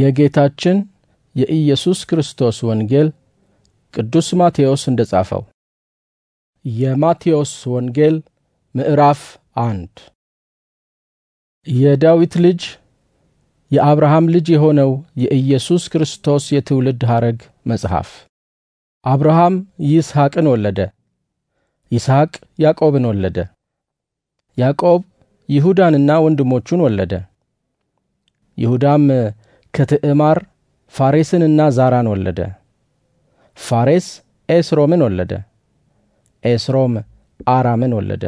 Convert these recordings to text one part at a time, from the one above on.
የጌታችን የኢየሱስ ክርስቶስ ወንጌል ቅዱስ ማቴዎስ እንደ ጻፈው። የማቴዎስ ወንጌል ምዕራፍ አንድ የዳዊት ልጅ የአብርሃም ልጅ የሆነው የኢየሱስ ክርስቶስ የትውልድ ሐረግ መጽሐፍ። አብርሃም ይስሐቅን ወለደ። ይስሐቅ ያዕቆብን ወለደ። ያዕቆብ ይሁዳንና ወንድሞቹን ወለደ። ይሁዳም ከትዕማር ፋሬስንና ዛራን ወለደ። ፋሬስ ኤስሮምን ወለደ። ኤስሮም አራምን ወለደ።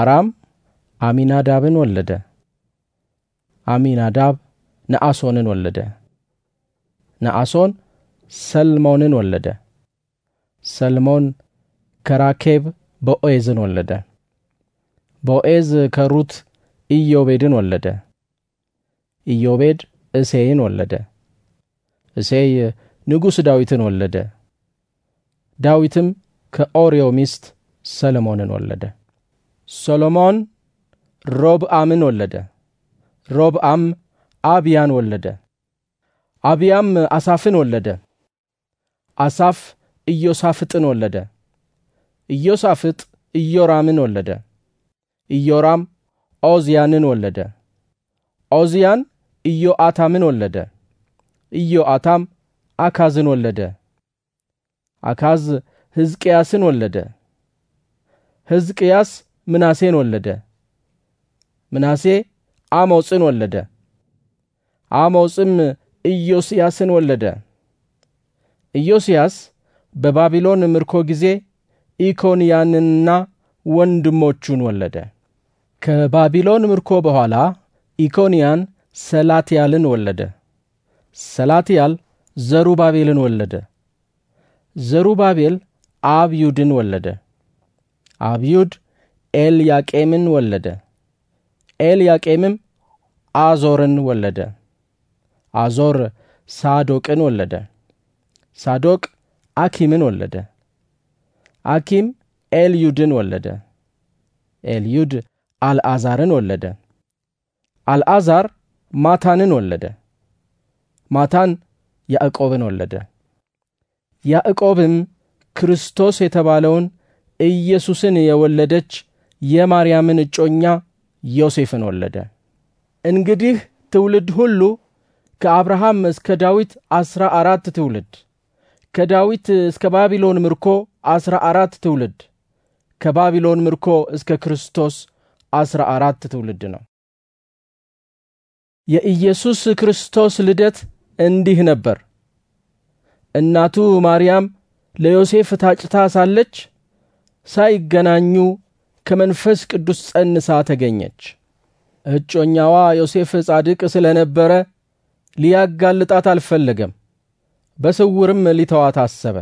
አራም አሚናዳብን ወለደ። አሚናዳብ ነአሶንን ወለደ። ነአሶን ሰልሞንን ወለደ። ሰልሞን ከራኬብ ቦዔዝን ወለደ። ቦዔዝ ከሩት ኢዮቤድን ወለደ። ኢዮቤድ እሴይን ወለደ። እሴይ ንጉሥ ዳዊትን ወለደ። ዳዊትም ከኦርዮ ሚስት ሰሎሞንን ወለደ። ሰሎሞን ሮብአምን ወለደ። ሮብአም አብያን ወለደ። አብያም አሳፍን ወለደ። አሳፍ ኢዮሳፍጥን ወለደ። ኢዮሳፍጥ ኢዮራምን ወለደ። ኢዮራም ኦዝያንን ወለደ። ኦዝያን ኢዮአታምን ወለደ። ኢዮአታም አካዝን ወለደ። አካዝ ሕዝቅያስን ወለደ። ሕዝቅያስ ምናሴን ወለደ። ምናሴ አሞጽን ወለደ። አሞጽም ኢዮስያስን ወለደ። ኢዮስያስ በባቢሎን ምርኮ ጊዜ ኢኮንያንንና ወንድሞቹን ወለደ። ከባቢሎን ምርኮ በኋላ ኢኮንያን ሰላትያልን ወለደ። ሰላትያል ዘሩባቤልን ወለደ። ዘሩባቤል አብዩድን ወለደ። አብዩድ ኤልያቄምን ወለደ። ኤልያቄምም አዞርን ወለደ። አዞር ሳዶቅን ወለደ። ሳዶቅ አኪምን ወለደ። አኪም ኤልዩድን ወለደ። ኤልዩድ አልአዛርን ወለደ። አልአዛር ማታንን ወለደ። ማታን ያዕቆብን ወለደ። ያዕቆብም ክርስቶስ የተባለውን ኢየሱስን የወለደች የማርያምን እጮኛ ዮሴፍን ወለደ። እንግዲህ ትውልድ ሁሉ ከአብርሃም እስከ ዳዊት ዐሥራ አራት ትውልድ፣ ከዳዊት እስከ ባቢሎን ምርኮ ዐሥራ አራት ትውልድ፣ ከባቢሎን ምርኮ እስከ ክርስቶስ ዐሥራ አራት ትውልድ ነው። የኢየሱስ ክርስቶስ ልደት እንዲህ ነበር። እናቱ ማርያም ለዮሴፍ ታጭታ ሳለች ሳይገናኙ ከመንፈስ ቅዱስ ጸንሳ ተገኘች። እጮኛዋ ዮሴፍ ጻድቅ ስለነበረ ሊያጋልጣት አልፈለገም፣ በስውርም ሊተዋት አሰበ።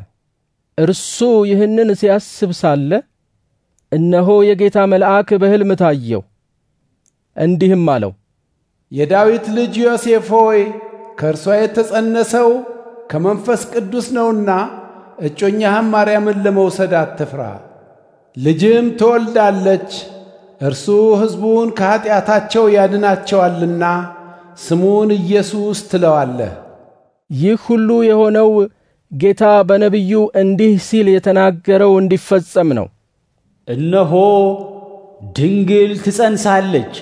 እርሱ ይህንን ሲያስብ ሳለ እነሆ የጌታ መልአክ በሕልም ታየው፣ እንዲህም አለው፦ የዳዊት ልጅ ዮሴፍ ሆይ ከእርሷ የተጸነሰው ከመንፈስ ቅዱስ ነውና እጮኛህም ማርያምን ለመውሰድ አትፍራ። ልጅም ትወልዳለች፣ እርሱ ሕዝቡን ከኀጢአታቸው ያድናቸዋልና ስሙን ኢየሱስ ትለዋለህ። ይህ ሁሉ የሆነው ጌታ በነቢዩ እንዲህ ሲል የተናገረው እንዲፈጸም ነው። እነሆ ድንግል ትጸንሳለች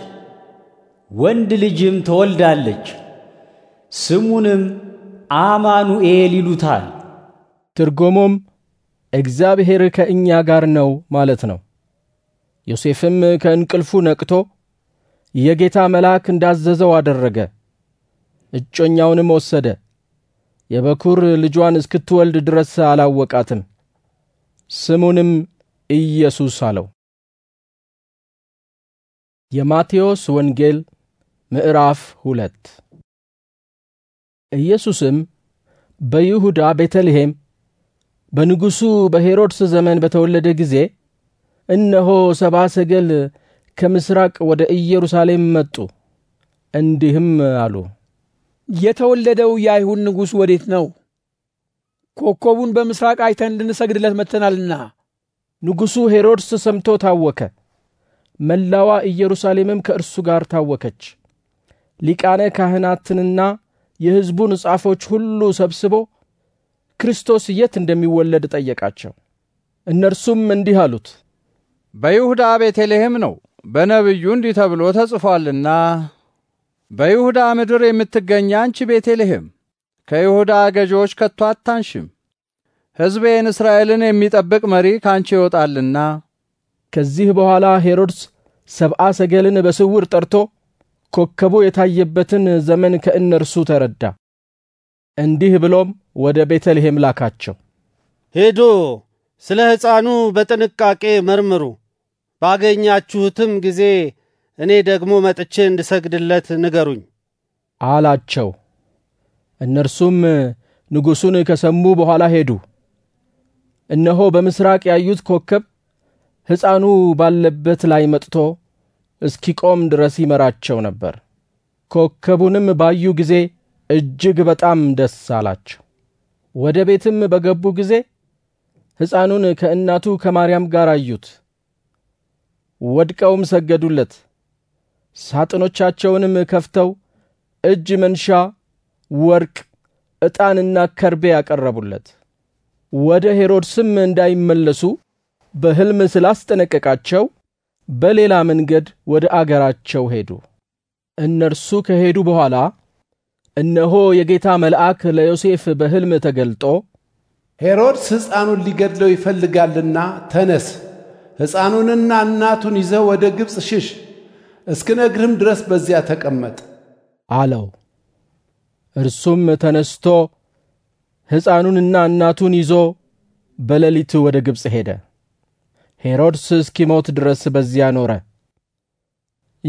ወንድ ልጅም ትወልዳለች፣ ስሙንም አማኑኤል ይሉታል። ትርጉሙም እግዚአብሔር ከእኛ ጋር ነው ማለት ነው። ዮሴፍም ከእንቅልፉ ነቅቶ የጌታ መልአክ እንዳዘዘው አደረገ። እጮኛውንም ወሰደ። የበኩር ልጇን እስክትወልድ ድረስ አላወቃትም። ስሙንም ኢየሱስ አለው። የማቴዎስ ወንጌል ምዕራፍ ሁለት ኢየሱስም በይሁዳ ቤተልሔም በንጉሡ በሄሮድስ ዘመን በተወለደ ጊዜ እነሆ ሰባ ሰገል ከምሥራቅ ወደ ኢየሩሳሌም መጡ። እንዲህም አሉ፣ የተወለደው የአይሁድ ንጉሥ ወዴት ነው? ኮከቡን በምሥራቅ አይተን እንድንሰግድለት መጥተናልና። ንጉሡ ሄሮድስ ሰምቶ ታወከ፣ መላዋ ኢየሩሳሌምም ከእርሱ ጋር ታወከች። ሊቃነ ካህናትንና የሕዝቡን ጻፎች ሁሉ ሰብስቦ ክርስቶስ የት እንደሚወለድ ጠየቃቸው። እነርሱም እንዲህ አሉት፣ በይሁዳ ቤተልሔም ነው፣ በነቢዩ እንዲህ ተብሎ ተጽፏልና፣ በይሁዳ ምድር የምትገኝ አንቺ ቤተልሔም ከይሁዳ ገዢዎች ከቶ አታንሽም፣ ሕዝቤን እስራኤልን የሚጠብቅ መሪ ካንቺ ይወጣልና። ከዚህ በኋላ ሄሮድስ ሰብአ ሰገልን በስውር ጠርቶ ኮከቡ የታየበትን ዘመን ከእነርሱ ተረዳ። እንዲህ ብሎም ወደ ቤተልሔም ላካቸው። ሄዶ ስለ ሕፃኑ በጥንቃቄ መርምሩ፣ ባገኛችሁትም ጊዜ እኔ ደግሞ መጥቼ እንድሰግድለት ንገሩኝ አላቸው። እነርሱም ንጉሡን ከሰሙ በኋላ ሄዱ። እነሆ በምስራቅ ያዩት ኮከብ ሕፃኑ ባለበት ላይ መጥቶ እስኪቆም ድረስ ይመራቸው ነበር። ኮከቡንም ባዩ ጊዜ እጅግ በጣም ደስ አላቸው። ወደ ቤትም በገቡ ጊዜ ሕፃኑን ከእናቱ ከማርያም ጋር አዩት። ወድቀውም ሰገዱለት። ሳጥኖቻቸውንም ከፍተው እጅ መንሻ፣ ወርቅ፣ ዕጣንና ከርቤ ያቀረቡለት። ወደ ሄሮድስም እንዳይመለሱ በሕልም ስላስጠነቀቃቸው በሌላ መንገድ ወደ አገራቸው ሄዱ። እነርሱ ከሄዱ በኋላ እነሆ የጌታ መልአክ ለዮሴፍ በሕልም ተገልጦ ሄሮድስ ሕፃኑን ሊገድለው ይፈልጋልና ተነስ፣ ሕፃኑንና እናቱን ይዘ ወደ ግብፅ ሽሽ፣ እስክነግርህም ድረስ በዚያ ተቀመጥ አለው። እርሱም ተነስቶ ሕፃኑንና እናቱን ይዞ በሌሊት ወደ ግብፅ ሄደ። ሄሮድስ እስኪሞት ድረስ በዚያ ኖረ።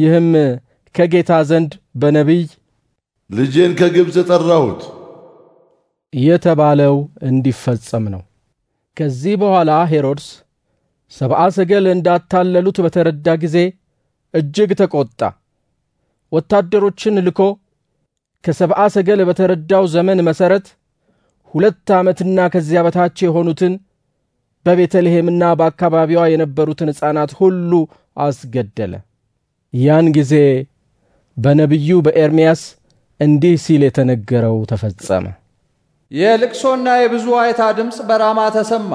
ይህም ከጌታ ዘንድ በነቢይ ልጄን ከግብፅ ጠራሁት የተባለው እንዲፈጸም ነው። ከዚህ በኋላ ሄሮድስ ሰብአ ሰገል እንዳታለሉት በተረዳ ጊዜ እጅግ ተቈጣ። ወታደሮችን ልኮ ከሰብአ ሰገል በተረዳው ዘመን መሠረት ሁለት ዓመትና ከዚያ በታች የሆኑትን በቤተልሔምና በአካባቢዋ የነበሩትን ሕፃናት ሁሉ አስገደለ። ያን ጊዜ በነቢዩ በኤርምያስ እንዲህ ሲል የተነገረው ተፈጸመ። የልቅሶና የብዙ ዋይታ ድምፅ በራማ ተሰማ።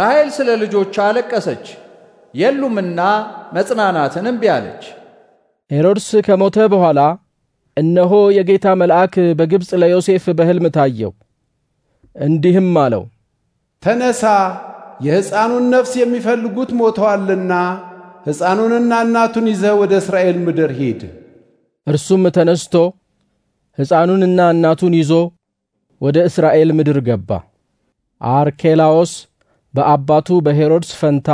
ራሔል ስለ ልጆቿ አለቀሰች፣ የሉምና መጽናናትን እምቢ አለች። ሄሮድስ ከሞተ በኋላ እነሆ የጌታ መልአክ በግብፅ ለዮሴፍ በሕልም ታየው፣ እንዲህም አለው፦ ተነሳ የሕፃኑን ነፍስ የሚፈልጉት ሞተዋልና ሕፃኑንና እናቱን ይዘህ ወደ እስራኤል ምድር ሂድ። እርሱም ተነስቶ ሕፃኑንና እናቱን ይዞ ወደ እስራኤል ምድር ገባ። አርኬላዎስ በአባቱ በሄሮድስ ፈንታ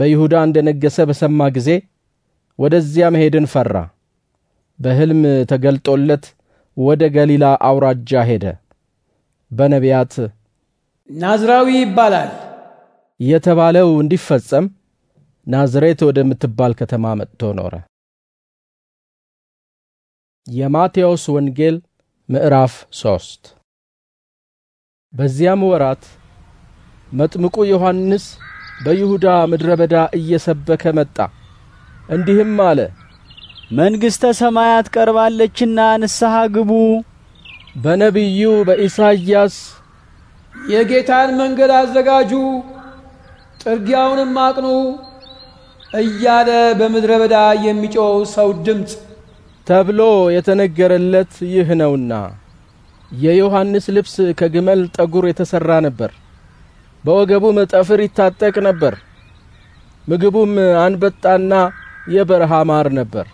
በይሁዳ እንደ ነገሰ በሰማ ጊዜ ወደዚያ መሄድን ፈራ። በሕልም ተገልጦለት ወደ ገሊላ አውራጃ ሄደ። በነቢያት ናዝራዊ ይባላል የተባለው እንዲፈጸም ናዝሬት ወደምትባል ከተማ መጥቶ ኖረ። የማቴዎስ ወንጌል ምዕራፍ ሶስት በዚያም ወራት መጥምቁ ዮሐንስ በይሁዳ ምድረ በዳ እየሰበከ መጣ፣ እንዲህም አለ። መንግሥተ ሰማያት ቀርባለችና ንስሐ ግቡ። በነቢዩ በኢሳይያስ የጌታን መንገድ አዘጋጁ ጥርጊያውንም አቅኑ እያለ በምድረ በዳ የሚጮው ሰው ድምፅ ተብሎ የተነገረለት ይህ ነውና። የዮሐንስ ልብስ ከግመል ጠጉር የተሠራ ነበር። በወገቡም ጠፍር ይታጠቅ ነበር። ምግቡም አንበጣና የበረሃ ማር ነበር።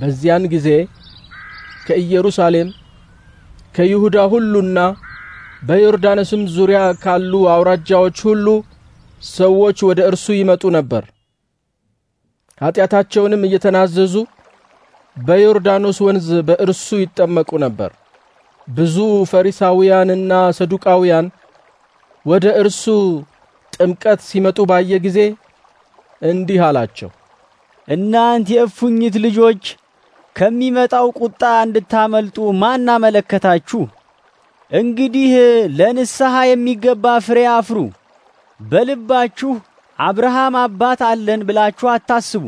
በዚያን ጊዜ ከኢየሩሳሌም ከይሁዳ ሁሉና በዮርዳኖስም ዙሪያ ካሉ አውራጃዎች ሁሉ ሰዎች ወደ እርሱ ይመጡ ነበር። ኃጢአታቸውንም እየተናዘዙ በዮርዳኖስ ወንዝ በእርሱ ይጠመቁ ነበር። ብዙ ፈሪሳውያንና ሰዱቃውያን ወደ እርሱ ጥምቀት ሲመጡ ባየ ጊዜ እንዲህ አላቸው፣ እናንት የእፉኝት ልጆች ከሚመጣው ቁጣ እንድታመልጡ ማን አመለከታችሁ? እንግዲህ ለንስሐ የሚገባ ፍሬ አፍሩ። በልባችሁ አብርሃም አባት አለን ብላችሁ አታስቡ።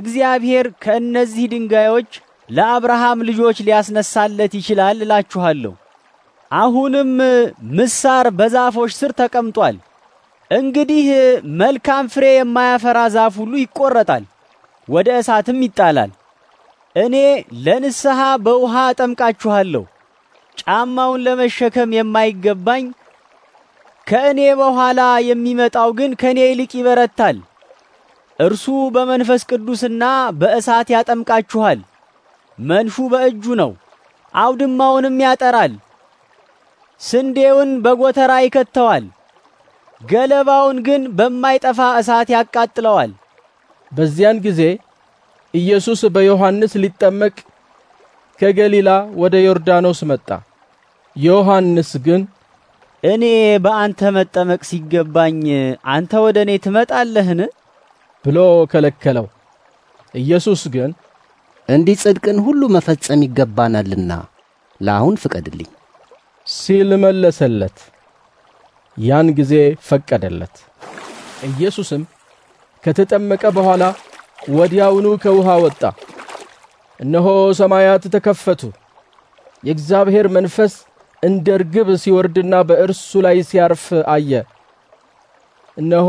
እግዚአብሔር ከእነዚህ ድንጋዮች ለአብርሃም ልጆች ሊያስነሳለት ይችላል እላችኋለሁ። አሁንም ምሳር በዛፎች ስር ተቀምጧል። እንግዲህ መልካም ፍሬ የማያፈራ ዛፍ ሁሉ ይቆረጣል፣ ወደ እሳትም ይጣላል። እኔ ለንስሐ በውሃ አጠምቃችኋለሁ። ጫማውን ለመሸከም የማይገባኝ ከእኔ በኋላ የሚመጣው ግን ከእኔ ይልቅ ይበረታል። እርሱ በመንፈስ ቅዱስና በእሳት ያጠምቃችኋል። መንሹ በእጁ ነው፣ አውድማውንም ያጠራል፣ ስንዴውን በጎተራ ይከተዋል፣ ገለባውን ግን በማይጠፋ እሳት ያቃጥለዋል። በዚያን ጊዜ ኢየሱስ በዮሐንስ ሊጠመቅ ከገሊላ ወደ ዮርዳኖስ መጣ። ዮሐንስ ግን እኔ በአንተ መጠመቅ ሲገባኝ አንተ ወደ እኔ ትመጣለህን? ብሎ ከለከለው። ኢየሱስ ግን እንዲህ ጽድቅን ሁሉ መፈጸም ይገባናልና ለአሁን ፍቀድልኝ ሲል መለሰለት። ያን ጊዜ ፈቀደለት። ኢየሱስም ከተጠመቀ በኋላ ወዲያውኑ ከውሃ ወጣ። እነሆ ሰማያት ተከፈቱ፣ የእግዚአብሔር መንፈስ እንደ ርግብ ሲወርድና በእርሱ ላይ ሲያርፍ አየ። እነሆ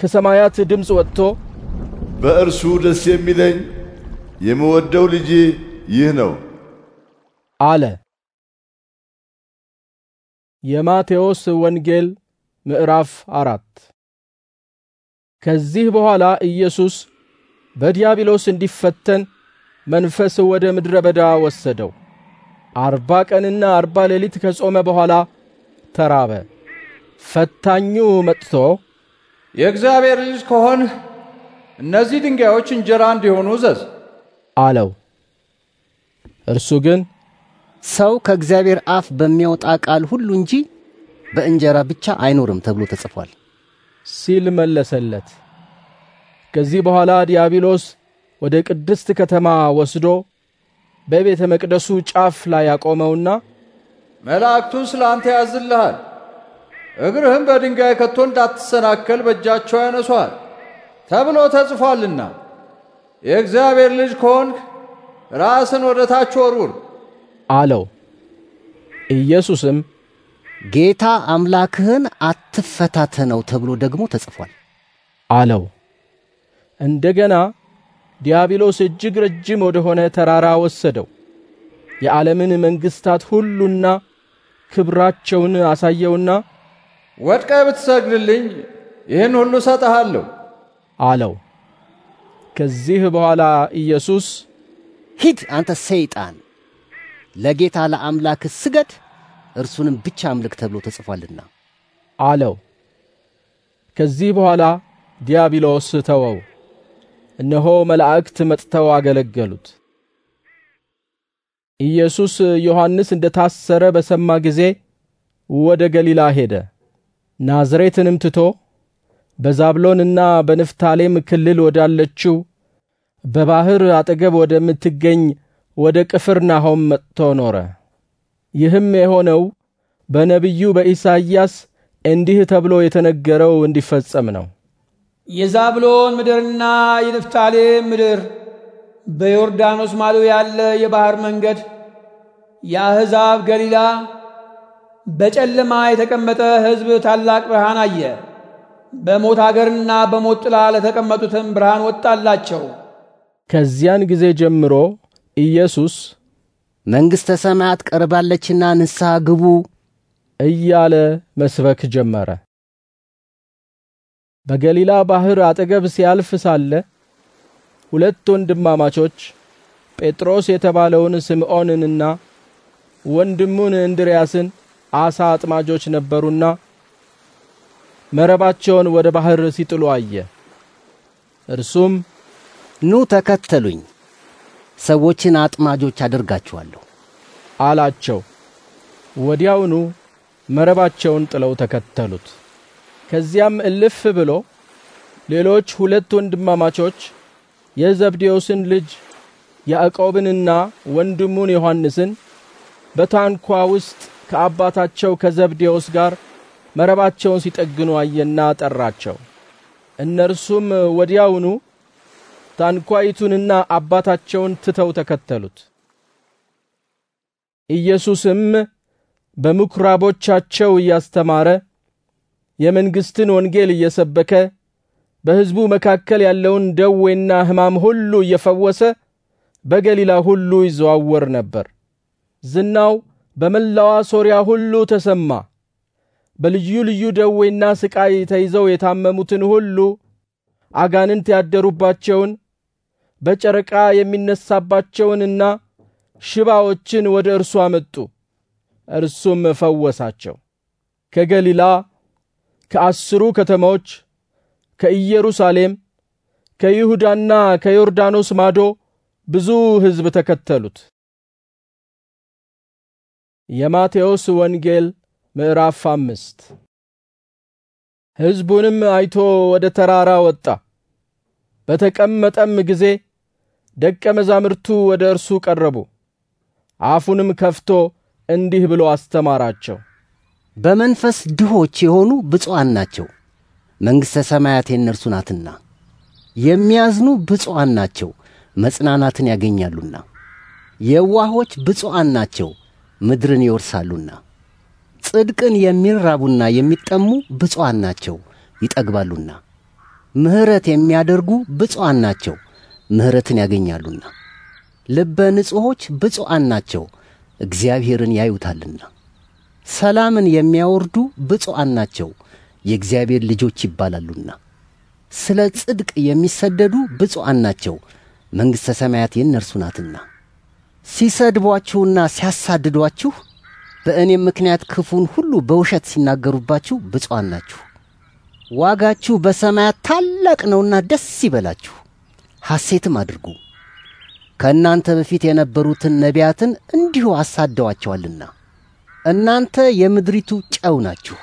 ከሰማያት ድምፅ ወጥቶ በእርሱ ደስ የሚለኝ የምወደው ልጄ ይህ ነው አለ። የማቴዎስ ወንጌል ምዕራፍ አራት ከዚህ በኋላ ኢየሱስ በዲያብሎስ እንዲፈተን መንፈስ ወደ ምድረ በዳ ወሰደው። አርባ ቀንና አርባ ሌሊት ከጾመ በኋላ ተራበ። ፈታኙ መጥቶ የእግዚአብሔር ልጅ ከሆን እነዚህ ድንጋዮች እንጀራ እንዲሆኑ እዘዝ አለው። እርሱ ግን ሰው ከእግዚአብሔር አፍ በሚወጣ ቃል ሁሉ እንጂ በእንጀራ ብቻ አይኖርም ተብሎ ተጽፏል ሲል መለሰለት። ከዚህ በኋላ ዲያብሎስ ወደ ቅድስት ከተማ ወስዶ በቤተ መቅደሱ ጫፍ ላይ ያቆመውና መላእክቱን ስለ አንተ ያዝልሃል፣ እግርህም በድንጋይ ከቶ እንዳትሰናከል በእጃቸው ያነሷል ተብሎ ተጽፏልና የእግዚአብሔር ልጅ ከሆንክ ራስን ወደ ታች ወርውር አለው። ኢየሱስም ጌታ አምላክህን አትፈታተነው ተብሎ ደግሞ ተጽፏል አለው። እንደገና ዲያብሎስ እጅግ ረጅም ወደሆነ ተራራ ወሰደው። የዓለምን መንግሥታት ሁሉና ክብራቸውን አሳየውና ወድቀ ብትሰግድልኝ ይህን ሁሉ ሰጠሃለሁ አለው። ከዚህ በኋላ ኢየሱስ ሂድ አንተ ሰይጣን፣ ለጌታ ለአምላክ ስገድ፣ እርሱንም ብቻ አምልክ ተብሎ ተጽፏልና አለው። ከዚህ በኋላ ዲያብሎስ ተወው። እነሆ መላእክት መጥተው አገለገሉት። ኢየሱስ ዮሐንስ እንደ ታሰረ በሰማ ጊዜ ወደ ገሊላ ሄደ። ናዝሬትንም ትቶ በዛብሎንና በንፍታሌም ክልል ወዳለችው በባህር አጠገብ ወደምትገኝ ወደ ቅፍርናሆም መጥቶ ኖረ። ይህም የሆነው በነቢዩ በኢሳይያስ እንዲህ ተብሎ የተነገረው እንዲፈጸም ነው። የዛብሎን ምድርና የንፍታሌም ምድር በዮርዳኖስ ማዶ ያለ የባህር መንገድ የአሕዛብ ገሊላ በጨለማ የተቀመጠ ሕዝብ ታላቅ ብርሃን አየ። በሞት አገርና በሞት ጥላ ለተቀመጡትም ብርሃን ወጣላቸው። ከዚያን ጊዜ ጀምሮ ኢየሱስ መንግሥተ ሰማያት ቀርባለችና ንስሐ ግቡ እያለ መስበክ ጀመረ። በገሊላ ባህር አጠገብ ሲያልፍ ሳለ ሁለት ወንድማማቾች ጴጥሮስ የተባለውን ስምዖንንና ወንድሙን እንድርያስን አሳ አጥማጆች ነበሩና መረባቸውን ወደ ባህር ሲጥሉ አየ። እርሱም ኑ ተከተሉኝ፣ ሰዎችን አጥማጆች አድርጋችኋለሁ አላቸው። ወዲያውኑ መረባቸውን ጥለው ተከተሉት። ከዚያም እልፍ ብሎ ሌሎች ሁለት ወንድማማቾች የዘብዴዎስን ልጅ ያዕቆብንና ወንድሙን ዮሐንስን በታንኳ ውስጥ ከአባታቸው ከዘብዴዎስ ጋር መረባቸውን ሲጠግኑ አየና ጠራቸው። እነርሱም ወዲያውኑ ታንኳይቱንና አባታቸውን ትተው ተከተሉት። ኢየሱስም በምኵራቦቻቸው እያስተማረ የመንግስትን ወንጌል እየሰበከ በሕዝቡ መካከል ያለውን ደዌና ሕማም ሁሉ እየፈወሰ በገሊላ ሁሉ ይዘዋወር ነበር። ዝናው በመላዋ ሶርያ ሁሉ ተሰማ። በልዩ ልዩ ደዌና ስቃይ ተይዘው የታመሙትን ሁሉ፣ አጋንንት ያደሩባቸውን፣ በጨረቃ የሚነሳባቸውንና ሽባዎችን ወደ እርሱ አመጡ። እርሱም ፈወሳቸው። ከገሊላ ከአስሩ ከተሞች ከኢየሩሳሌም ከይሁዳና ከዮርዳኖስ ማዶ ብዙ ሕዝብ ተከተሉት። የማቴዎስ ወንጌል ምዕራፍ አምስት ሕዝቡንም አይቶ ወደ ተራራ ወጣ። በተቀመጠም ጊዜ ደቀ መዛሙርቱ ወደ እርሱ ቀረቡ። አፉንም ከፍቶ እንዲህ ብሎ አስተማራቸው። በመንፈስ ድሆች የሆኑ ብፁዓን ናቸው፣ መንግሥተ ሰማያት የእነርሱ ናትና። የሚያዝኑ ብፁዓን ናቸው፣ መጽናናትን ያገኛሉና። የዋሆች ብፁዓን ናቸው፣ ምድርን ይወርሳሉና። ጽድቅን የሚራቡና የሚጠሙ ብፁዓን ናቸው፣ ይጠግባሉና። ምሕረት የሚያደርጉ ብፁዓን ናቸው፣ ምሕረትን ያገኛሉና። ልበ ንጹሖች ብፁዓን ናቸው፣ እግዚአብሔርን ያዩታልና። ሰላምን የሚያወርዱ ብፁዓን ናቸው፣ የእግዚአብሔር ልጆች ይባላሉና። ስለ ጽድቅ የሚሰደዱ ብፁዓን ናቸው፣ መንግሥተ ሰማያት የእነርሱ ናትና። ሲሰድቧችሁና ሲያሳድዷችሁ በእኔም ምክንያት ክፉን ሁሉ በውሸት ሲናገሩባችሁ ብፁዓን ናችሁ። ዋጋችሁ በሰማያት ታላቅ ነውና ደስ ይበላችሁ፣ ሐሴትም አድርጉ። ከእናንተ በፊት የነበሩትን ነቢያትን እንዲሁ አሳደዋቸዋልና። እናንተ የምድሪቱ ጨው ናችሁ።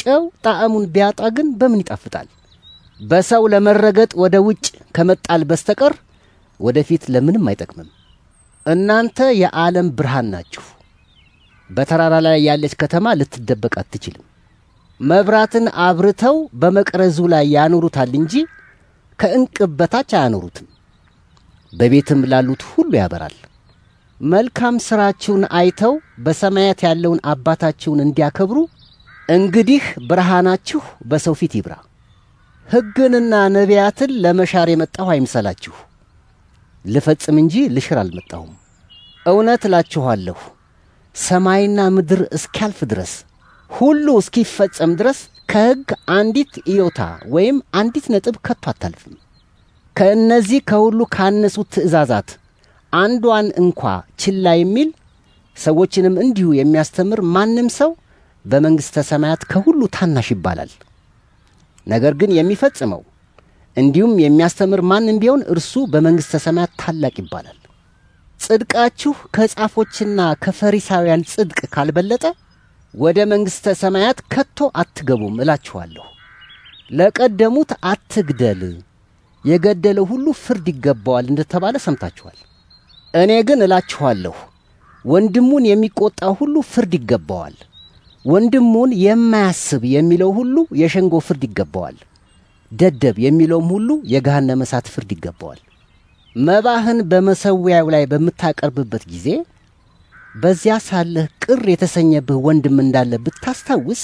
ጨው ጣዕሙን ቢያጣ ግን በምን ይጣፍጣል? በሰው ለመረገጥ ወደ ውጭ ከመጣል በስተቀር ወደፊት ለምንም አይጠቅምም። እናንተ የዓለም ብርሃን ናችሁ። በተራራ ላይ ያለች ከተማ ልትደበቅ አትችልም። መብራትን አብርተው በመቅረዙ ላይ ያኖሩታል እንጂ ከእንቅብ በታች አያኖሩትም። በቤትም ላሉት ሁሉ ያበራል። መልካም ሥራችሁን አይተው በሰማያት ያለውን አባታችሁን እንዲያከብሩ እንግዲህ ብርሃናችሁ በሰው ፊት ይብራ። ሕግንና ነቢያትን ለመሻር የመጣሁ አይምሰላችሁ። ልፈጽም እንጂ ልሽር አልመጣሁም። እውነት እላችኋለሁ ሰማይና ምድር እስኪያልፍ ድረስ ሁሉ እስኪፈጸም ድረስ ከሕግ አንዲት ኢዮታ ወይም አንዲት ነጥብ ከቶ አታልፍም። ከእነዚህ ከሁሉ ካነሱት ትእዛዛት አንዷን እንኳ ችላ የሚል ሰዎችንም እንዲሁ የሚያስተምር ማንም ሰው በመንግሥተ ሰማያት ከሁሉ ታናሽ ይባላል። ነገር ግን የሚፈጽመው እንዲሁም የሚያስተምር ማንም ቢሆን እርሱ በመንግሥተ ሰማያት ታላቅ ይባላል። ጽድቃችሁ ከጻፎችና ከፈሪሳውያን ጽድቅ ካልበለጠ ወደ መንግሥተ ሰማያት ከቶ አትገቡም እላችኋለሁ። ለቀደሙት አትግደል፣ የገደለ ሁሉ ፍርድ ይገባዋል እንደተባለ ሰምታችኋል። እኔ ግን እላችኋለሁ ወንድሙን የሚቆጣ ሁሉ ፍርድ ይገባዋል። ወንድሙን የማያስብ የሚለው ሁሉ የሸንጎ ፍርድ ይገባዋል። ደደብ የሚለውም ሁሉ የገሃነመ እሳት ፍርድ ይገባዋል። መባህን በመሠዊያው ላይ በምታቀርብበት ጊዜ በዚያ ሳለህ ቅር የተሰኘብህ ወንድም እንዳለ ብታስታውስ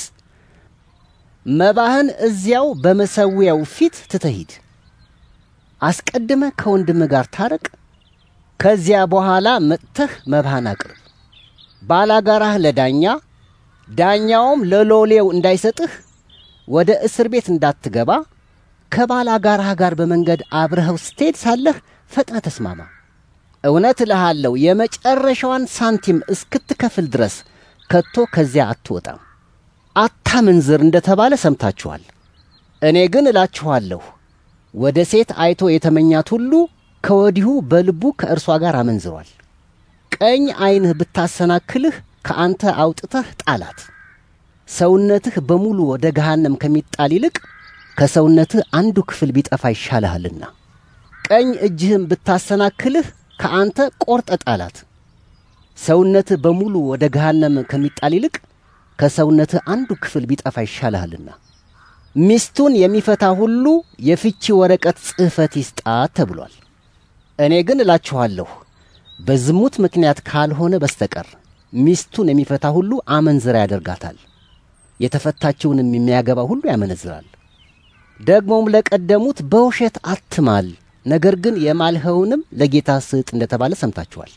መባህን እዚያው በመሠዊያው ፊት ትተሂድ። አስቀድመ ከወንድም ጋር ታረቅ። ከዚያ በኋላ መጥተህ መብሃን አቅርብ። ባላጋራህ ለዳኛ ዳኛውም ለሎሌው እንዳይሰጥህ ወደ እስር ቤት እንዳትገባ ከባላጋራህ ጋር በመንገድ አብረኸው ስትሄድ ሳለህ ፈጥነ ተስማማ። እውነት እልሃለሁ የመጨረሻዋን ሳንቲም እስክትከፍል ድረስ ከቶ ከዚያ አትወጣም። አታመንዝር እንደተባለ ሰምታችኋል። እኔ ግን እላችኋለሁ ወደ ሴት አይቶ የተመኛት ሁሉ ከወዲሁ በልቡ ከእርሷ ጋር አመንዝሯል። ቀኝ ዐይንህ ብታሰናክልህ ከአንተ አውጥተህ ጣላት። ሰውነትህ በሙሉ ወደ ገሃነም ከሚጣል ይልቅ ከሰውነትህ አንዱ ክፍል ቢጠፋ ይሻልሃልና። ቀኝ እጅህም ብታሰናክልህ ከአንተ ቆርጠ ጣላት። ሰውነትህ በሙሉ ወደ ገሃነም ከሚጣል ይልቅ ከሰውነትህ አንዱ ክፍል ቢጠፋ ይሻልሃልና። ሚስቱን የሚፈታ ሁሉ የፍቺ ወረቀት ጽሕፈት ይስጣት ተብሏል። እኔ ግን እላችኋለሁ በዝሙት ምክንያት ካልሆነ በስተቀር ሚስቱን የሚፈታ ሁሉ አመንዝራ ያደርጋታል፣ የተፈታችውንም የሚያገባ ሁሉ ያመነዝራል። ደግሞም ለቀደሙት በውሸት አትማል፣ ነገር ግን የማልኸውንም ለጌታ ስጥ እንደተባለ ሰምታችኋል።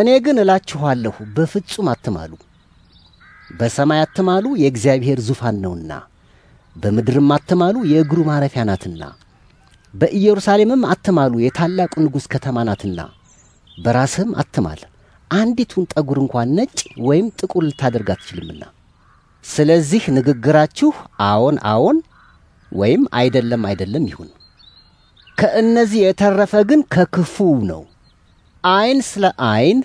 እኔ ግን እላችኋለሁ በፍጹም አትማሉ። በሰማይ አትማሉ፣ የእግዚአብሔር ዙፋን ነውና፣ በምድርም አትማሉ፣ የእግሩ ማረፊያ ናትና። በኢየሩሳሌምም አትማሉ፣ የታላቁ ንጉሥ ከተማ ናትና። በራስህም አትማል፣ አንዲቱን ጠጉር እንኳን ነጭ ወይም ጥቁር ልታደርግ አትችልምና። ስለዚህ ንግግራችሁ አዎን አዎን ወይም አይደለም አይደለም ይሁን። ከእነዚህ የተረፈ ግን ከክፉው ነው። አይን ስለ አይን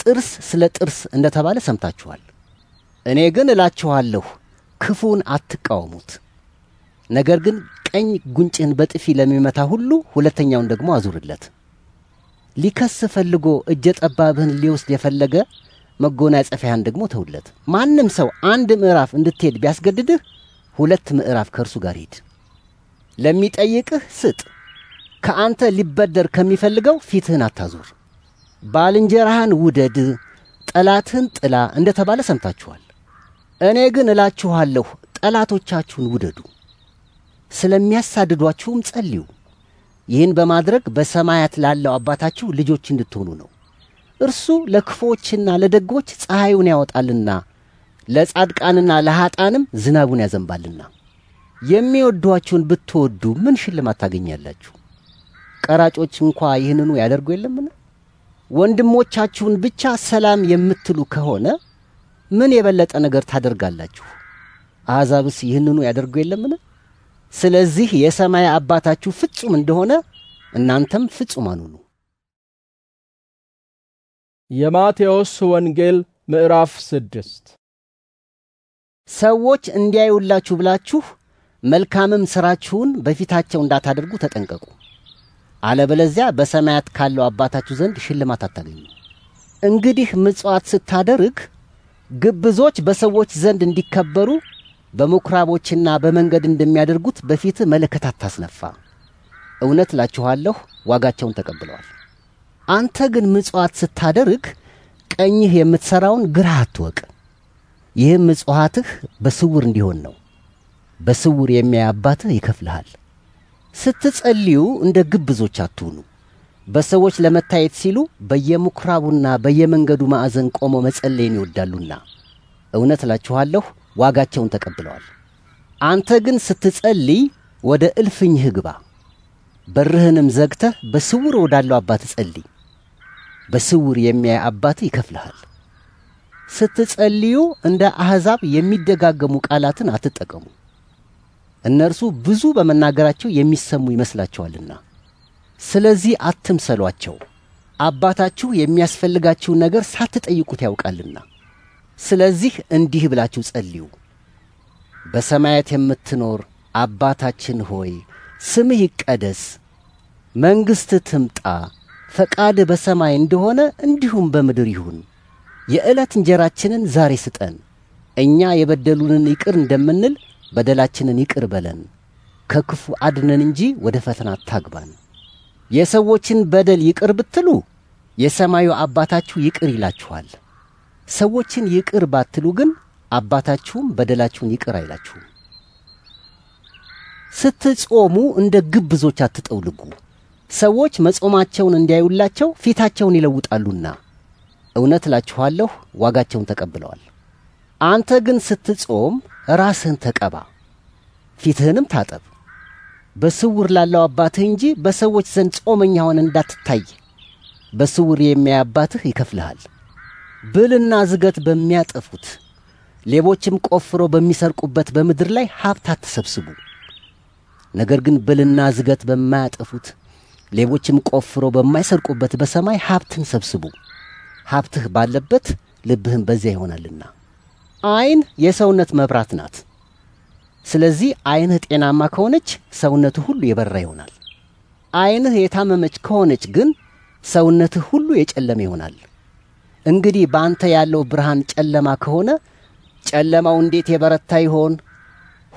ጥርስ ስለ ጥርስ እንደተባለ ሰምታችኋል። እኔ ግን እላችኋለሁ ክፉን አትቃወሙት። ነገር ግን ቀኝ ጉንጭህን በጥፊ ለሚመታ ሁሉ ሁለተኛውን ደግሞ አዙርለት። ሊከስ ፈልጎ እጀ ጠባብህን ሊወስድ የፈለገ መጎናጸፊያህን ደግሞ ተውለት። ማንም ሰው አንድ ምዕራፍ እንድትሄድ ቢያስገድድህ ሁለት ምዕራፍ ከእርሱ ጋር ሂድ። ለሚጠይቅህ ስጥ። ከአንተ ሊበደር ከሚፈልገው ፊትህን አታዙር። ባልንጀራህን ውደድ፣ ጠላትህን ጥላ እንደተባለ ሰምታችኋል። እኔ ግን እላችኋለሁ ጠላቶቻችሁን ውደዱ። ስለሚያሳድዷችሁም ጸልዩ። ይህን በማድረግ በሰማያት ላለው አባታችሁ ልጆች እንድትሆኑ ነው። እርሱ ለክፉዎችና ለደጎች ፀሐዩን ያወጣልና ለጻድቃንና ለኀጣንም ዝናቡን ያዘንባልና። የሚወዷችሁን ብትወዱ ምን ሽልማት ታገኛላችሁ? ቀራጮች እንኳ ይህንኑ ያደርጉ የለምን? ወንድሞቻችሁን ብቻ ሰላም የምትሉ ከሆነ ምን የበለጠ ነገር ታደርጋላችሁ? አሕዛብስ ይህንኑ ያደርጉ የለምን? ስለዚህ የሰማይ አባታችሁ ፍጹም እንደሆነ እናንተም ፍጹማን ሁኑ። የማቴዎስ ወንጌል ምዕራፍ ስድስት ሰዎች እንዲያዩላችሁ ብላችሁ መልካምም ስራችሁን በፊታቸው እንዳታደርጉ ተጠንቀቁ። አለበለዚያ በሰማያት ካለው አባታችሁ ዘንድ ሽልማት አታገኙ። እንግዲህ ምጽዋት ስታደርግ ግብዞች በሰዎች ዘንድ እንዲከበሩ በምኵራቦችና በመንገድ እንደሚያደርጉት በፊት መለከት አታስነፋ። እውነት እላችኋለሁ ዋጋቸውን ተቀብለዋል። አንተ ግን ምጽዋት ስታደርግ ቀኝህ የምትሠራውን ግራህ አትወቅ። ይህም ምጽዋትህ በስውር እንዲሆን ነው። በስውር የሚያይ አባትህ ይከፍልሃል። ስትጸልዩ እንደ ግብዞች አትሁኑ። በሰዎች ለመታየት ሲሉ በየምኵራቡና በየመንገዱ ማዕዘን ቆመው መጸለይን ይወዳሉና እውነት እላችኋለሁ ዋጋቸውን ተቀብለዋል። አንተ ግን ስትጸልይ ወደ እልፍኝህ ግባ፣ በርህንም ዘግተህ በስውር ወዳለው አባት ጸልይ። በስውር የሚያይ አባት ይከፍልሃል። ስትጸልዩ እንደ አሕዛብ የሚደጋገሙ ቃላትን አትጠቀሙ፣ እነርሱ ብዙ በመናገራቸው የሚሰሙ ይመስላቸዋልና። ስለዚህ አትምሰሏቸው፣ አባታችሁ የሚያስፈልጋችሁን ነገር ሳትጠይቁት ያውቃልና። ስለዚህ እንዲህ ብላችሁ ጸልዩ። በሰማያት የምትኖር አባታችን ሆይ ስምህ ይቀደስ፣ መንግሥት ትምጣ፣ ፈቃድ በሰማይ እንደሆነ እንዲሁም በምድር ይሁን። የዕለት እንጀራችንን ዛሬ ስጠን፣ እኛ የበደሉንን ይቅር እንደምንል በደላችንን ይቅር በለን፣ ከክፉ አድነን እንጂ ወደ ፈተና አታግባን። የሰዎችን በደል ይቅር ብትሉ የሰማዩ አባታችሁ ይቅር ይላችኋል። ሰዎችን ይቅር ባትሉ ግን አባታችሁም በደላችሁን ይቅር አይላችሁም። ስትጾሙ እንደ ግብዞች አትጠውልጉ፣ ሰዎች መጾማቸውን እንዲያዩላቸው ፊታቸውን ይለውጣሉና እውነት እላችኋለሁ ዋጋቸውን ተቀብለዋል። አንተ ግን ስትጾም ራስህን ተቀባ፣ ፊትህንም ታጠብ፣ በስውር ላለው አባትህ እንጂ በሰዎች ዘንድ ጾመኛ ሆነ እንዳትታይ፣ በስውር የሚያይ አባትህ ይከፍልሃል። ብልና ዝገት በሚያጠፉት ሌቦችም ቆፍሮ በሚሰርቁበት በምድር ላይ ሀብት አትሰብስቡ። ነገር ግን ብልና ዝገት በማያጠፉት ሌቦችም ቆፍሮ በማይሰርቁበት በሰማይ ሀብትን ሰብስቡ። ሀብትህ ባለበት ልብህም በዚያ ይሆናልና። ዓይን የሰውነት መብራት ናት። ስለዚህ ዓይንህ ጤናማ ከሆነች ሰውነትህ ሁሉ የበራ ይሆናል። ዓይንህ የታመመች ከሆነች ግን ሰውነትህ ሁሉ የጨለመ ይሆናል። እንግዲህ በአንተ ያለው ብርሃን ጨለማ ከሆነ ጨለማው እንዴት የበረታ ይሆን?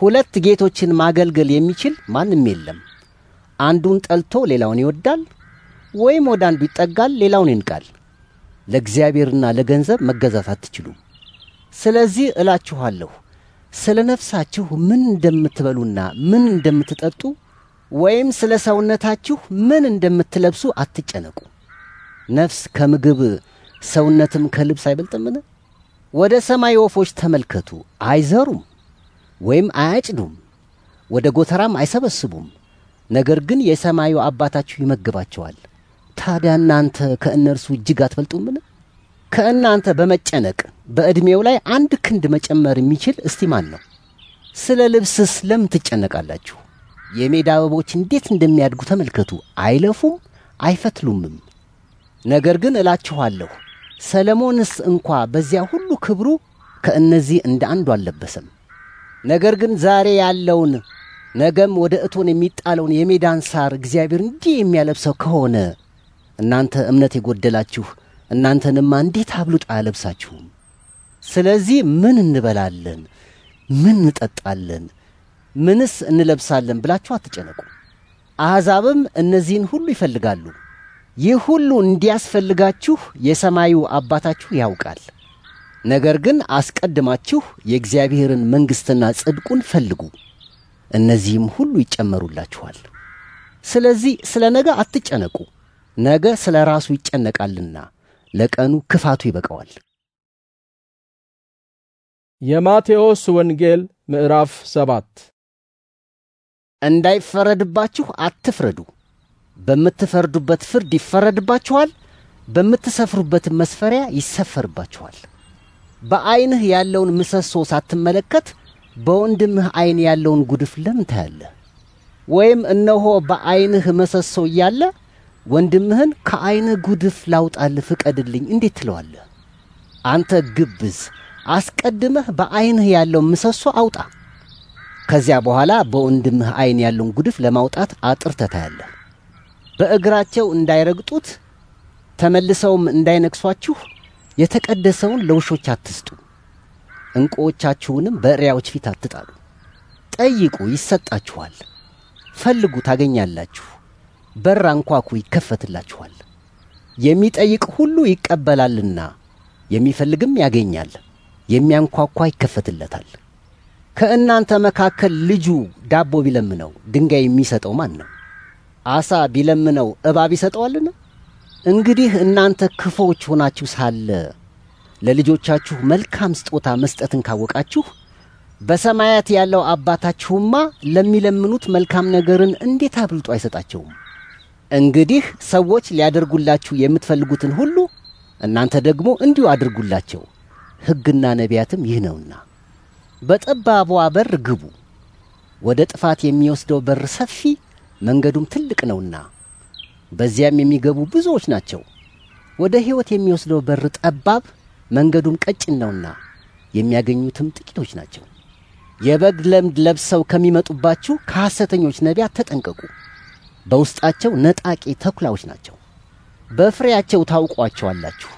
ሁለት ጌቶችን ማገልገል የሚችል ማንም የለም። አንዱን ጠልቶ ሌላውን ይወዳል፣ ወይም ወደ አንዱ ይጠጋል፣ ሌላውን ይንቃል። ለእግዚአብሔርና ለገንዘብ መገዛት አትችሉም። ስለዚህ እላችኋለሁ ስለ ነፍሳችሁ ምን እንደምትበሉና ምን እንደምትጠጡ ወይም ስለ ሰውነታችሁ ምን እንደምትለብሱ አትጨነቁ። ነፍስ ከምግብ ሰውነትም ከልብስ አይበልጥምን? ወደ ሰማይ ወፎች ተመልከቱ። አይዘሩም ወይም አያጭዱም፣ ወደ ጎተራም አይሰበስቡም፣ ነገር ግን የሰማዩ አባታችሁ ይመግባቸዋል። ታዲያ እናንተ ከእነርሱ እጅግ አትበልጡምን? ከእናንተ በመጨነቅ በዕድሜው ላይ አንድ ክንድ መጨመር የሚችል እስቲ ማን ነው? ስለ ልብስስ ለምን ትጨነቃላችሁ? የሜዳ አበቦች እንዴት እንደሚያድጉ ተመልከቱ። አይለፉም፣ አይፈትሉምም። ነገር ግን እላችኋለሁ ሰለሞንስ እንኳ በዚያ ሁሉ ክብሩ ከእነዚህ እንደ አንዱ አልለበሰም። ነገር ግን ዛሬ ያለውን ነገም ወደ እቶን የሚጣለውን የሜዳን ሳር እግዚአብሔር እንዲህ የሚያለብሰው ከሆነ እናንተ እምነት የጎደላችሁ እናንተንማ እንዴት አብልጦ አያለብሳችሁም? ስለዚህ ምን እንበላለን፣ ምን እንጠጣለን፣ ምንስ እንለብሳለን ብላችሁ አትጨነቁ። አሕዛብም እነዚህን ሁሉ ይፈልጋሉ። ይህ ሁሉ እንዲያስፈልጋችሁ የሰማዩ አባታችሁ ያውቃል። ነገር ግን አስቀድማችሁ የእግዚአብሔርን መንግሥትና ጽድቁን ፈልጉ፣ እነዚህም ሁሉ ይጨመሩላችኋል። ስለዚህ ስለ ነገ አትጨነቁ፣ ነገ ስለ ራሱ ይጨነቃልና ለቀኑ ክፋቱ ይበቃዋል። የማቴዎስ ወንጌል ምዕራፍ ሰባት እንዳይፈረድባችሁ አትፍረዱ በምትፈርዱበት ፍርድ ይፈረድባችኋል፣ በምትሰፍሩበት መስፈሪያ ይሰፈርባችኋል። በዓይንህ ያለውን ምሰሶ ሳትመለከት በወንድምህ ዓይን ያለውን ጉድፍ ለምን ታያለህ? ወይም እነሆ በዓይንህ ምሰሶ እያለ ወንድምህን ከዓይንህ ጉድፍ ላውጣልህ ፍቀድልኝ እንዴት ትለዋለህ? አንተ ግብዝ፣ አስቀድመህ በዓይንህ ያለውን ምሰሶ አውጣ። ከዚያ በኋላ በወንድምህ ዓይን ያለውን ጉድፍ ለማውጣት አጥርተህ ታያለህ። በእግራቸው እንዳይረግጡት ተመልሰውም እንዳይነክሷችሁ የተቀደሰውን ለውሾች አትስጡ፣ ዕንቁዎቻችሁንም በእሪያዎች ፊት አትጣሉ። ጠይቁ፣ ይሰጣችኋል። ፈልጉ፣ ታገኛላችሁ። በር አንኳኩ፣ ይከፈትላችኋል። የሚጠይቅ ሁሉ ይቀበላልና የሚፈልግም ያገኛል፣ የሚያንኳኳ ይከፈትለታል። ከእናንተ መካከል ልጁ ዳቦ ቢለምነው ድንጋይ የሚሰጠው ማን ነው? አሳ ቢለምነው እባብ ይሰጠዋልን? እንግዲህ እናንተ ክፎች ሆናችሁ ሳለ ለልጆቻችሁ መልካም ስጦታ መስጠትን ካወቃችሁ በሰማያት ያለው አባታችሁማ ለሚለምኑት መልካም ነገርን እንዴት አብልጦ አይሰጣቸውም? እንግዲህ ሰዎች ሊያደርጉላችሁ የምትፈልጉትን ሁሉ እናንተ ደግሞ እንዲሁ አድርጉላቸው፣ ሕግና ነቢያትም ይህ ነውና። በጠባቧ በር ግቡ፣ ወደ ጥፋት የሚወስደው በር ሰፊ መንገዱም ትልቅ ነውና በዚያም የሚገቡ ብዙዎች ናቸው። ወደ ሕይወት የሚወስደው በር ጠባብ፣ መንገዱም ቀጭን ነውና የሚያገኙትም ጥቂቶች ናቸው። የበግ ለምድ ለብሰው ከሚመጡባችሁ ከሐሰተኞች ነቢያት ተጠንቀቁ። በውስጣቸው ነጣቂ ተኩላዎች ናቸው። በፍሬያቸው ታውቋቸዋላችሁ።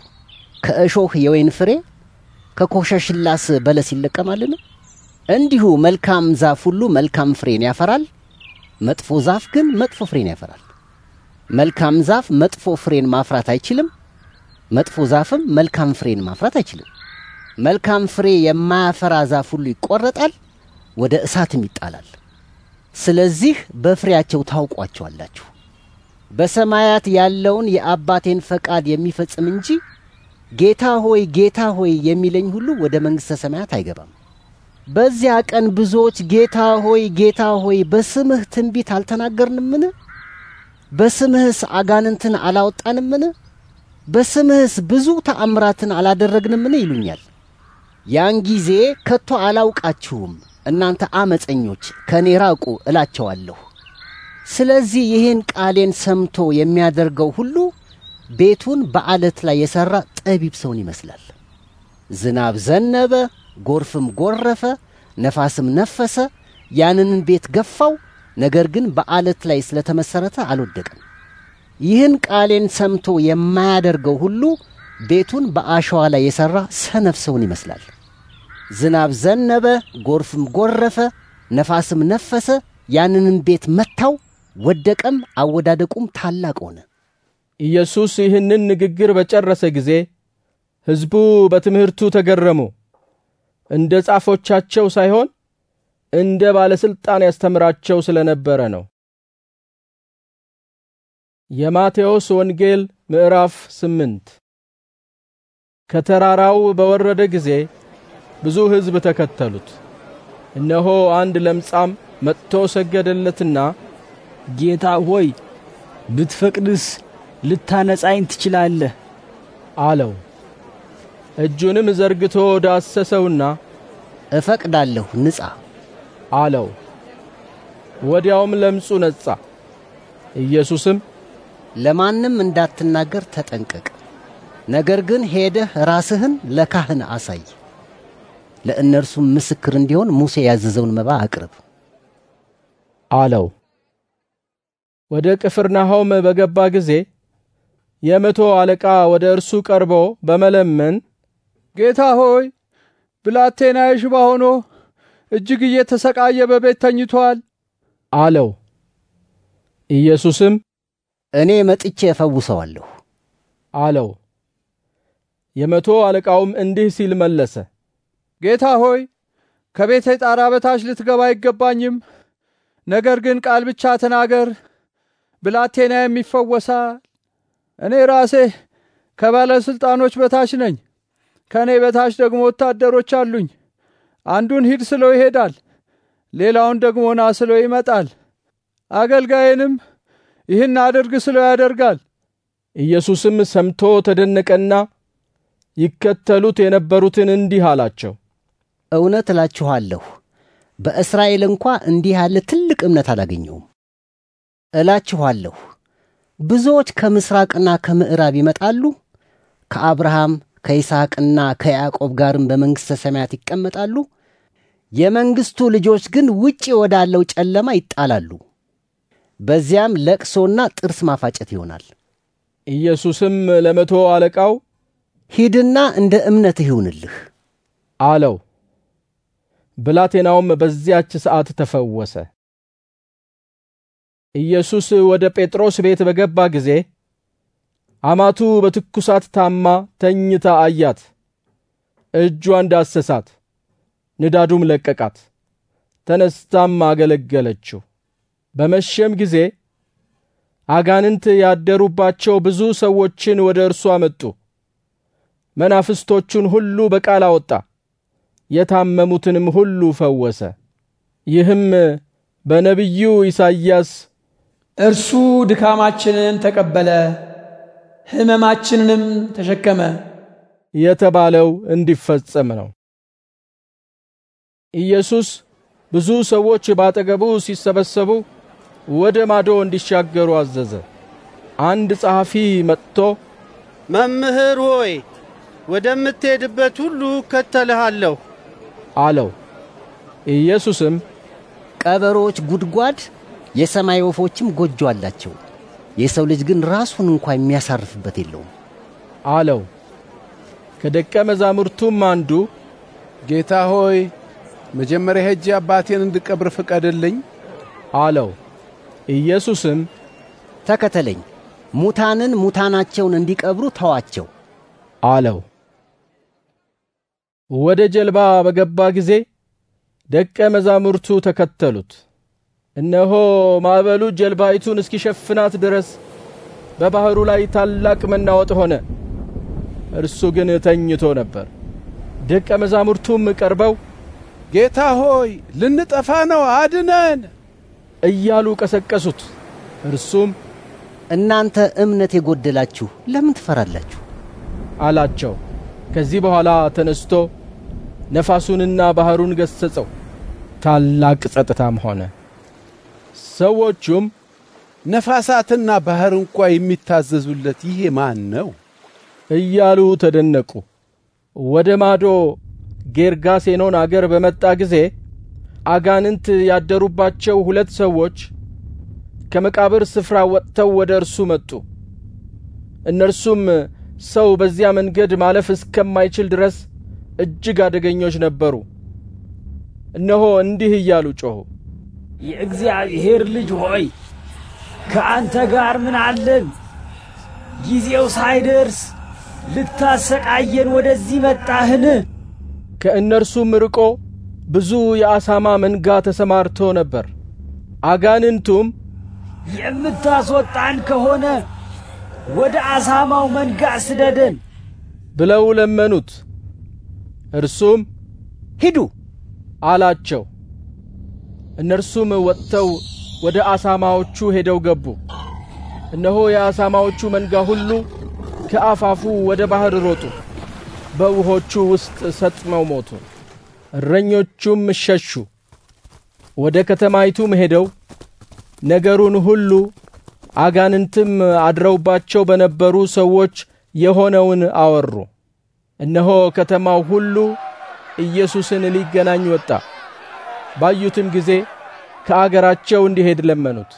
ከእሾህ የወይን ፍሬ ከኮሸሽላስ በለስ ይለቀማልን? እንዲሁ መልካም ዛፍ ሁሉ መልካም ፍሬን ያፈራል፣ መጥፎ ዛፍ ግን መጥፎ ፍሬን ያፈራል። መልካም ዛፍ መጥፎ ፍሬን ማፍራት አይችልም። መጥፎ ዛፍም መልካም ፍሬን ማፍራት አይችልም። መልካም ፍሬ የማያፈራ ዛፍ ሁሉ ይቆረጣል፣ ወደ እሳትም ይጣላል። ስለዚህ በፍሬያቸው ታውቋቸዋላችሁ። በሰማያት ያለውን የአባቴን ፈቃድ የሚፈጽም እንጂ ጌታ ሆይ ጌታ ሆይ የሚለኝ ሁሉ ወደ መንግሥተ ሰማያት አይገባም። በዚያ ቀን ብዙዎች ጌታ ሆይ ጌታ ሆይ በስምህ ትንቢት አልተናገርንምን? በስምህስ አጋንንትን አላወጣንምን? በስምህስ ብዙ ተአምራትን አላደረግንምን? ይሉኛል። ያን ጊዜ ከቶ አላውቃችሁም እናንተ አመፀኞች ከእኔ ራቁ እላቸዋለሁ። ስለዚህ ይህን ቃሌን ሰምቶ የሚያደርገው ሁሉ ቤቱን በዓለት ላይ የሠራ ጠቢብ ሰውን ይመስላል። ዝናብ ዘነበ፣ ጎርፍም ጎረፈ፣ ነፋስም ነፈሰ፣ ያንንን ቤት ገፋው። ነገር ግን በአለት ላይ ስለተመሰረተ አልወደቀም። ይህን ቃሌን ሰምቶ የማያደርገው ሁሉ ቤቱን በአሸዋ ላይ የሠራ ሰነፍ ሰውን ይመስላል። ዝናብ ዘነበ፣ ጎርፍም ጎረፈ፣ ነፋስም ነፈሰ፣ ያንንም ቤት መታው፣ ወደቀም። አወዳደቁም ታላቅ ሆነ። ኢየሱስ ይህንን ንግግር በጨረሰ ጊዜ ሕዝቡ በትምህርቱ ተገረሙ። እንደ ጻፎቻቸው ሳይሆን እንደ ባለስልጣን ያስተምራቸው ስለነበረ ነው። የማቴዎስ ወንጌል ምዕራፍ ስምንት ከተራራው በወረደ ጊዜ ብዙ ሕዝብ ተከተሉት። እነሆ አንድ ለምጻም መጥቶ ሰገደለትና ጌታ ሆይ ብትፈቅድስ ልታነጻኝ ትችላለህ አለው። እጁንም ዘርግቶ ዳሰሰውና እፈቅዳለሁ ንጻ አለው። ወዲያውም ለምጹ ነጻ። ኢየሱስም ለማንም እንዳትናገር ተጠንቀቅ፣ ነገር ግን ሄደህ ራስህን ለካህን አሳይ፣ ለእነርሱም ምስክር እንዲሆን ሙሴ ያዘዘውን መባ አቅርብ አለው። ወደ ቅፍርናሆም በገባ ጊዜ የመቶ አለቃ ወደ እርሱ ቀርቦ በመለመን ጌታ ሆይ ብላቴናዬ ሽባ ሆኖ እጅግ እየተሰቃየ በቤት ተኝቶአል አለው። ኢየሱስም እኔ መጥቼ እፈውሰዋለሁ አለው። የመቶ አለቃውም እንዲህ ሲል መለሰ፣ ጌታ ሆይ ከቤቴ ጣራ በታች ልትገባ አይገባኝም። ነገር ግን ቃል ብቻ ተናገር፣ ብላቴናዬም ይፈወሳል። እኔ ራሴ ከባለስልጣኖች በታች ነኝ ከእኔ በታች ደግሞ ወታደሮች አሉኝ። አንዱን ሂድ ስለው ይሄዳል፣ ሌላውን ደግሞ ና ስለው ይመጣል፣ አገልጋይንም ይህን አድርግ ስለው ያደርጋል። ኢየሱስም ሰምቶ ተደነቀና ይከተሉት የነበሩትን እንዲህ አላቸው፣ እውነት እላችኋለሁ በእስራኤል እንኳ እንዲህ ያለ ትልቅ እምነት አላገኘውም። እላችኋለሁ ብዙዎች ከምሥራቅና ከምዕራብ ይመጣሉ፣ ከአብርሃም ከይስሐቅና ከያዕቆብ ጋርም በመንግሥተ ሰማያት ይቀመጣሉ። የመንግሥቱ ልጆች ግን ውጪ ወዳለው ጨለማ ይጣላሉ። በዚያም ለቅሶና ጥርስ ማፋጨት ይሆናል። ኢየሱስም ለመቶ አለቃው ሂድና እንደ እምነትህ ይሁንልህ አለው። ብላቴናውም በዚያች ሰዓት ተፈወሰ። ኢየሱስ ወደ ጴጥሮስ ቤት በገባ ጊዜ አማቱ በትኩሳት ታማ ተኝታ አያት። እጇን ዳሰሳት፣ ንዳዱም ለቀቃት። ተነስታም አገለገለችው። በመሸም ጊዜ አጋንንት ያደሩባቸው ብዙ ሰዎችን ወደ እርሱ አመጡ። መናፍስቶቹን ሁሉ በቃል አወጣ፣ የታመሙትንም ሁሉ ፈወሰ። ይህም በነቢዩ ኢሳይያስ እርሱ ድካማችንን ተቀበለ ሕመማችንንም ተሸከመ የተባለው እንዲፈጸም ነው። ኢየሱስ ብዙ ሰዎች ባጠገቡ ሲሰበሰቡ ወደ ማዶ እንዲሻገሩ አዘዘ። አንድ ጸሐፊ መጥቶ መምህር ሆይ ወደምትሄድበት ሁሉ እከተልሃለሁ አለው። ኢየሱስም ቀበሮች ጉድጓድ፣ የሰማይ ወፎችም ጎጆ አላቸው የሰው ልጅ ግን ራሱን እንኳ የሚያሳርፍበት የለውም አለው። ከደቀ መዛሙርቱም አንዱ ጌታ ሆይ መጀመሪያ ሄጄ አባቴን እንድቀብር ፍቀድልኝ አለው። ኢየሱስም ተከተለኝ፣ ሙታንን ሙታናቸውን እንዲቀብሩ ተዋቸው አለው። ወደ ጀልባ በገባ ጊዜ ደቀ መዛሙርቱ ተከተሉት። እነሆ ማዕበሉ ጀልባይቱን እስኪሸፍናት ድረስ በባህሩ ላይ ታላቅ መናወጥ ሆነ። እርሱ ግን ተኝቶ ነበር። ደቀ መዛሙርቱም ቀርበው ጌታ ሆይ ልንጠፋ ነው፣ አድነን እያሉ ቀሰቀሱት። እርሱም እናንተ እምነት የጎደላችሁ ለምን ትፈራላችሁ አላቸው። ከዚህ በኋላ ተነስቶ ነፋሱንና ባሕሩን ገሰጸው። ታላቅ ጸጥታም ሆነ። ሰዎቹም ነፋሳትና ባሕር እንኳ የሚታዘዙለት ይሄ ማን ነው እያሉ ተደነቁ። ወደ ማዶ ጌርጋሴኖን አገር በመጣ ጊዜ አጋንንት ያደሩባቸው ሁለት ሰዎች ከመቃብር ስፍራ ወጥተው ወደ እርሱ መጡ። እነርሱም ሰው በዚያ መንገድ ማለፍ እስከማይችል ድረስ እጅግ አደገኞች ነበሩ። እነሆ እንዲህ እያሉ ጮኹ። የእግዚአብሔር ልጅ ሆይ ከአንተ ጋር ምን አለን? ጊዜው ሳይደርስ ልታሰቃየን ወደዚህ መጣህን? ከእነርሱም ርቆ ብዙ የአሳማ መንጋ ተሰማርቶ ነበር። አጋንንቱም የምታስወጣን ከሆነ ወደ አሳማው መንጋ ስደደን ብለው ለመኑት። እርሱም ሂዱ አላቸው። እነርሱም ወጥተው ወደ አሳማዎቹ ሄደው ገቡ። እነሆ የአሳማዎቹ መንጋ ሁሉ ከአፋፉ ወደ ባሕር ሮጡ፣ በውሆቹ ውስጥ ሰጥመው ሞቱ። እረኞቹም ሸሹ፣ ወደ ከተማይቱም ሄደው ነገሩን ሁሉ አጋንንትም አድረውባቸው በነበሩ ሰዎች የሆነውን አወሩ። እነሆ ከተማው ሁሉ ኢየሱስን ሊገናኝ ወጣ። ባዩትም ጊዜ ከአገራቸው እንዲሄድ ለመኑት።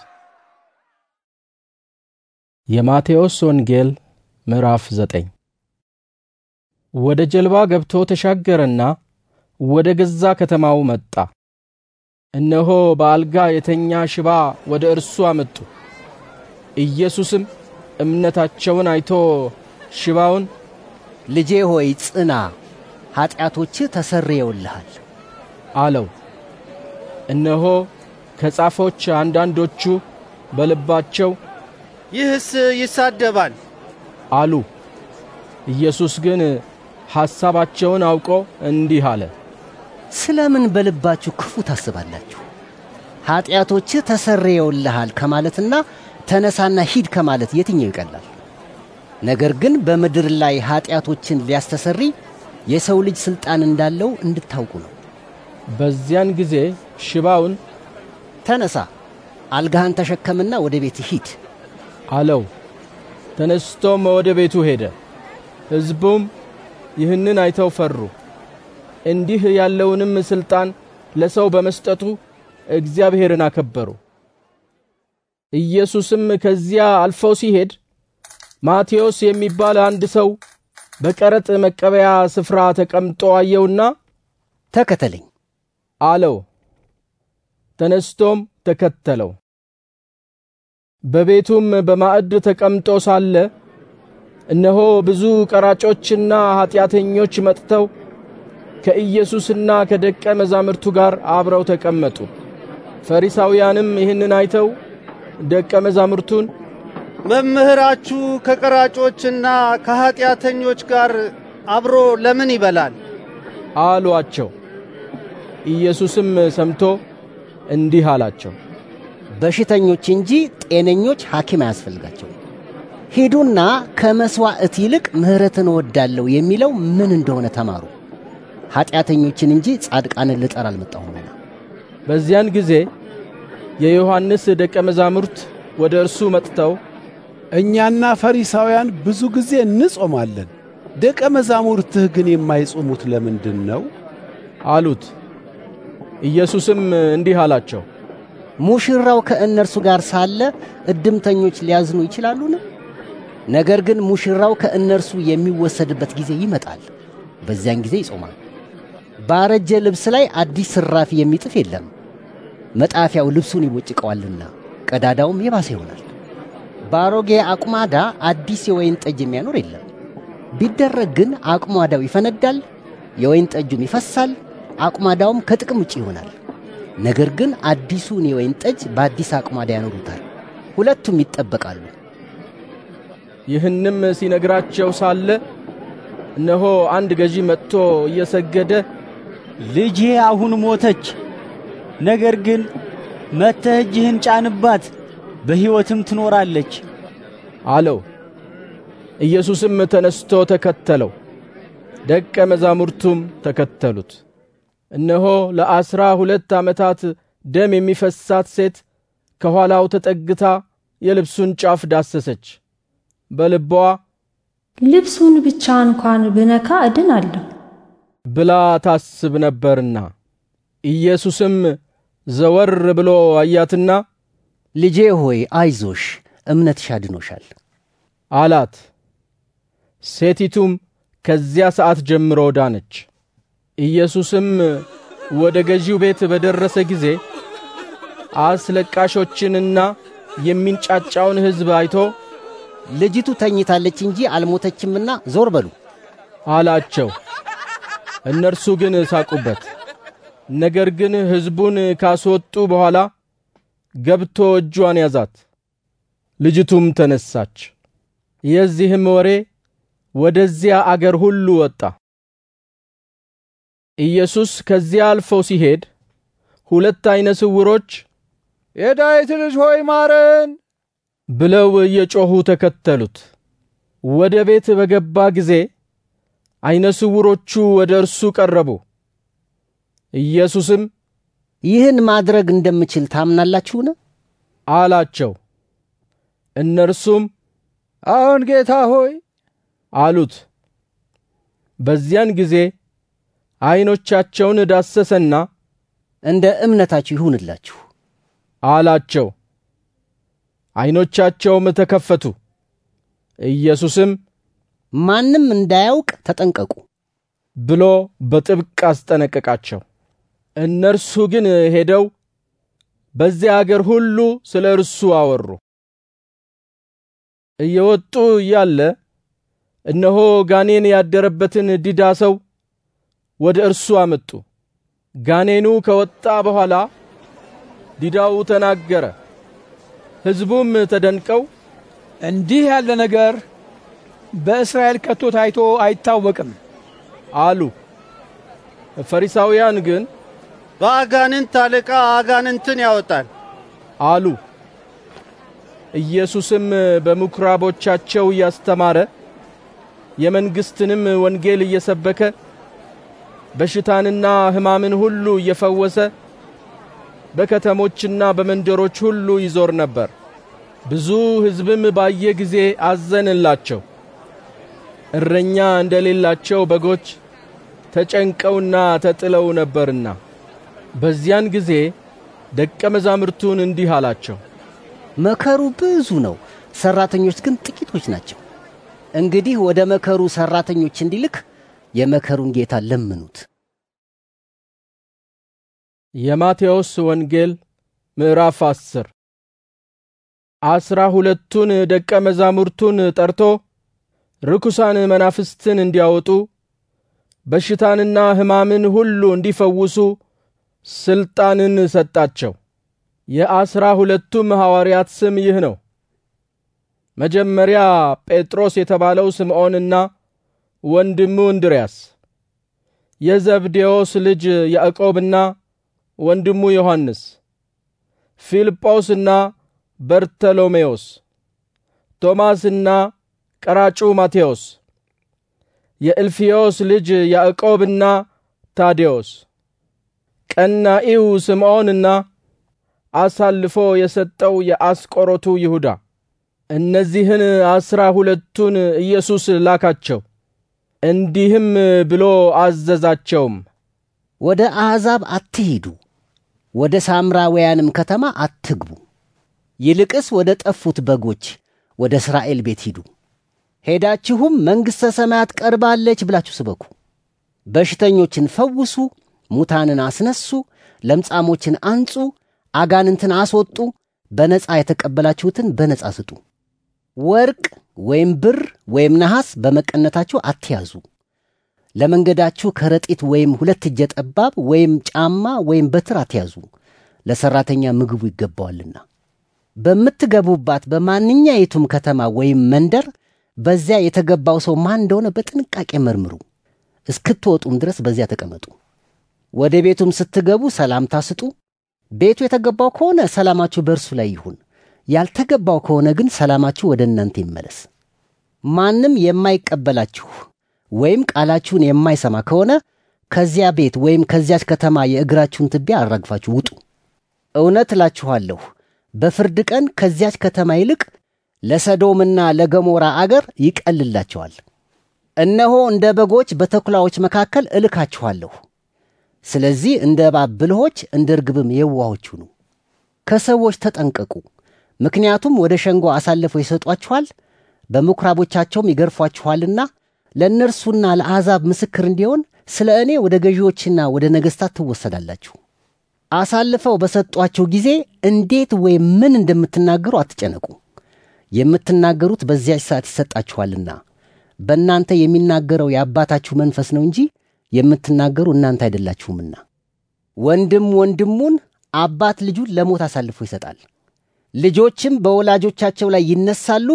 የማቴዎስ ወንጌል ምዕራፍ ዘጠኝ ወደ ጀልባ ገብቶ ተሻገረና ወደ ገዛ ከተማው መጣ። እነሆ በአልጋ የተኛ ሽባ ወደ እርሱ አመጡ። ኢየሱስም እምነታቸውን አይቶ ሽባውን ልጄ ሆይ ጽና፣ ኀጢአቶችህ ተሰርየውልሃል አለው። እነሆ ከጻፎች አንዳንዶቹ በልባቸው ይህስ ይሳደባል አሉ። ኢየሱስ ግን ሐሳባቸውን አውቆ እንዲህ አለ፣ ስለምን በልባችሁ ክፉ ታስባላችሁ? ኃጢአቶችህ ተሰረየውልሃል ከማለትና ተነሳና ሂድ ከማለት የትኛው ይቀላል? ነገር ግን በምድር ላይ ኃጢአቶችን ሊያስተሰሪ የሰው ልጅ ሥልጣን እንዳለው እንድታውቁ ነው። በዚያን ጊዜ ሽባውን ተነሳ፣ አልጋህን ተሸከምና ወደ ቤት ሂድ አለው። ተነስቶም ወደ ቤቱ ሄደ። ሕዝቡም ይህንን አይተው ፈሩ። እንዲህ ያለውንም ሥልጣን ለሰው በመስጠቱ እግዚአብሔርን አከበሩ። ኢየሱስም ከዚያ አልፈው ሲሄድ ማቴዎስ የሚባል አንድ ሰው በቀረጥ መቀበያ ስፍራ ተቀምጦ አየውና፣ ተከተለኝ አለው። ተነስቶም ተከተለው። በቤቱም በማዕድ ተቀምጦ ሳለ እነሆ ብዙ ቀራጮችና ኀጢአተኞች መጥተው ከኢየሱስና ከደቀ መዛሙርቱ ጋር አብረው ተቀመጡ። ፈሪሳውያንም ይህንን አይተው ደቀ መዛሙርቱን መምህራችሁ ከቀራጮችና ከኀጢአተኞች ጋር አብሮ ለምን ይበላል? አሏቸው። ኢየሱስም ሰምቶ እንዲህ አላቸው፣ በሽተኞች እንጂ ጤነኞች ሐኪም አያስፈልጋቸው። ሂዱና ከመስዋዕት ይልቅ ምሕረትን እወዳለሁ የሚለው ምን እንደሆነ ተማሩ። ኃጢአተኞችን እንጂ ጻድቃንን ልጠራ አልመጣሁምና። በዚያን ጊዜ የዮሐንስ ደቀ መዛሙርት ወደ እርሱ መጥተው እኛና ፈሪሳውያን ብዙ ጊዜ እንጾማለን፣ ደቀ መዛሙርትህ ግን የማይጾሙት ለምንድን ነው? አሉት። ኢየሱስም እንዲህ አላቸው፣ ሙሽራው ከእነርሱ ጋር ሳለ እድምተኞች ሊያዝኑ ይችላሉን? ነገር ግን ሙሽራው ከእነርሱ የሚወሰድበት ጊዜ ይመጣል፣ በዚያን ጊዜ ይጾማል። ባረጀ ልብስ ላይ አዲስ ስራፊ የሚጥፍ የለም፣ መጣፊያው ልብሱን ይቦጭቀዋልና ቀዳዳውም የባሰ ይሆናል። ባሮጌ አቁማዳ አዲስ የወይን ጠጅ የሚያኖር የለም፣ ቢደረግ ግን አቁማዳው ይፈነዳል፣ የወይን ጠጁም ይፈሳል፣ አቁማዳውም ከጥቅም ውጭ ይሆናል። ነገር ግን አዲሱን የወይን ጠጅ በአዲስ አቁማዳ ያኖሩታል፣ ሁለቱም ይጠበቃሉ። ይህንም ሲነግራቸው ሳለ እነሆ አንድ ገዢ መጥቶ እየሰገደ ልጄ አሁን ሞተች፣ ነገር ግን መጥተህ እጅህን ጫንባት በሕይወትም ትኖራለች አለው። ኢየሱስም ተነስቶ ተከተለው፣ ደቀ መዛሙርቱም ተከተሉት። እነሆ ለአስራ ሁለት ዓመታት ደም የሚፈሳት ሴት ከኋላው ተጠግታ የልብሱን ጫፍ ዳሰሰች። በልቧ ልብሱን ብቻ እንኳን ብነካ እድናለሁ ብላ ታስብ ነበርና፣ ኢየሱስም ዘወር ብሎ አያትና ልጄ ሆይ አይዞሽ፣ እምነትሽ አድኖሻል አላት። ሴቲቱም ከዚያ ሰዓት ጀምሮ ዳነች። ኢየሱስም ወደ ገዢው ቤት በደረሰ ጊዜ አስለቃሾችንና የሚንጫጫውን ሕዝብ አይቶ ልጅቱ ተኝታለች እንጂ አልሞተችምና ዞር በሉ አላቸው። እነርሱ ግን ሳቁበት። ነገር ግን ሕዝቡን ካስወጡ በኋላ ገብቶ እጇን ያዛት፣ ልጅቱም ተነሳች። የዚህም ወሬ ወደዚያ አገር ሁሉ ወጣ። ኢየሱስ ከዚያ አልፎ ሲሄድ ሁለት አይነ ስውሮች የዳዊት ልጅ ሆይ ማረን ብለው እየጮኹ ተከተሉት። ወደ ቤት በገባ ጊዜ አይነ ስውሮቹ ወደ እርሱ ቀረቡ። ኢየሱስም ይህን ማድረግ እንደምችል ታምናላችሁን? አላቸው። እነርሱም አሁን ጌታ ሆይ አሉት። በዚያን ጊዜ ዐይኖቻቸውን ዳሰሰና እንደ እምነታችሁ ይሁንላችሁ አላቸው። ዐይኖቻቸውም ተከፈቱ። ኢየሱስም ማንም እንዳያውቅ ተጠንቀቁ ብሎ በጥብቅ አስጠነቀቃቸው። እነርሱ ግን ሄደው በዚያ አገር ሁሉ ስለ እርሱ አወሩ። እየወጡ እያለ እነሆ ጋኔን ያደረበትን ዲዳ ሰው ወደ እርሱ አመጡ። ጋኔኑ ከወጣ በኋላ ዲዳው ተናገረ። ሕዝቡም ተደንቀው እንዲህ ያለ ነገር በእስራኤል ከቶ ታይቶ አይታወቅም አሉ። ፈሪሳውያን ግን በአጋንንት አለቃ አጋንንትን ያወጣል አሉ። ኢየሱስም በምኵራቦቻቸው እያስተማረ የመንግስትንም ወንጌል እየሰበከ በሽታንና ሕማምን ሁሉ እየፈወሰ በከተሞችና በመንደሮች ሁሉ ይዞር ነበር። ብዙ ሕዝብም ባየ ጊዜ አዘንላቸው። እረኛ እንደሌላቸው በጎች ተጨንቀውና ተጥለው ነበርና። በዚያን ጊዜ ደቀ መዛሙርቱን እንዲህ አላቸው፣ መከሩ ብዙ ነው፣ ሰራተኞች ግን ጥቂቶች ናቸው። እንግዲህ ወደ መከሩ ሰራተኞች እንዲልክ የመከሩን ጌታ ለምኑት። የማቴዎስ ወንጌል ምዕራፍ አስር አስራ ሁለቱን ደቀ መዛሙርቱን ጠርቶ ርኩሳን መናፍስትን እንዲያወጡ በሽታንና ሕማምን ሁሉ እንዲፈውሱ ስልጣንን ሰጣቸው። የአስራ ሁለቱም ሐዋርያት ስም ይህ ነው። መጀመሪያ ጴጥሮስ የተባለው ስምዖንና ወንድሙ እንድርያስ፣ የዘብዴዎስ ልጅ ያዕቆብና ወንድሙ ዮሐንስ፣ ፊልጶስና በርተሎሜዎስ፣ ቶማስና ቀራጩ ማቴዎስ፣ የእልፍዮስ ልጅ ያዕቆብና ታዴዎስ፣ ቀናኢው ስምዖንና አሳልፎ የሰጠው የአስቆሮቱ ይሁዳ። እነዚህን አስራ ሁለቱን ኢየሱስ ላካቸው። እንዲህም ብሎ አዘዛቸውም፣ ወደ አሕዛብ አትሂዱ፣ ወደ ሳምራውያንም ከተማ አትግቡ። ይልቅስ ወደ ጠፉት በጎች ወደ እስራኤል ቤት ሂዱ። ሄዳችሁም መንግሥተ ሰማያት ቀርባለች ብላችሁ ስበኩ። በሽተኞችን ፈውሱ፣ ሙታንን አስነሱ፣ ለምጻሞችን አንጹ፣ አጋንንትን አስወጡ፣ በነፃ የተቀበላችሁትን በነፃ ስጡ። ወርቅ ወይም ብር ወይም ነሐስ በመቀነታችሁ አትያዙ። ለመንገዳችሁ ከረጢት ወይም ሁለት እጀ ጠባብ ወይም ጫማ ወይም በትር አትያዙ፣ ለሰራተኛ ምግቡ ይገባዋልና። በምትገቡባት በማንኛይቱም ከተማ ወይም መንደር በዚያ የተገባው ሰው ማን እንደሆነ በጥንቃቄ መርምሩ። እስክትወጡም ድረስ በዚያ ተቀመጡ። ወደ ቤቱም ስትገቡ ሰላምታ ስጡ። ቤቱ የተገባው ከሆነ ሰላማችሁ በእርሱ ላይ ይሁን። ያልተገባው ከሆነ ግን ሰላማችሁ ወደ እናንተ ይመለስ። ማንም የማይቀበላችሁ ወይም ቃላችሁን የማይሰማ ከሆነ ከዚያ ቤት ወይም ከዚያች ከተማ የእግራችሁን ትቢያ አራግፋችሁ ውጡ። እውነት እላችኋለሁ በፍርድ ቀን ከዚያች ከተማ ይልቅ ለሰዶምና ለገሞራ አገር ይቀልላቸዋል። እነሆ እንደ በጎች በተኩላዎች መካከል እልካችኋለሁ። ስለዚህ እንደ እባብ ብልሆች እንደ ርግብም የዋሆች ሁኑ። ከሰዎች ተጠንቀቁ። ምክንያቱም ወደ ሸንጎ አሳልፈው ይሰጧችኋል፣ በምኵራቦቻቸውም ይገርፏችኋልና ለእነርሱና ለአሕዛብ ምስክር እንዲሆን ስለ እኔ ወደ ገዢዎችና ወደ ነገሥታት ትወሰዳላችሁ። አሳልፈው በሰጧችሁ ጊዜ እንዴት ወይም ምን እንደምትናገሩ አትጨነቁ፣ የምትናገሩት በዚያች ሰዓት ይሰጣችኋልና። በእናንተ የሚናገረው የአባታችሁ መንፈስ ነው እንጂ የምትናገሩ እናንተ አይደላችሁምና። ወንድም ወንድሙን አባት ልጁን ለሞት አሳልፎ ይሰጣል። ልጆችም በወላጆቻቸው ላይ ይነሳሉ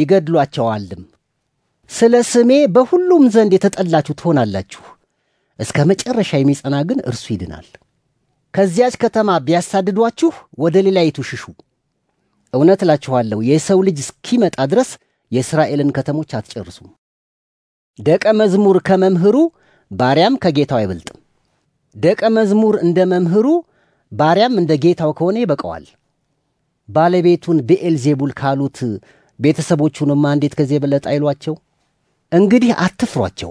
ይገድሏቸዋልም። ስለ ስሜ በሁሉም ዘንድ የተጠላችሁ ትሆናላችሁ። እስከ መጨረሻ የሚጸና ግን እርሱ ይድናል። ከዚያች ከተማ ቢያሳድዷችሁ ወደ ሌላይቱ ሽሹ። እውነት እላችኋለሁ የሰው ልጅ እስኪመጣ ድረስ የእስራኤልን ከተሞች አትጨርሱም። ደቀ መዝሙር ከመምህሩ ባሪያም ከጌታው አይበልጥም። ደቀ መዝሙር እንደ መምህሩ ባሪያም እንደ ጌታው ከሆነ ይበቀዋል። ባለቤቱን ብኤልዜቡል ካሉት ቤተሰቦቹንማ እንዴት ከዚህ የበለጠ አይሏቸው? እንግዲህ አትፍሯቸው።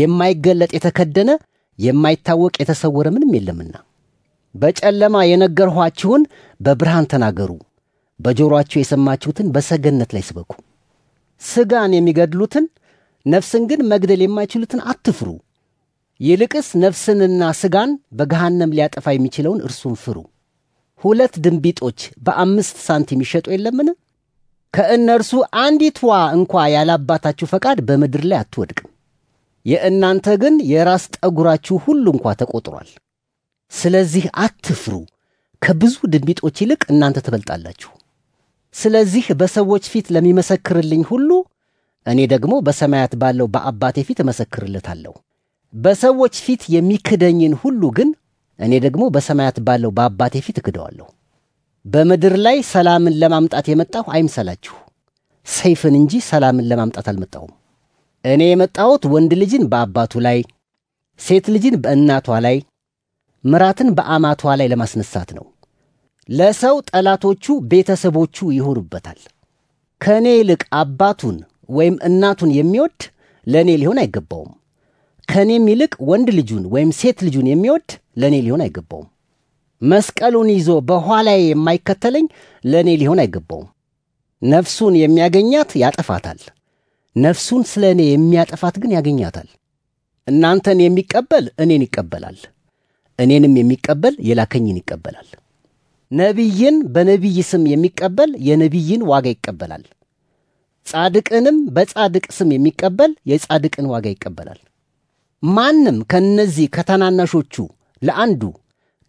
የማይገለጥ የተከደነ የማይታወቅ የተሰወረ ምንም የለምና። በጨለማ የነገርኋችሁን በብርሃን ተናገሩ፣ በጆሮአችሁ የሰማችሁትን በሰገነት ላይ ስበኩ። ሥጋን የሚገድሉትን ነፍስን ግን መግደል የማይችሉትን አትፍሩ። ይልቅስ ነፍስንና ሥጋን በገሃነም ሊያጠፋ የሚችለውን እርሱን ፍሩ። ሁለት ድንቢጦች በአምስት ሳንቲም ይሸጡ የለምን? ከእነርሱ አንዲትዋ እንኳ ያላባታችሁ ፈቃድ በምድር ላይ አትወድቅም። የእናንተ ግን የራስ ጠጉራችሁ ሁሉ እንኳ ተቆጥሯል። ስለዚህ አትፍሩ፣ ከብዙ ድንቢጦች ይልቅ እናንተ ትበልጣላችሁ። ስለዚህ በሰዎች ፊት ለሚመሰክርልኝ ሁሉ እኔ ደግሞ በሰማያት ባለው በአባቴ ፊት እመሰክርለታለሁ። በሰዎች ፊት የሚክደኝን ሁሉ ግን እኔ ደግሞ በሰማያት ባለው በአባቴ ፊት እክደዋለሁ። በምድር ላይ ሰላምን ለማምጣት የመጣሁ አይምሰላችሁ፣ ሰይፍን እንጂ ሰላምን ለማምጣት አልመጣሁም። እኔ የመጣሁት ወንድ ልጅን በአባቱ ላይ፣ ሴት ልጅን በእናቷ ላይ፣ ምራትን በአማቷ ላይ ለማስነሳት ነው። ለሰው ጠላቶቹ ቤተሰቦቹ ይሆኑበታል። ከእኔ ይልቅ አባቱን ወይም እናቱን የሚወድ ለእኔ ሊሆን አይገባውም። ከእኔም ይልቅ ወንድ ልጁን ወይም ሴት ልጁን የሚወድ ለእኔ ሊሆን አይገባውም። መስቀሉን ይዞ በኋላ የማይከተለኝ ለእኔ ሊሆን አይገባውም። ነፍሱን የሚያገኛት ያጠፋታል፣ ነፍሱን ስለ እኔ የሚያጠፋት ግን ያገኛታል። እናንተን የሚቀበል እኔን ይቀበላል፣ እኔንም የሚቀበል የላከኝን ይቀበላል። ነቢይን በነቢይ ስም የሚቀበል የነቢይን ዋጋ ይቀበላል። ጻድቅንም በጻድቅ ስም የሚቀበል የጻድቅን ዋጋ ይቀበላል። ማንም ከእነዚህ ከታናናሾቹ ለአንዱ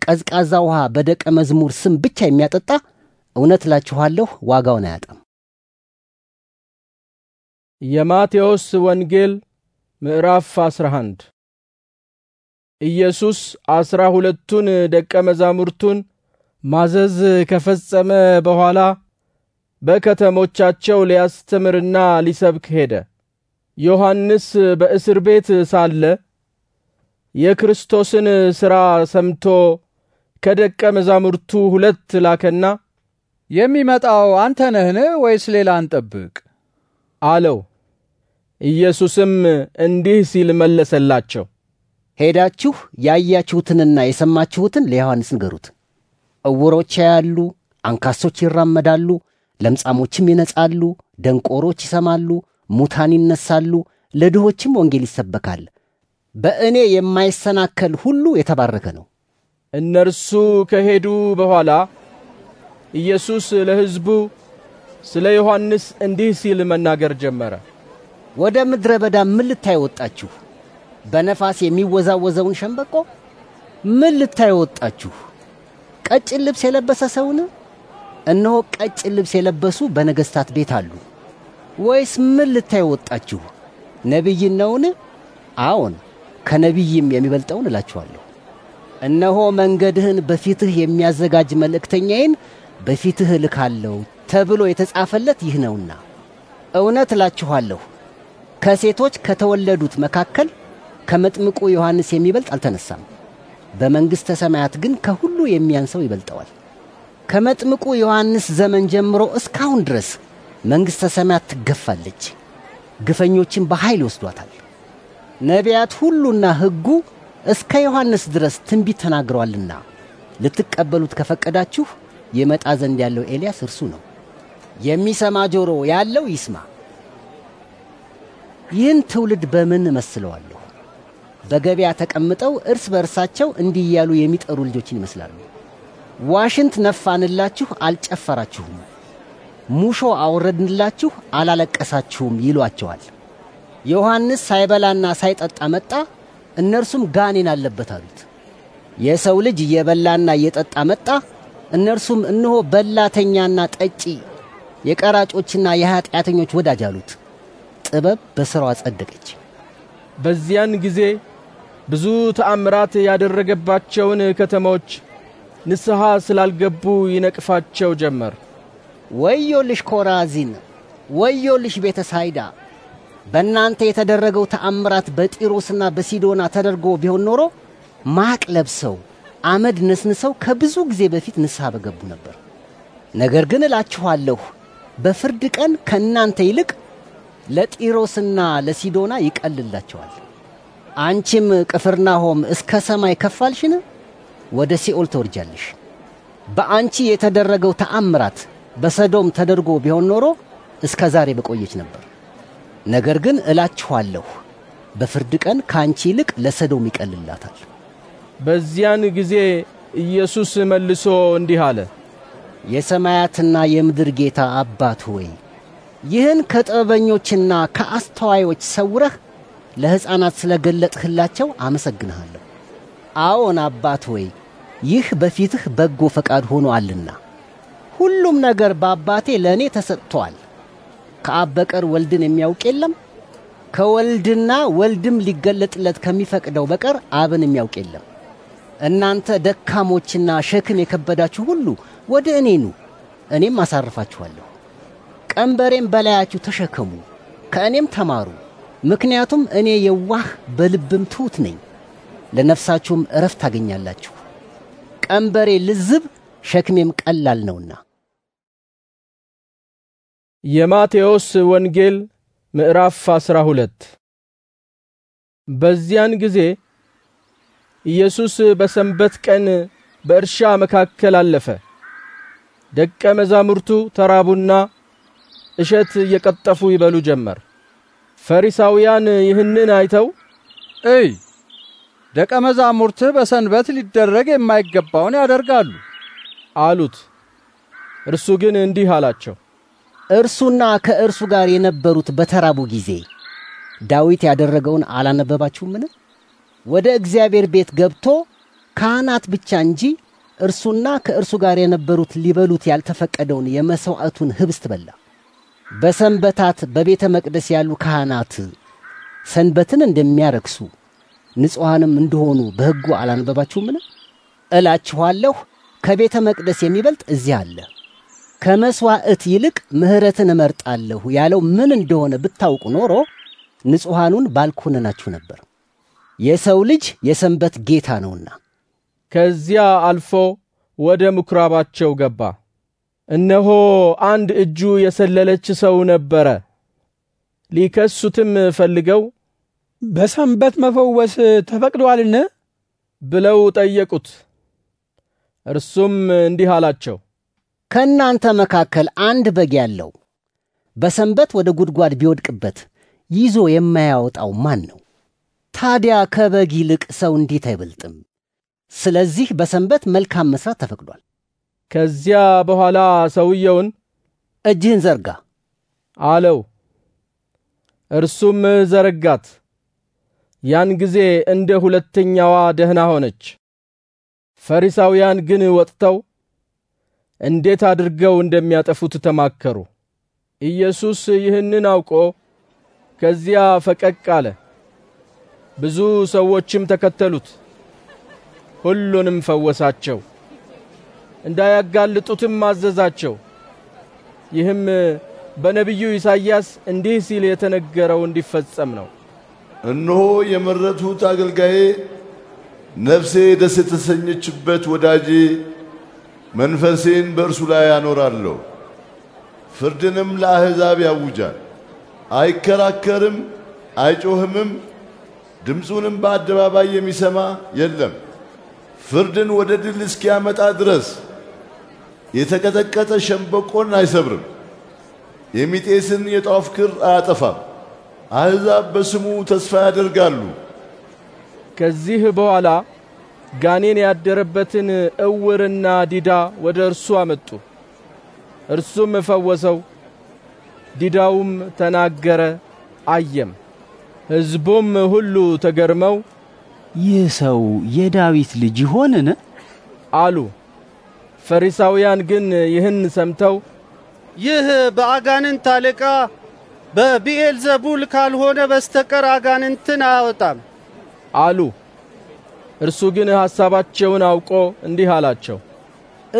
ቀዝቃዛ ውሃ በደቀ መዝሙር ስም ብቻ የሚያጠጣ እውነት እላችኋለሁ ዋጋውን አያጣም። የማቴዎስ ወንጌል ምዕራፍ 11 ኢየሱስ አስራ ሁለቱን ደቀ መዛሙርቱን ማዘዝ ከፈጸመ በኋላ በከተሞቻቸው ሊያስተምርና ሊሰብክ ሄደ። ዮሐንስ በእስር ቤት ሳለ የክርስቶስን ሥራ ሰምቶ ከደቀ መዛሙርቱ ሁለት ላከና የሚመጣው አንተ ነህን ወይስ ሌላ አንጠብቅ አለው። ኢየሱስም እንዲህ ሲል መለሰላቸው፣ ሄዳችሁ ያያችሁትንና የሰማችሁትን ለዮሐንስ ንገሩት። እውሮች ያያሉ፣ አንካሶች ይራመዳሉ፣ ለምጻሞችም ይነጻሉ፣ ደንቆሮች ይሰማሉ፣ ሙታን ይነሳሉ፣ ለድሆችም ወንጌል ይሰበካል። በእኔ የማይሰናከል ሁሉ የተባረከ ነው። እነርሱ ከሄዱ በኋላ ኢየሱስ ለሕዝቡ ስለ ዮሐንስ እንዲህ ሲል መናገር ጀመረ። ወደ ምድረ በዳ ምን ልታይ ወጣችሁ? በነፋስ የሚወዛወዘውን ሸምበቆ ምን ልታይ ወጣችሁ? ቀጭን ልብስ የለበሰ ሰውን? እነሆ ቀጭን ልብስ የለበሱ በነገሥታት ቤት አሉ። ወይስ ምን ልታይ ወጣችሁ? ነቢይን ነውን? አዎን ከነቢይም የሚበልጠውን እላችኋለሁ። እነሆ መንገድህን በፊትህ የሚያዘጋጅ መልእክተኛዬን በፊትህ እልካለሁ ተብሎ የተጻፈለት ይህ ነውና። እውነት እላችኋለሁ ከሴቶች ከተወለዱት መካከል ከመጥምቁ ዮሐንስ የሚበልጥ አልተነሳም። በመንግሥተ ሰማያት ግን ከሁሉ የሚያንሰው ይበልጠዋል። ከመጥምቁ ዮሐንስ ዘመን ጀምሮ እስካሁን ድረስ መንግሥተ ሰማያት ትገፋለች፣ ግፈኞችን በኃይል ይወስዷታል። ነቢያት ሁሉና ሕጉ እስከ ዮሐንስ ድረስ ትንቢት ተናግረዋልና ልትቀበሉት ከፈቀዳችሁ የመጣ ዘንድ ያለው ኤልያስ እርሱ ነው። የሚሰማ ጆሮ ያለው ይስማ። ይህን ትውልድ በምን እመስለዋለሁ? በገበያ ተቀምጠው እርስ በእርሳቸው እንዲህ እያሉ የሚጠሩ ልጆችን ይመስላሉ። ዋሽንት ነፋንላችሁ፣ አልጨፈራችሁም፣ ሙሾ አወረድንላችሁ፣ አላለቀሳችሁም ይሏቸዋል። ዮሐንስ ሳይበላና ሳይጠጣ መጣ፣ እነርሱም ጋኔን አለበት አሉት። የሰው ልጅ እየበላና እየጠጣ መጣ፣ እነርሱም እነሆ በላተኛና ጠጪ፣ የቀራጮችና የኀጢአተኞች ወዳጅ አሉት። ጥበብ በሥራዋ ጸደቀች። በዚያን ጊዜ ብዙ ተአምራት ያደረገባቸውን ከተሞች ንስሐ ስላልገቡ ይነቅፋቸው ጀመር። ወዮልሽ ኮራዚን፣ ወዮልሽ ቤተ ሳይዳ በእናንተ የተደረገው ተአምራት በጢሮስና በሲዶና ተደርጎ ቢሆን ኖሮ ማቅ ለብሰው አመድ ነስንሰው ከብዙ ጊዜ በፊት ንስሐ በገቡ ነበር። ነገር ግን እላችኋለሁ በፍርድ ቀን ከእናንተ ይልቅ ለጢሮስና ለሲዶና ይቀልላቸዋል። አንቺም ቅፍርናሆም እስከ ሰማይ ከፋልሽን ወደ ሲኦል ተወርጃለሽ። በአንቺ የተደረገው ተአምራት በሰዶም ተደርጎ ቢሆን ኖሮ እስከ ዛሬ በቆየች ነበር። ነገር ግን እላችኋለሁ በፍርድ ቀን ከአንቺ ይልቅ ለሰዶም ይቀልላታል። በዚያን ጊዜ ኢየሱስ መልሶ እንዲህ አለ፣ የሰማያትና የምድር ጌታ አባት ሆይ ይህን ከጥበበኞችና ከአስተዋዮች ሰውረህ ለሕፃናት ስለገለጥህላቸው አመሰግንሃለሁ። አዎን አባት ሆይ ይህ በፊትህ በጎ ፈቃድ ሆኖ አልና ሁሉም ነገር በአባቴ ለእኔ ተሰጥቶአል። ከአብ በቀር ወልድን የሚያውቅ የለም፣ ከወልድና ወልድም ሊገለጥለት ከሚፈቅደው በቀር አብን የሚያውቅ የለም። እናንተ ደካሞችና ሸክም የከበዳችሁ ሁሉ ወደ እኔ ኑ፣ እኔም አሳርፋችኋለሁ። ቀንበሬም በላያችሁ ተሸከሙ፣ ከእኔም ተማሩ፣ ምክንያቱም እኔ የዋህ በልብም ትሑት ነኝ፣ ለነፍሳችሁም እረፍት ታገኛላችሁ። ቀንበሬ ልዝብ ሸክሜም ቀላል ነውና። የማቴዎስ ወንጌል ምዕራፍ አስራ ሁለት በዚያን ጊዜ ኢየሱስ በሰንበት ቀን በእርሻ መካከል አለፈ። ደቀ መዛሙርቱ ተራቡና እሸት እየቀጠፉ ይበሉ ጀመር። ፈሪሳውያን ይህንን አይተው እይ ደቀ መዛሙርትህ በሰንበት ሊደረግ የማይገባውን ያደርጋሉ አሉት። እርሱ ግን እንዲህ አላቸው እርሱና ከእርሱ ጋር የነበሩት በተራቡ ጊዜ ዳዊት ያደረገውን አላነበባችሁምን? ወደ እግዚአብሔር ቤት ገብቶ ካህናት ብቻ እንጂ እርሱና ከእርሱ ጋር የነበሩት ሊበሉት ያልተፈቀደውን የመሥዋዕቱን ኅብስት በላ። በሰንበታት በቤተ መቅደስ ያሉ ካህናት ሰንበትን እንደሚያረክሱ ንጹሐንም እንደሆኑ በሕጉ አላነበባችሁምን? እላችኋለሁ ከቤተ መቅደስ የሚበልጥ እዚህ አለ። ከመስዋዕት ይልቅ ምሕረትን እመርጣለሁ ያለው ምን እንደሆነ ብታውቁ ኖሮ ንጹሐኑን ባልኮነናችሁ ነበር። የሰው ልጅ የሰንበት ጌታ ነውና። ከዚያ አልፎ ወደ ምኵራባቸው ገባ። እነሆ አንድ እጁ የሰለለች ሰው ነበረ። ሊከሱትም ፈልገው በሰንበት መፈወስ ተፈቅዶአልን? ብለው ጠየቁት። እርሱም እንዲህ አላቸው፣ ከእናንተ መካከል አንድ በግ ያለው በሰንበት ወደ ጉድጓድ ቢወድቅበት ይዞ የማያወጣው ማን ነው? ታዲያ ከበግ ይልቅ ሰው እንዴት አይበልጥም? ስለዚህ በሰንበት መልካም መስራት ተፈቅዷል። ከዚያ በኋላ ሰውየውን እጅህን ዘርጋ አለው። እርሱም ዘረጋት። ያን ጊዜ እንደ ሁለተኛዋ ደህና ሆነች። ፈሪሳውያን ግን ወጥተው እንዴት አድርገው እንደሚያጠፉት ተማከሩ። ኢየሱስ ይህንን አውቆ ከዚያ ፈቀቅ አለ። ብዙ ሰዎችም ተከተሉት። ሁሉንም ፈወሳቸው፣ እንዳያጋልጡትም አዘዛቸው። ይህም በነቢዩ ኢሳይያስ እንዲህ ሲል የተነገረው እንዲፈጸም ነው። እነሆ የመረቱት አገልጋዬ፣ ነፍሴ ደስ የተሰኘችበት ወዳጄ መንፈሴን በእርሱ ላይ ያኖራለሁ፣ ፍርድንም ለአሕዛብ ያውጃል። አይከራከርም፣ አይጮህምም፣ ድምፁንም በአደባባይ የሚሰማ የለም። ፍርድን ወደ ድል እስኪያመጣ ድረስ የተቀጠቀጠ ሸምበቆን አይሰብርም፣ የሚጤስን የጧፍ ክር አያጠፋም። አሕዛብ በስሙ ተስፋ ያደርጋሉ። ከዚህ በኋላ ጋኔን ያደረበትን እውርና ዲዳ ወደ እርሱ አመጡ። እርሱም እፈወሰው። ዲዳውም ተናገረ፣ አየም። ሕዝቡም ሁሉ ተገርመው ይህ ሰው የዳዊት ልጅ ይሆንን? አሉ። ፈሪሳውያን ግን ይህን ሰምተው ይህ በአጋንንት አለቃ በብኤልዘቡል ካልሆነ በስተቀር አጋንንትን አያወጣም አሉ። እርሱ ግን ሐሳባቸውን አውቆ እንዲህ አላቸው፣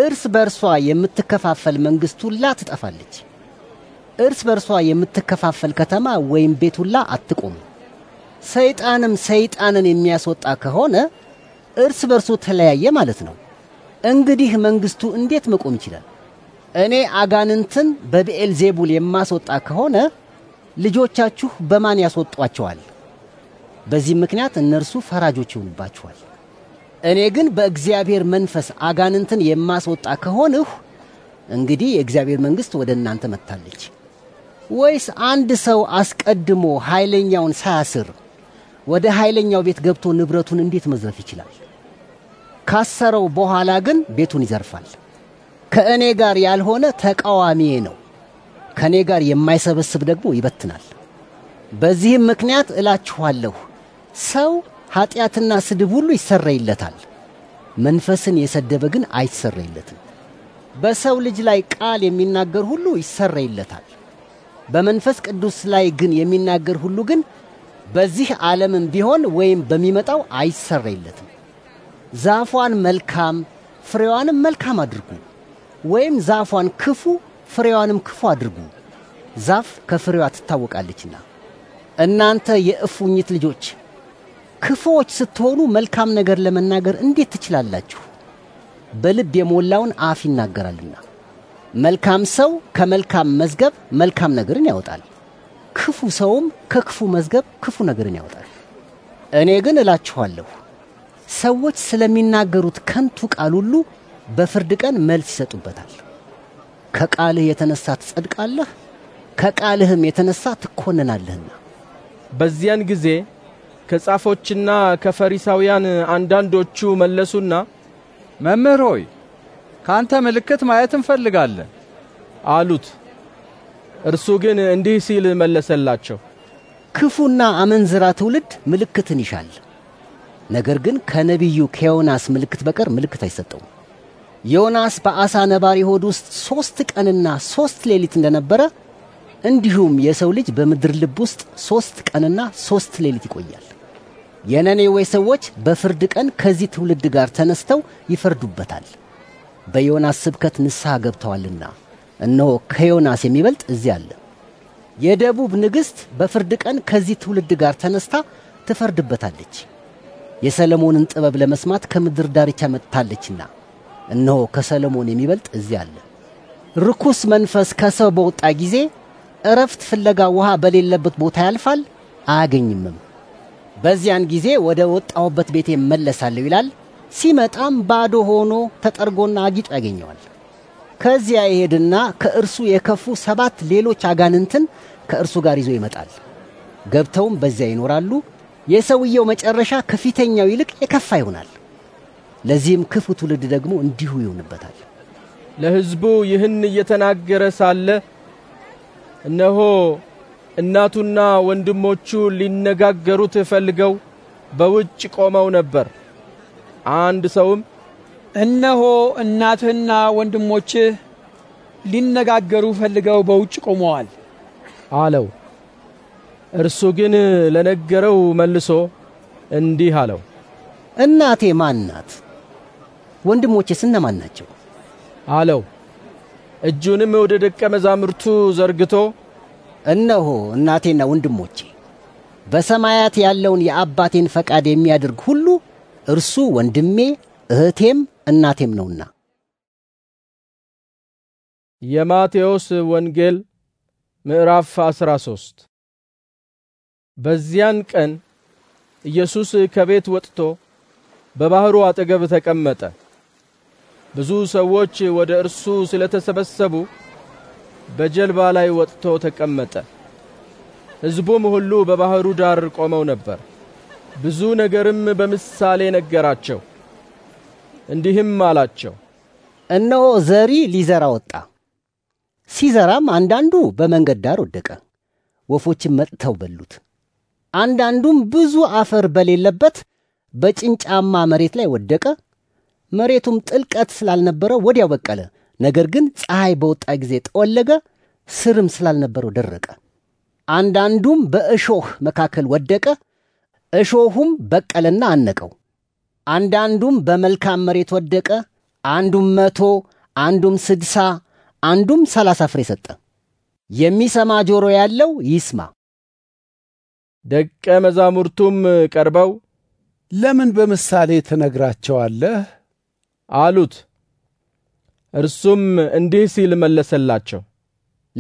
እርስ በርሷ የምትከፋፈል መንግሥት ሁላ ትጠፋለች። እርስ በርሷ የምትከፋፈል ከተማ ወይም ቤት ሁላ አትቆም። ሰይጣንም ሰይጣንን የሚያስወጣ ከሆነ እርስ በርሱ ተለያየ ማለት ነው። እንግዲህ መንግሥቱ እንዴት መቆም ይችላል? እኔ አጋንንትን ዜቡል የማስወጣ ከሆነ ልጆቻችሁ በማን ያስወጧቸዋል? በዚህ ምክንያት እነርሱ ፈራጆች ይሆኑባችኋል። እኔ ግን በእግዚአብሔር መንፈስ አጋንንትን የማስወጣ ከሆንሁ እንግዲህ የእግዚአብሔር መንግሥት ወደ እናንተ መጥታለች። ወይስ አንድ ሰው አስቀድሞ ኃይለኛውን ሳያስር ወደ ኃይለኛው ቤት ገብቶ ንብረቱን እንዴት መዝረፍ ይችላል? ካሰረው በኋላ ግን ቤቱን ይዘርፋል። ከእኔ ጋር ያልሆነ ተቃዋሚዬ ነው፣ ከእኔ ጋር የማይሰበስብ ደግሞ ይበትናል። በዚህም ምክንያት እላችኋለሁ ሰው ኃጢአትና ስድብ ሁሉ ይሰረይለታል፣ መንፈስን የሰደበ ግን አይሰረይለትም። በሰው ልጅ ላይ ቃል የሚናገር ሁሉ ይሰረይለታል፣ በመንፈስ ቅዱስ ላይ ግን የሚናገር ሁሉ ግን በዚህ ዓለምም ቢሆን ወይም በሚመጣው አይሰረይለትም። ዛፏን መልካም ፍሬዋንም መልካም አድርጉ፣ ወይም ዛፏን ክፉ ፍሬዋንም ክፉ አድርጉ። ዛፍ ከፍሬዋ ትታወቃለችና። እናንተ የእፉኝት ልጆች ክፉዎች ስትሆኑ መልካም ነገር ለመናገር እንዴት ትችላላችሁ? በልብ የሞላውን አፍ ይናገራልና። መልካም ሰው ከመልካም መዝገብ መልካም ነገርን ያወጣል፣ ክፉ ሰውም ከክፉ መዝገብ ክፉ ነገርን ያወጣል። እኔ ግን እላችኋለሁ ሰዎች ስለሚናገሩት ከንቱ ቃል ሁሉ በፍርድ ቀን መልስ ይሰጡበታል። ከቃልህ የተነሳ ትጸድቃለህ፣ ከቃልህም የተነሳ ትኮንናለህና። በዚያን ጊዜ ከጻፎችና ከፈሪሳውያን አንዳንዶቹ መለሱና፣ መምህር ሆይ ካንተ ምልክት ማየት እንፈልጋለን አሉት። እርሱ ግን እንዲህ ሲል መለሰላቸው፣ ክፉና አመንዝራ ትውልድ ምልክትን ይሻል፣ ነገር ግን ከነቢዩ ከዮናስ ምልክት በቀር ምልክት አይሰጠውም። ዮናስ በአሳ ነባሪ ሆድ ውስጥ ሦስት ቀንና ሦስት ሌሊት እንደነበረ እንዲሁም የሰው ልጅ በምድር ልብ ውስጥ ሦስት ቀንና ሦስት ሌሊት ይቆያል። የነኔዌ ሰዎች በፍርድ ቀን ከዚህ ትውልድ ጋር ተነስተው ይፈርዱበታል፣ በዮናስ ስብከት ንስሐ ገብተዋልና። እነሆ ከዮናስ የሚበልጥ እዚህ አለ። የደቡብ ንግሥት በፍርድ ቀን ከዚህ ትውልድ ጋር ተነስታ ትፈርድበታለች፣ የሰለሞንን ጥበብ ለመስማት ከምድር ዳርቻ መጥታለችና። እነሆ ከሰለሞን የሚበልጥ እዚህ አለ። ርኩስ መንፈስ ከሰው በወጣ ጊዜ እረፍት ፍለጋ ውሃ በሌለበት ቦታ ያልፋል፣ አያገኝምም። በዚያን ጊዜ ወደ ወጣሁበት ቤቴ እመለሳለሁ ይላል። ሲመጣም ባዶ ሆኖ ተጠርጎና አጊጦ ያገኘዋል። ከዚያ ይሄድና ከእርሱ የከፉ ሰባት ሌሎች አጋንንትን ከእርሱ ጋር ይዞ ይመጣል። ገብተውም በዚያ ይኖራሉ። የሰውየው መጨረሻ ከፊተኛው ይልቅ የከፋ ይሆናል። ለዚህም ክፉ ትውልድ ደግሞ እንዲሁ ይሆንበታል። ለሕዝቡ ይህን እየተናገረ ሳለ እነሆ እናቱና ወንድሞቹ ሊነጋገሩት ፈልገው በውጭ ቆመው ነበር። አንድ ሰውም እነሆ እናትህና ወንድሞችህ ሊነጋገሩ ፈልገው በውጭ ቆመዋል አለው። እርሱ ግን ለነገረው መልሶ እንዲህ አለው፣ እናቴ ማን ናት? ወንድሞቼስ እነማን ናቸው? አለው። እጁንም ወደ ደቀ መዛሙርቱ ዘርግቶ እነሆ እናቴና ወንድሞቼ በሰማያት ያለውን የአባቴን ፈቃድ የሚያደርግ ሁሉ እርሱ ወንድሜ፣ እህቴም እናቴም ነውና። የማቴዎስ ወንጌል ምዕራፍ 13 በዚያን ቀን ኢየሱስ ከቤት ወጥቶ በባህሩ አጠገብ ተቀመጠ። ብዙ ሰዎች ወደ እርሱ ስለተሰበሰቡ በጀልባ ላይ ወጥቶ ተቀመጠ። ሕዝቡም ሁሉ በባህሩ ዳር ቆመው ነበር። ብዙ ነገርም በምሳሌ ነገራቸው። እንዲህም አላቸው፣ እነሆ ዘሪ ሊዘራ ወጣ። ሲዘራም አንዳንዱ በመንገድ ዳር ወደቀ፣ ወፎችም መጥተው በሉት። አንዳንዱም ብዙ አፈር በሌለበት በጭንጫማ መሬት ላይ ወደቀ። መሬቱም ጥልቀት ስላልነበረ ወዲያው በቀለ። ነገር ግን ፀሐይ በወጣ ጊዜ ጠወለገ፣ ስርም ስላልነበረው ደረቀ። አንዳንዱም በእሾህ መካከል ወደቀ፣ እሾሁም በቀለና አነቀው። አንዳንዱም በመልካም መሬት ወደቀ፣ አንዱም መቶ አንዱም ስድሳ አንዱም ሰላሳ ፍሬ ሰጠ። የሚሰማ ጆሮ ያለው ይስማ። ደቀ መዛሙርቱም ቀርበው ለምን በምሳሌ ትነግራቸዋለህ አሉት። እርሱም እንዲህ ሲል መለሰላቸው፣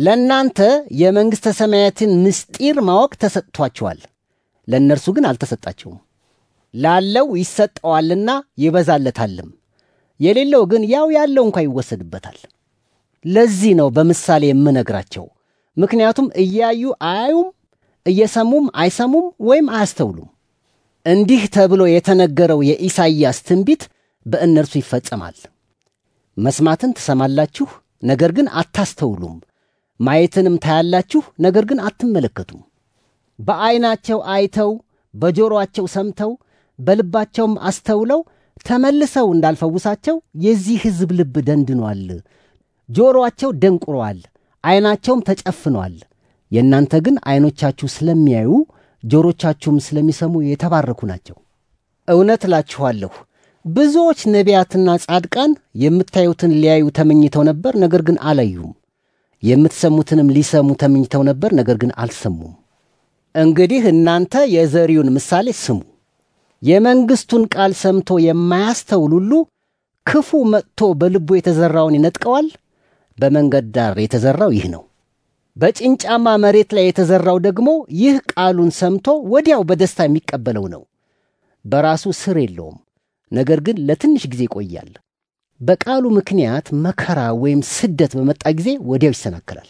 ለእናንተ የመንግሥተ ሰማያትን ምስጢር ማወቅ ተሰጥቷቸዋል፣ ለእነርሱ ግን አልተሰጣቸውም። ላለው ይሰጠዋልና ይበዛለታልም፣ የሌለው ግን ያው ያለው እንኳ ይወሰድበታል። ለዚህ ነው በምሳሌ የምነግራቸው፣ ምክንያቱም እያዩ አያዩም፣ እየሰሙም አይሰሙም ወይም አያስተውሉም። እንዲህ ተብሎ የተነገረው የኢሳይያስ ትንቢት በእነርሱ ይፈጸማል። መስማትን ትሰማላችሁ፣ ነገር ግን አታስተውሉም፣ ማየትንም ታያላችሁ፣ ነገር ግን አትመለከቱም። በዐይናቸው አይተው በጆሮአቸው ሰምተው በልባቸውም አስተውለው ተመልሰው እንዳልፈውሳቸው የዚህ ሕዝብ ልብ ደንድኗል፣ ጆሮአቸው ደንቁሮአል፣ ዐይናቸውም ተጨፍኗል። የእናንተ ግን ዐይኖቻችሁ ስለሚያዩ ጆሮቻችሁም ስለሚሰሙ የተባረኩ ናቸው። እውነት እላችኋለሁ ብዙዎች ነቢያትና ጻድቃን የምታዩትን ሊያዩ ተመኝተው ነበር፣ ነገር ግን አላዩም። የምትሰሙትንም ሊሰሙ ተመኝተው ነበር፣ ነገር ግን አልሰሙም። እንግዲህ እናንተ የዘሪውን ምሳሌ ስሙ። የመንግሥቱን ቃል ሰምቶ የማያስተውል ሁሉ ክፉ መጥቶ በልቡ የተዘራውን ይነጥቀዋል። በመንገድ ዳር የተዘራው ይህ ነው። በጭንጫማ መሬት ላይ የተዘራው ደግሞ ይህ ቃሉን ሰምቶ ወዲያው በደስታ የሚቀበለው ነው። በራሱ ስር የለውም ነገር ግን ለትንሽ ጊዜ ይቆያል። በቃሉ ምክንያት መከራ ወይም ስደት በመጣ ጊዜ ወዲያው ይሰናከላል።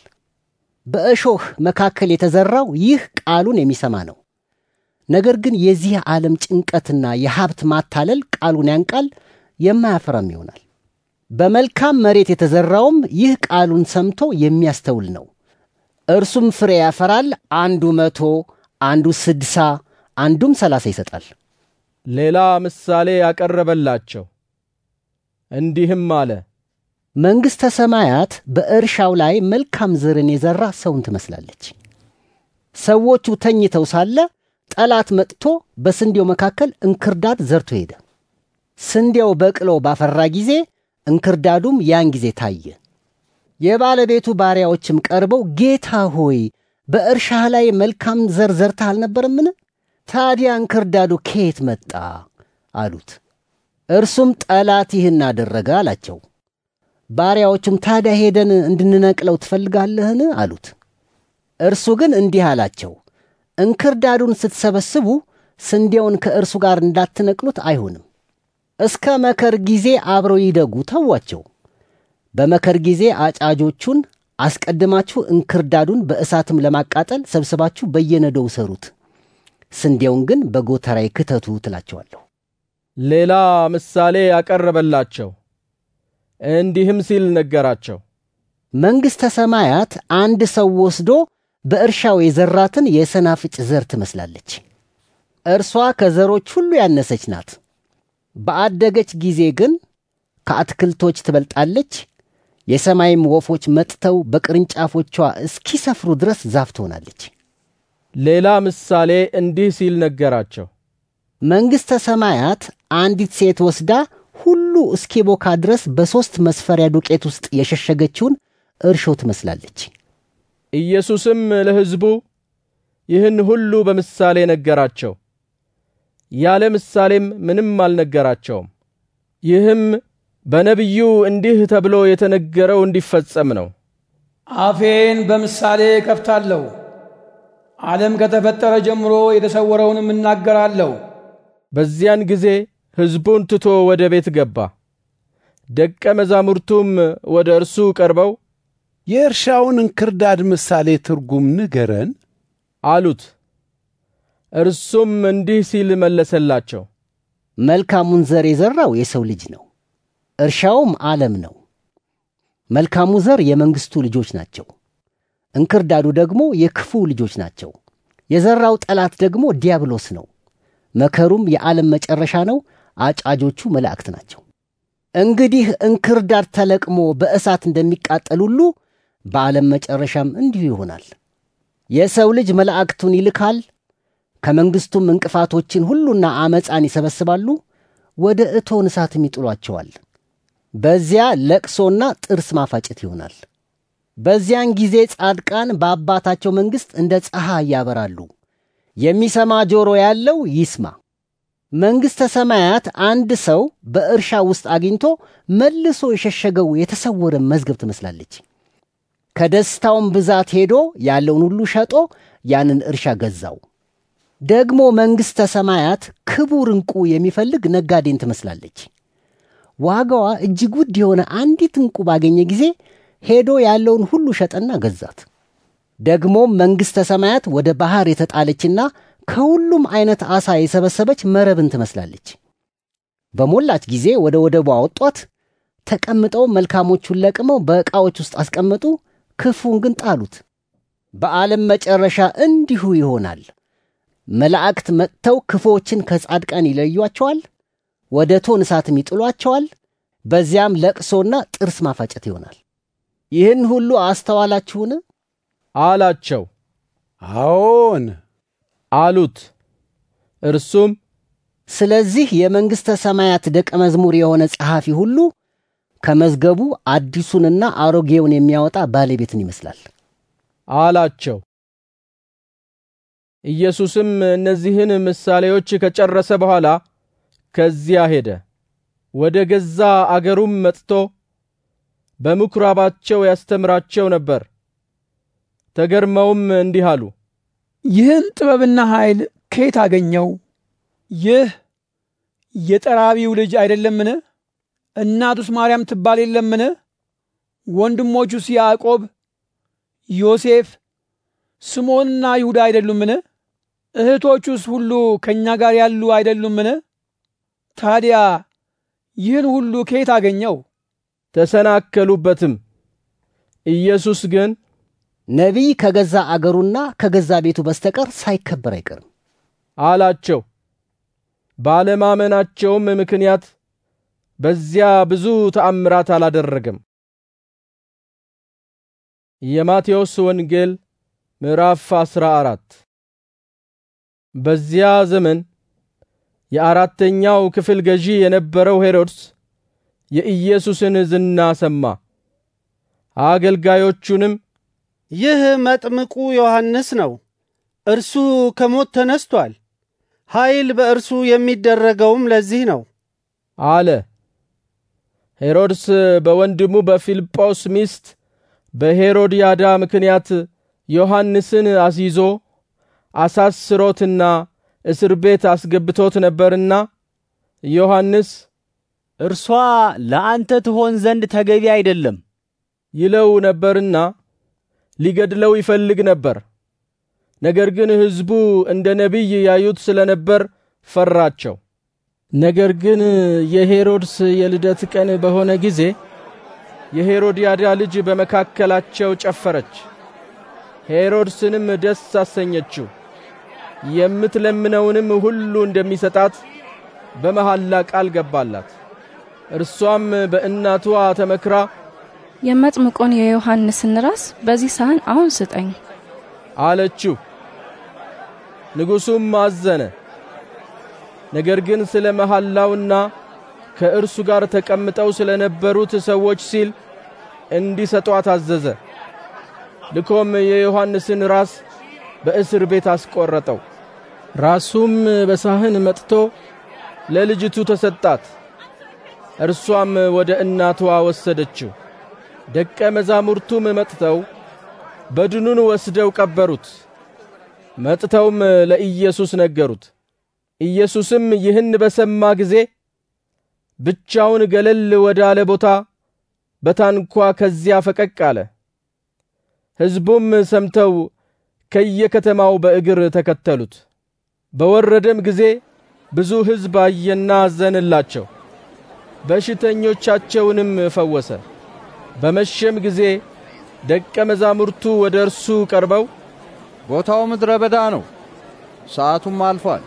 በእሾህ መካከል የተዘራው ይህ ቃሉን የሚሰማ ነው። ነገር ግን የዚህ ዓለም ጭንቀትና የሀብት ማታለል ቃሉን ያንቃል፣ የማያፈራም ይሆናል። በመልካም መሬት የተዘራውም ይህ ቃሉን ሰምቶ የሚያስተውል ነው። እርሱም ፍሬ ያፈራል፣ አንዱ መቶ፣ አንዱ ስድሳ፣ አንዱም ሰላሳ ይሰጣል። ሌላ ምሳሌ ያቀረበላቸው እንዲህም አለ። መንግሥተ ሰማያት በእርሻው ላይ መልካም ዘርን የዘራ ሰውን ትመስላለች። ሰዎቹ ተኝተው ሳለ ጠላት መጥቶ በስንዴው መካከል እንክርዳድ ዘርቶ ሄደ። ስንዴው በቅሎ ባፈራ ጊዜ እንክርዳዱም ያን ጊዜ ታየ። የባለቤቱ ባሪያዎችም ቀርበው ጌታ ሆይ፣ በእርሻህ ላይ መልካም ዘር ዘርተህ አልነበረምን? ታዲያ እንክርዳዱ ከየት መጣ አሉት። እርሱም ጠላት ይህን አደረገ አላቸው። ባሪያዎቹም ታዲያ ሄደን እንድንነቅለው ትፈልጋለህን አሉት። እርሱ ግን እንዲህ አላቸው፣ እንክርዳዱን ስትሰበስቡ ስንዴውን ከእርሱ ጋር እንዳትነቅሉት አይሆንም። እስከ መከር ጊዜ አብረው ይደጉ ተዋቸው። በመከር ጊዜ አጫጆቹን አስቀድማችሁ እንክርዳዱን በእሳትም ለማቃጠል ሰብስባችሁ በየነዶው ሰሩት። ስንዴውን ግን በጎተራይ ክተቱ ትላቸዋለሁ። ሌላ ምሳሌ ያቀረበላቸው እንዲህም ሲል ነገራቸው። መንግሥተ ሰማያት አንድ ሰው ወስዶ በእርሻው የዘራትን የሰናፍጭ ዘር ትመስላለች። እርሷ ከዘሮች ሁሉ ያነሰች ናት። በአደገች ጊዜ ግን ከአትክልቶች ትበልጣለች። የሰማይም ወፎች መጥተው በቅርንጫፎቿ እስኪሰፍሩ ድረስ ዛፍ ትሆናለች። ሌላ ምሳሌ እንዲህ ሲል ነገራቸው። መንግሥተ ሰማያት አንዲት ሴት ወስዳ ሁሉ እስኪቦካ ድረስ በሦስት መስፈሪያ ዱቄት ውስጥ የሸሸገችውን እርሾ ትመስላለች። ኢየሱስም ለሕዝቡ ይህን ሁሉ በምሳሌ ነገራቸው፣ ያለ ምሳሌም ምንም አልነገራቸውም። ይህም በነቢዩ እንዲህ ተብሎ የተነገረው እንዲፈጸም ነው። አፌን በምሳሌ ከፍታለሁ ዓለም ከተፈጠረ ጀምሮ የተሰወረውን እናገራለሁ። በዚያን ጊዜ ሕዝቡን ትቶ ወደ ቤት ገባ። ደቀ መዛሙርቱም ወደ እርሱ ቀርበው የእርሻውን እንክርዳድ ምሳሌ ትርጉም ንገረን አሉት። እርሱም እንዲህ ሲል መለሰላቸው፣ መልካሙን ዘር የዘራው የሰው ልጅ ነው፣ እርሻውም ዓለም ነው። መልካሙ ዘር የመንግሥቱ ልጆች ናቸው። እንክርዳዱ ደግሞ የክፉ ልጆች ናቸው። የዘራው ጠላት ደግሞ ዲያብሎስ ነው። መከሩም የዓለም መጨረሻ ነው። አጫጆቹ መላእክት ናቸው። እንግዲህ እንክርዳድ ተለቅሞ በእሳት እንደሚቃጠል ሁሉ በዓለም መጨረሻም እንዲሁ ይሆናል። የሰው ልጅ መላእክቱን ይልካል፣ ከመንግሥቱም እንቅፋቶችን ሁሉና አመፃን ይሰበስባሉ፣ ወደ እቶን እሳትም ይጥሏቸዋል። በዚያ ለቅሶና ጥርስ ማፋጨት ይሆናል። በዚያን ጊዜ ጻድቃን በአባታቸው መንግሥት እንደ ፀሐይ ያበራሉ። የሚሰማ ጆሮ ያለው ይስማ። መንግሥተ ሰማያት አንድ ሰው በእርሻ ውስጥ አግኝቶ መልሶ የሸሸገው የተሰወረ መዝገብ ትመስላለች። ከደስታውም ብዛት ሄዶ ያለውን ሁሉ ሸጦ ያንን እርሻ ገዛው። ደግሞ መንግሥተ ሰማያት ክቡር ዕንቁ የሚፈልግ ነጋዴን ትመስላለች። ዋጋዋ እጅግ ውድ የሆነ አንዲት ዕንቁ ባገኘ ጊዜ ሄዶ ያለውን ሁሉ ሸጠና ገዛት። ደግሞም መንግሥተ ሰማያት ወደ ባሕር የተጣለችና ከሁሉም አይነት ዓሣ የሰበሰበች መረብን ትመስላለች። በሞላች ጊዜ ወደ ወደቡ አወጧት። ተቀምጠው መልካሞቹን ለቅመው በዕቃዎች ውስጥ አስቀመጡ፣ ክፉን ግን ጣሉት። በዓለም መጨረሻ እንዲሁ ይሆናል። መላእክት መጥተው ክፉዎችን ከጻድቃን ይለዩአቸዋል፣ ወደ ቶን እሳትም ይጥሏቸዋል። በዚያም ለቅሶና ጥርስ ማፋጨት ይሆናል። ይህን ሁሉ አስተዋላችሁን? አላቸው። አዎን አሉት። እርሱም ስለዚህ የመንግሥተ ሰማያት ደቀ መዝሙር የሆነ ጸሐፊ ሁሉ ከመዝገቡ አዲሱንና አሮጌውን የሚያወጣ ባለቤትን ይመስላል አላቸው። ኢየሱስም እነዚህን ምሳሌዎች ከጨረሰ በኋላ ከዚያ ሄደ። ወደ ገዛ አገሩም መጥቶ በምኵራባቸው ያስተምራቸው ነበር። ተገርመውም እንዲህ አሉ፣ ይህን ጥበብና ኃይል ከየት አገኘው? ይህ የጠራቢው ልጅ አይደለምን? እናቱስ ማርያም ትባል የለምን? ወንድሞቹስ ያዕቆብ፣ ዮሴፍ፣ ስምዖንና ይሁዳ አይደሉምን? እህቶቹስ ሁሉ ከእኛ ጋር ያሉ አይደሉምን? ታዲያ ይህን ሁሉ ከየት አገኘው? ተሰናከሉበትም። ኢየሱስ ግን ነቢይ ከገዛ አገሩና ከገዛ ቤቱ በስተቀር ሳይከበር አይቀርም አላቸው። ባለማመናቸውም ምክንያት በዚያ ብዙ ተአምራት አላደረገም። የማቴዎስ ወንጌል ምዕራፍ 14 በዚያ ዘመን የአራተኛው ክፍል ገዢ የነበረው ሄሮድስ የኢየሱስን ዝና ሰማ። አገልጋዮቹንም ይህ መጥምቁ ዮሐንስ ነው፣ እርሱ ከሞት ተነስቷል፣ ኃይል በእርሱ የሚደረገውም ለዚህ ነው አለ። ሄሮድስ በወንድሙ በፊልጶስ ሚስት በሄሮድያዳ ምክንያት ዮሐንስን አስይዞ አሳስሮትና እስር ቤት አስገብቶት ነበርና ዮሐንስ እርሷ ለአንተ ትሆን ዘንድ ተገቢ አይደለም ይለው ነበርና ሊገድለው ይፈልግ ነበር። ነገር ግን ሕዝቡ እንደ ነቢይ ያዩት ስለነበር ፈራቸው። ነገር ግን የሄሮድስ የልደት ቀን በሆነ ጊዜ የሄሮድያዳ ልጅ በመካከላቸው ጨፈረች፣ ሄሮድስንም ደስ አሰኘችው። የምትለምነውንም ሁሉ እንደሚሰጣት በመሐላ ቃል ገባላት። እርሷም በእናቷ ተመክራ የመጥምቁን የዮሐንስን ራስ በዚህ ሳህን አሁን ስጠኝ አለችው። ንጉሡም አዘነ። ነገር ግን ስለ መሐላውና ከእርሱ ጋር ተቀምጠው ስለ ነበሩት ሰዎች ሲል እንዲሰጧት አዘዘ። ልኮም የዮሐንስን ራስ በእስር ቤት አስቆረጠው። ራሱም በሳህን መጥቶ ለልጅቱ ተሰጣት። እርሷም ወደ እናቷ ወሰደችው። ደቀ መዛሙርቱም መጥተው በድኑን ወስደው ቀበሩት። መጥተውም ለኢየሱስ ነገሩት። ኢየሱስም ይህን በሰማ ጊዜ ብቻውን ገለል ወዳለ ቦታ በታንኳ ከዚያ ፈቀቅ አለ። ሕዝቡም ሰምተው ከየከተማው በእግር ተከተሉት። በወረደም ጊዜ ብዙ ሕዝብ አየና አዘንላቸው። በሽተኞቻቸውንም ፈወሰ። በመሸም ጊዜ ደቀ መዛሙርቱ ወደ እርሱ ቀርበው ቦታው ምድረ በዳ ነው፣ ሰዓቱም አልፏል።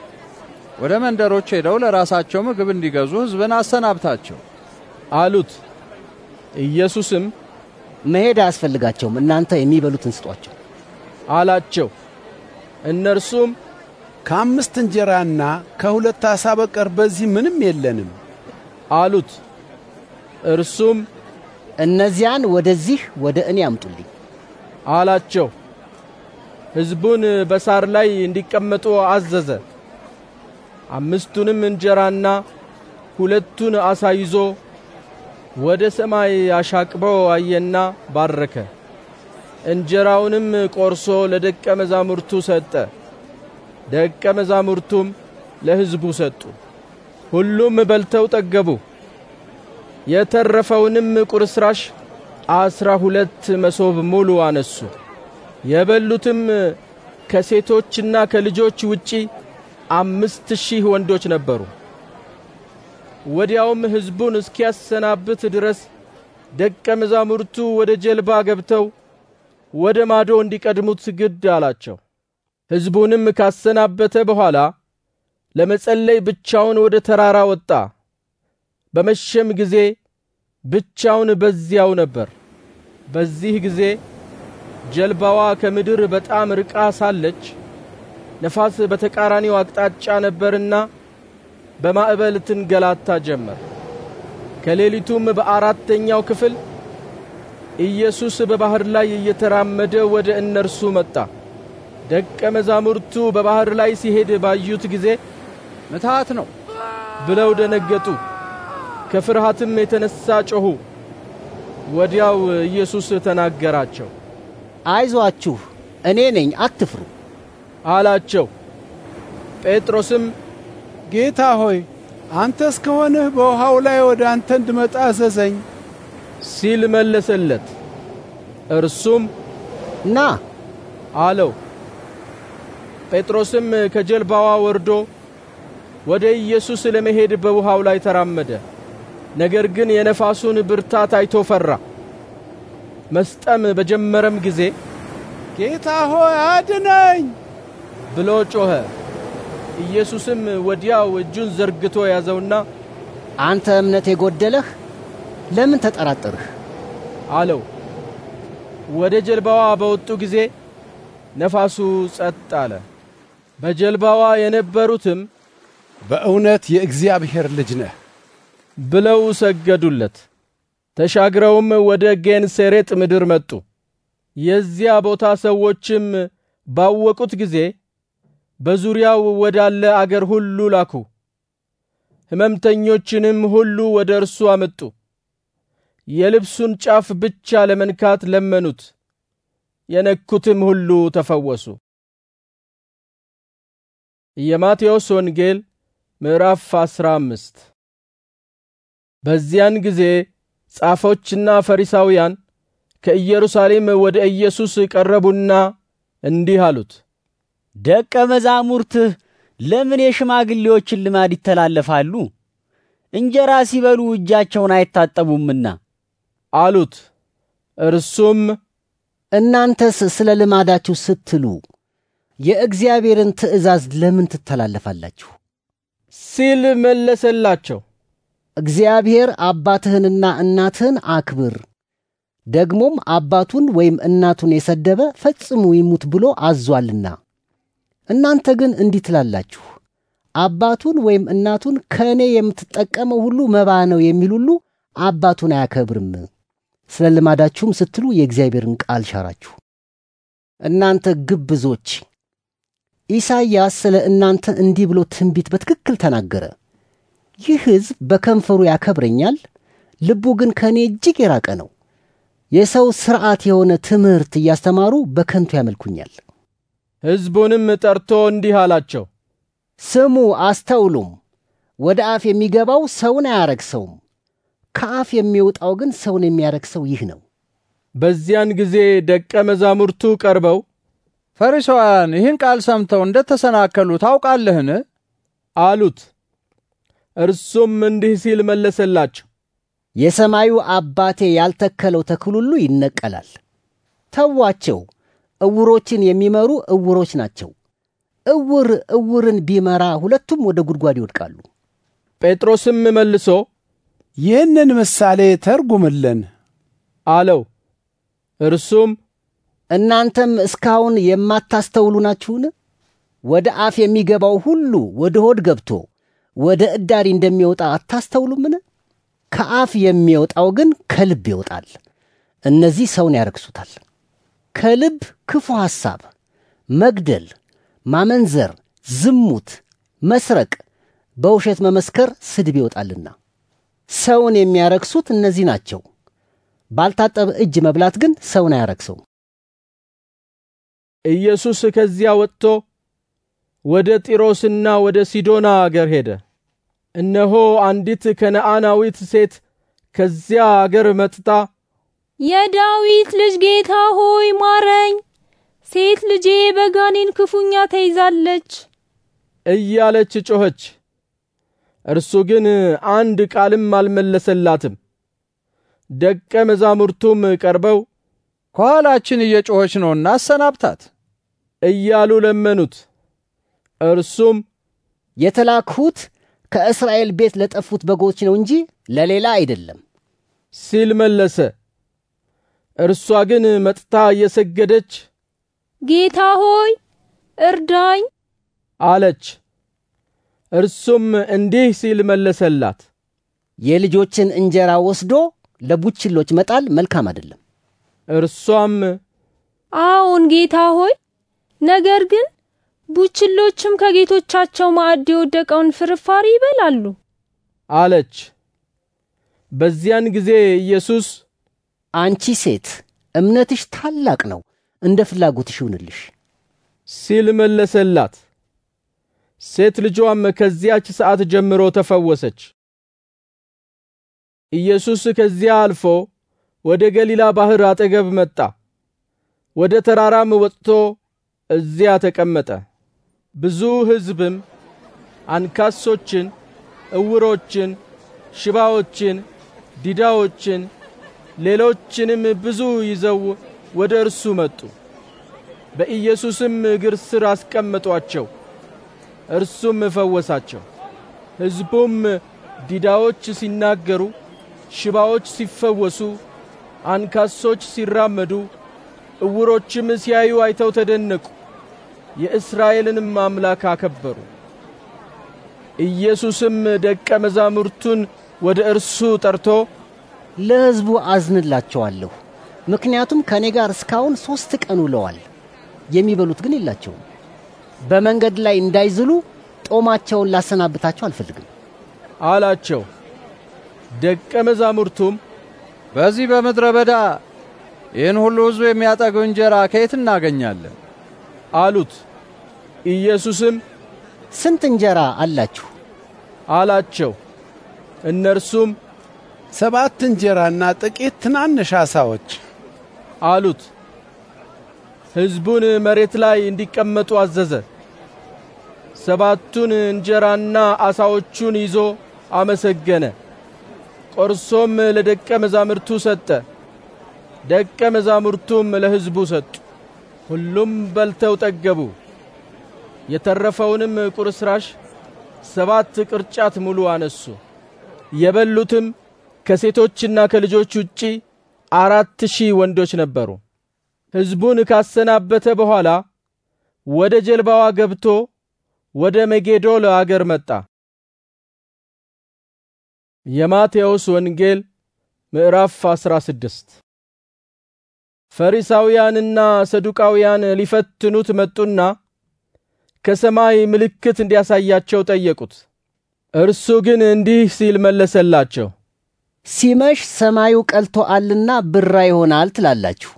ወደ መንደሮች ሄደው ለራሳቸው ምግብ እንዲገዙ ሕዝብን አሰናብታቸው አሉት። ኢየሱስም መሄድ አያስፈልጋቸውም፣ እናንተ የሚበሉትን ስጧቸው አላቸው። እነርሱም ከአምስት እንጀራና ከሁለት ዓሣ በቀር በዚህ ምንም የለንም አሉት። እርሱም እነዚያን ወደዚህ ወደ እኔ አምጡልኝ አላቸው። ሕዝቡን በሳር ላይ እንዲቀመጡ አዘዘ። አምስቱንም እንጀራና ሁለቱን አሳ ይዞ ወደ ሰማይ አሻቅቦ አየና ባረከ። እንጀራውንም ቆርሶ ለደቀ መዛሙርቱ ሰጠ። ደቀ መዛሙርቱም ለሕዝቡ ሰጡ። ሁሉም በልተው ጠገቡ። የተረፈውንም ቁርስራሽ አስራ ሁለት መሶብ ሙሉ አነሱ። የበሉትም ከሴቶችና ከልጆች ውጪ አምስት ሺህ ወንዶች ነበሩ። ወዲያውም ሕዝቡን እስኪያሰናብት ድረስ ደቀ መዛሙርቱ ወደ ጀልባ ገብተው ወደ ማዶ እንዲቀድሙት ግድ አላቸው። ሕዝቡንም ካሰናበተ በኋላ ለመጸለይ ብቻውን ወደ ተራራ ወጣ። በመሸም ጊዜ ብቻውን በዚያው ነበር። በዚህ ጊዜ ጀልባዋ ከምድር በጣም ርቃ ሳለች ነፋስ በተቃራኒው አቅጣጫ ነበርና በማዕበል ትንገላታ ጀመር። ከሌሊቱም በአራተኛው ክፍል ኢየሱስ በባህር ላይ እየተራመደ ወደ እነርሱ መጣ። ደቀ መዛሙርቱ በባህር ላይ ሲሄድ ባዩት ጊዜ ምትሃት ነው ብለው ደነገጡ። ከፍርሃትም የተነሳ ጮኹ። ወዲያው ኢየሱስ ተናገራቸው። አይዟችሁ እኔ ነኝ አትፍሩ አላቸው። ጴጥሮስም ጌታ ሆይ አንተስ ከሆንህ በውሃው ላይ ወደ አንተ እንድመጣ እዘዘኝ ሲል መለሰለት። እርሱም ና አለው። ጴጥሮስም ከጀልባዋ ወርዶ ወደ ኢየሱስ ለመሄድ በውሃው ላይ ተራመደ። ነገር ግን የነፋሱን ብርታት አይቶ ፈራ። መስጠም በጀመረም ጊዜ ጌታ ሆይ አድነኝ ብሎ ጮኸ። ኢየሱስም ወዲያው እጁን ዘርግቶ ያዘውና አንተ እምነት የጎደለህ ለምን ተጠራጠርህ? አለው። ወደ ጀልባዋ በወጡ ጊዜ ነፋሱ ጸጥ አለ። በጀልባዋ የነበሩትም በእውነት የእግዚአብሔር ልጅ ነህ ብለው ሰገዱለት። ተሻግረውም ወደ ጌንሴሬጥ ምድር መጡ። የዚያ ቦታ ሰዎችም ባወቁት ጊዜ በዙሪያው ወዳለ አገር ሁሉ ላኩ። ሕመምተኞችንም ሁሉ ወደ እርሱ አመጡ። የልብሱን ጫፍ ብቻ ለመንካት ለመኑት። የነኩትም ሁሉ ተፈወሱ። የማቴዎስ ወንጌል ምዕራፍ 15 በዚያን ጊዜ ጻፎችና ፈሪሳውያን ከኢየሩሳሌም ወደ ኢየሱስ ቀረቡና እንዲህ አሉት፣ ደቀ መዛሙርትህ ለምን የሽማግሌዎችን ልማድ ይተላለፋሉ? እንጀራ ሲበሉ እጃቸውን አይታጠቡምና አሉት። እርሱም እናንተስ ስለ ልማዳችሁ ስትሉ የእግዚአብሔርን ትእዛዝ ለምን ትተላለፋላችሁ? ሲል መለሰላቸው። እግዚአብሔር አባትህንና እናትህን አክብር፣ ደግሞም አባቱን ወይም እናቱን የሰደበ ፈጽሙ ይሙት ብሎ አዟልና። እናንተ ግን እንዲህ ትላላችሁ፣ አባቱን ወይም እናቱን ከእኔ የምትጠቀመው ሁሉ መባ ነው የሚል ሁሉ አባቱን አያከብርም። ስለ ልማዳችሁም ስትሉ የእግዚአብሔርን ቃል ሻራችሁ። እናንተ ግብዞች ኢሳይያስ ስለ እናንተ እንዲህ ብሎ ትንቢት በትክክል ተናገረ። ይህ ሕዝብ በከንፈሩ ያከብረኛል፣ ልቡ ግን ከእኔ እጅግ የራቀ ነው። የሰው ሥርዓት የሆነ ትምህርት እያስተማሩ በከንቱ ያመልኩኛል። ሕዝቡንም ጠርቶ እንዲህ አላቸው፣ ስሙ አስተውሉም። ወደ አፍ የሚገባው ሰውን አያረክሰውም፣ ከአፍ የሚወጣው ግን ሰውን የሚያረክሰው ይህ ነው። በዚያን ጊዜ ደቀ መዛሙርቱ ቀርበው ፈሪሳውያን ይህን ቃል ሰምተው እንደ ተሰናከሉ ታውቃለህን? አሉት። እርሱም እንዲህ ሲል መለሰላቸው፣ የሰማዩ አባቴ ያልተከለው ተክል ሁሉ ይነቀላል። ተዋቸው፣ እውሮችን የሚመሩ እውሮች ናቸው። እውር እውርን ቢመራ ሁለቱም ወደ ጉድጓድ ይወድቃሉ። ጴጥሮስም መልሶ ይህንን ምሳሌ ተርጉምልን አለው። እርሱም እናንተም እስካሁን የማታስተውሉ ናችሁን? ወደ አፍ የሚገባው ሁሉ ወደ ሆድ ገብቶ ወደ እዳሪ እንደሚወጣ አታስተውሉምን? ከአፍ የሚወጣው ግን ከልብ ይወጣል። እነዚህ ሰውን ያረክሱታል። ከልብ ክፉ ሐሳብ፣ መግደል፣ ማመንዘር፣ ዝሙት፣ መስረቅ፣ በውሸት መመስከር፣ ስድብ ይወጣልና ሰውን የሚያረክሱት እነዚህ ናቸው። ባልታጠበ እጅ መብላት ግን ሰውን አያረክሰውም። ኢየሱስ ከዚያ ወጥቶ ወደ ጢሮስና ወደ ሲዶና አገር ሄደ። እነሆ አንዲት ከነአናዊት ሴት ከዚያ አገር መጥታ የዳዊት ልጅ ጌታ ሆይ ማረኝ፣ ሴት ልጄ በጋኔን ክፉኛ ተይዛለች እያለች ጮኸች። እርሱ ግን አንድ ቃልም አልመለሰላትም። ደቀ መዛሙርቱም ቀርበው ከኋላችን እየጮኸች ነውና አሰናብታት እያሉ ለመኑት። እርሱም የተላክሁት ከእስራኤል ቤት ለጠፉት በጎች ነው እንጂ ለሌላ አይደለም ሲል መለሰ። እርሷ ግን መጥታ እየሰገደች ጌታ ሆይ እርዳኝ አለች። እርሱም እንዲህ ሲል መለሰላት፣ የልጆችን እንጀራ ወስዶ ለቡችሎች መጣል መልካም አይደለም። እርሷም አዎን ጌታ ሆይ፣ ነገር ግን ቡችሎችም ከጌቶቻቸው ማዕድ የወደቀውን ፍርፋሪ ይበላሉ አለች። በዚያን ጊዜ ኢየሱስ አንቺ ሴት እምነትሽ ታላቅ ነው፣ እንደ ፍላጎትሽ ይሁንልሽ ሲል መለሰላት። ሴት ልጇም ከዚያች ሰዓት ጀምሮ ተፈወሰች። ኢየሱስ ከዚያ አልፎ ወደ ገሊላ ባሕር አጠገብ መጣ። ወደ ተራራም ወጥቶ እዚያ ተቀመጠ። ብዙ ሕዝብም አንካሶችን፣ እውሮችን፣ ሽባዎችን፣ ዲዳዎችን፣ ሌሎችንም ብዙ ይዘው ወደ እርሱ መጡ። በኢየሱስም እግር ስር አስቀመጧቸው፣ እርሱም እፈወሳቸው! ሕዝቡም ዲዳዎች ሲናገሩ፣ ሽባዎች ሲፈወሱ አንካሶች ሲራመዱ፣ እውሮችም ሲያዩ አይተው ተደነቁ፣ የእስራኤልንም አምላክ አከበሩ። ኢየሱስም ደቀ መዛሙርቱን ወደ እርሱ ጠርቶ ለሕዝቡ አዝንላቸዋለሁ፣ ምክንያቱም ከእኔ ጋር እስካሁን ሦስት ቀን ውለዋል፣ የሚበሉት ግን የላቸውም። በመንገድ ላይ እንዳይዝሉ ጦማቸውን ላሰናብታቸው አልፈልግም አላቸው። ደቀ መዛሙርቱም በዚህ በምድረ በዳ ይህን ሁሉ ሕዝብ የሚያጠግብ እንጀራ ከየት እናገኛለን? አሉት። ኢየሱስም ስንት እንጀራ አላችሁ? አላቸው። እነርሱም ሰባት እንጀራና ጥቂት ትናንሽ አሳዎች አሉት። ሕዝቡን መሬት ላይ እንዲቀመጡ አዘዘ። ሰባቱን እንጀራና አሳዎቹን ይዞ አመሰገነ። ቆርሶም ለደቀ መዛሙርቱ ሰጠ። ደቀ መዛሙርቱም ለሕዝቡ ሰጡ። ሁሉም በልተው ጠገቡ። የተረፈውንም ቁርስራሽ ሰባት ቅርጫት ሙሉ አነሱ። የበሉትም ከሴቶችና ከልጆች ውጪ አራት ሺህ ወንዶች ነበሩ። ሕዝቡን ካሰናበተ በኋላ ወደ ጀልባዋ ገብቶ ወደ መጌዶል አገር መጣ። የማቴዎስ ወንጌል ምዕራፍ 16 ፈሪሳውያንና ሰዱቃውያን ሊፈትኑት መጡና ከሰማይ ምልክት እንዲያሳያቸው ጠየቁት። እርሱ ግን እንዲህ ሲል መለሰላቸው፣ ሲመሽ ሰማዩ ቀልቶአልና ብራ ይሆናል ትላላችሁ፣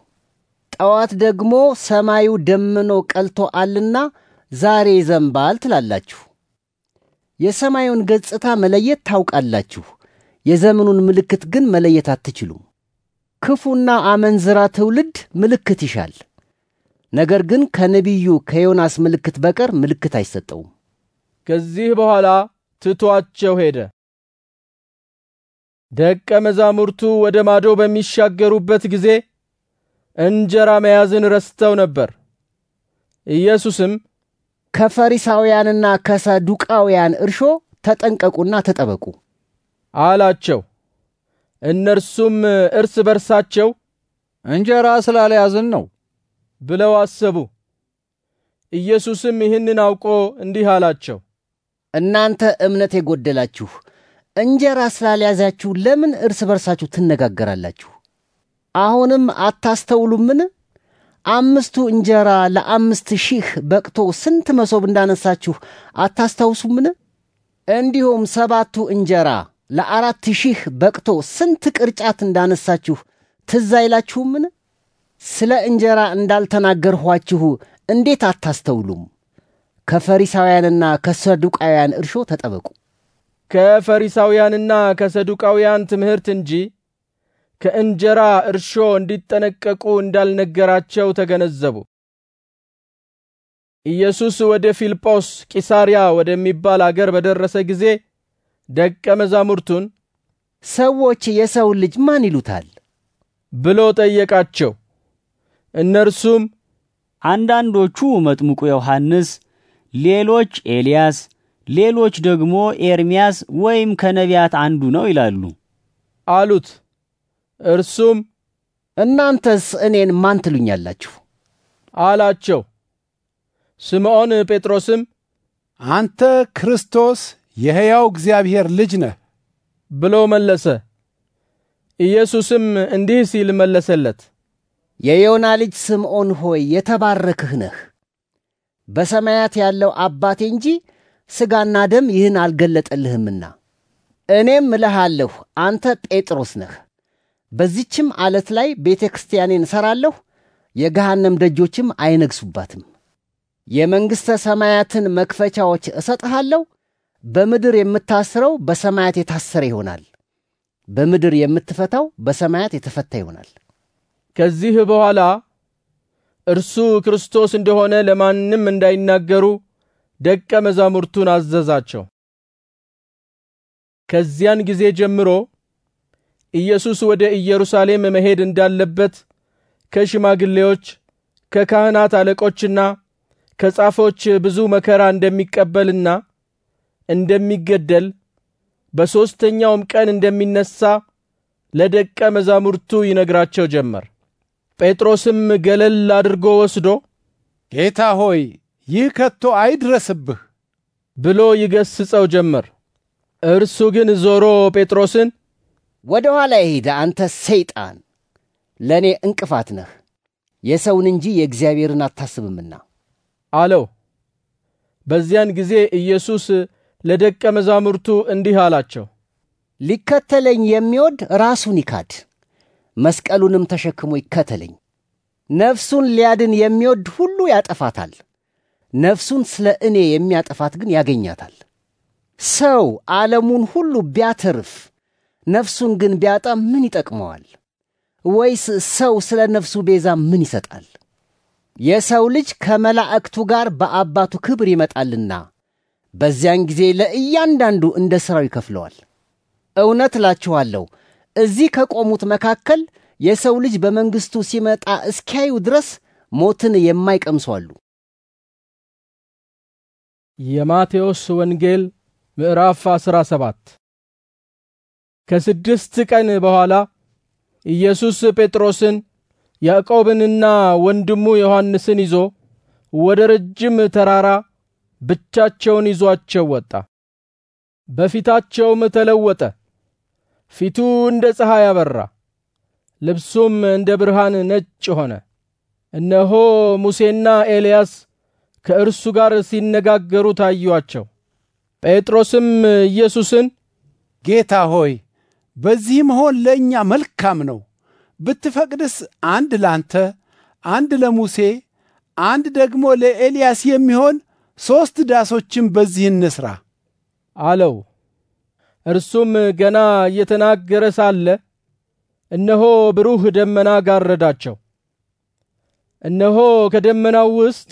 ጠዋት ደግሞ ሰማዩ ደምኖ ቀልቶአልና ዛሬ ይዘንባል ትላላችሁ። የሰማዩን ገጽታ መለየት ታውቃላችሁ የዘመኑን ምልክት ግን መለየት አትችሉም። ክፉና አመንዝራ ትውልድ ምልክት ይሻል፣ ነገር ግን ከነቢዩ ከዮናስ ምልክት በቀር ምልክት አይሰጠውም። ከዚህ በኋላ ትቶአቸው ሄደ። ደቀ መዛሙርቱ ወደ ማዶ በሚሻገሩበት ጊዜ እንጀራ መያዝን ረስተው ነበር። ኢየሱስም ከፈሪሳውያንና ከሰዱቃውያን እርሾ ተጠንቀቁና ተጠበቁ አላቸው። እነርሱም እርስ በርሳቸው እንጀራ ስላልያዝን ነው ብለው አሰቡ። ኢየሱስም ይህንን አውቆ እንዲህ አላቸው፣ እናንተ እምነት የጎደላችሁ እንጀራ ስላልያዛችሁ ለምን እርስ በርሳችሁ ትነጋገራላችሁ? አሁንም አታስተውሉምን? አምስቱ እንጀራ ለአምስት ሺህ በቅቶ ስንት መሶብ እንዳነሳችሁ አታስታውሱምን? እንዲሁም ሰባቱ እንጀራ ለአራት ሺህ በቅቶ ስንት ቅርጫት እንዳነሳችሁ ትዝ አይላችሁምን? ስለ እንጀራ እንዳልተናገርኋችሁ እንዴት አታስተውሉም? ከፈሪሳውያንና ከሰዱቃውያን እርሾ ተጠበቁ። ከፈሪሳውያንና ከሰዱቃውያን ትምህርት እንጂ ከእንጀራ እርሾ እንዲጠነቀቁ እንዳልነገራቸው ተገነዘቡ። ኢየሱስ ወደ ፊልጶስ ቂሳርያ ወደሚባል አገር በደረሰ ጊዜ ደቀ መዛሙርቱን ሰዎች የሰው ልጅ ማን ይሉታል ብሎ ጠየቃቸው። እነርሱም አንዳንዶቹ መጥምቁ ዮሐንስ፣ ሌሎች ኤልያስ፣ ሌሎች ደግሞ ኤርምያስ ወይም ከነቢያት አንዱ ነው ይላሉ አሉት። እርሱም እናንተስ እኔን ማን ትሉኛላችሁ አላቸው። ስምዖን ጴጥሮስም አንተ ክርስቶስ የሕያው እግዚአብሔር ልጅ ነህ ብሎ መለሰ። ኢየሱስም እንዲህ ሲል መለሰለት፣ የዮና ልጅ ስምዖን ሆይ የተባረክህ ነህ። በሰማያት ያለው አባቴ እንጂ ሥጋና ደም ይህን አልገለጠልህምና እኔም እልሃለሁ አንተ ጴጥሮስ ነህ፣ በዚችም አለት ላይ ቤተ ክርስቲያኔን እሠራለሁ፣ የገሃነም ደጆችም አይነግሱባትም። የመንግሥተ ሰማያትን መክፈቻዎች እሰጥሃለሁ በምድር የምታስረው በሰማያት የታሰረ ይሆናል፣ በምድር የምትፈታው በሰማያት የተፈታ ይሆናል። ከዚህ በኋላ እርሱ ክርስቶስ እንደሆነ ለማንም እንዳይናገሩ ደቀ መዛሙርቱን አዘዛቸው። ከዚያን ጊዜ ጀምሮ ኢየሱስ ወደ ኢየሩሳሌም መሄድ እንዳለበት ከሽማግሌዎች ከካህናት አለቆችና ከጻፎች ብዙ መከራ እንደሚቀበልና እንደሚገደል በሦስተኛውም ቀን እንደሚነሣ ለደቀ መዛሙርቱ ይነግራቸው ጀመር። ጴጥሮስም ገለል አድርጎ ወስዶ ጌታ ሆይ ይህ ከቶ አይድረስብህ ብሎ ይገስጸው ጀመር። እርሱ ግን ዞሮ ጴጥሮስን ወደ ኋላ ሄደ አንተ ሰይጣን፣ ለእኔ እንቅፋት ነህ፣ የሰውን እንጂ የእግዚአብሔርን አታስብምና አለው። በዚያን ጊዜ ኢየሱስ ለደቀ መዛሙርቱ እንዲህ አላቸው፣ ሊከተለኝ የሚወድ ራሱን ይካድ፣ መስቀሉንም ተሸክሞ ይከተለኝ። ነፍሱን ሊያድን የሚወድ ሁሉ ያጠፋታል፣ ነፍሱን ስለ እኔ የሚያጠፋት ግን ያገኛታል። ሰው ዓለሙን ሁሉ ቢያተርፍ ነፍሱን ግን ቢያጣ ምን ይጠቅመዋል? ወይስ ሰው ስለ ነፍሱ ቤዛ ምን ይሰጣል? የሰው ልጅ ከመላእክቱ ጋር በአባቱ ክብር ይመጣልና በዚያን ጊዜ ለእያንዳንዱ እንደ ሥራው ይከፍለዋል። እውነት እላችኋለሁ እዚህ ከቆሙት መካከል የሰው ልጅ በመንግሥቱ ሲመጣ እስኪያዩ ድረስ ሞትን የማይቀምሱ አሉ። የማቴዎስ ወንጌል ምዕራፍ አስራ ሰባት ከስድስት ቀን በኋላ ኢየሱስ ጴጥሮስን ያዕቆብንና ወንድሙ ዮሐንስን ይዞ ወደ ረጅም ተራራ ብቻቸውን ይዟቸው ወጣ። በፊታቸውም ተለወጠ። ፊቱ እንደ ፀሐይ አበራ፣ ልብሱም እንደ ብርሃን ነጭ ሆነ። እነሆ ሙሴና ኤልያስ ከእርሱ ጋር ሲነጋገሩ ታዩአቸው። ጴጥሮስም ኢየሱስን ጌታ ሆይ በዚህ መሆን ለእኛ መልካም ነው። ብትፈቅድስ አንድ ላንተ፣ አንድ ለሙሴ፣ አንድ ደግሞ ለኤልያስ የሚሆን ሦስት ዳሶችን በዚህ እንሥራ አለው። እርሱም ገና እየተናገረ ሳለ እነሆ ብሩህ ደመና ጋረዳቸው። እነሆ ከደመናው ውስጥ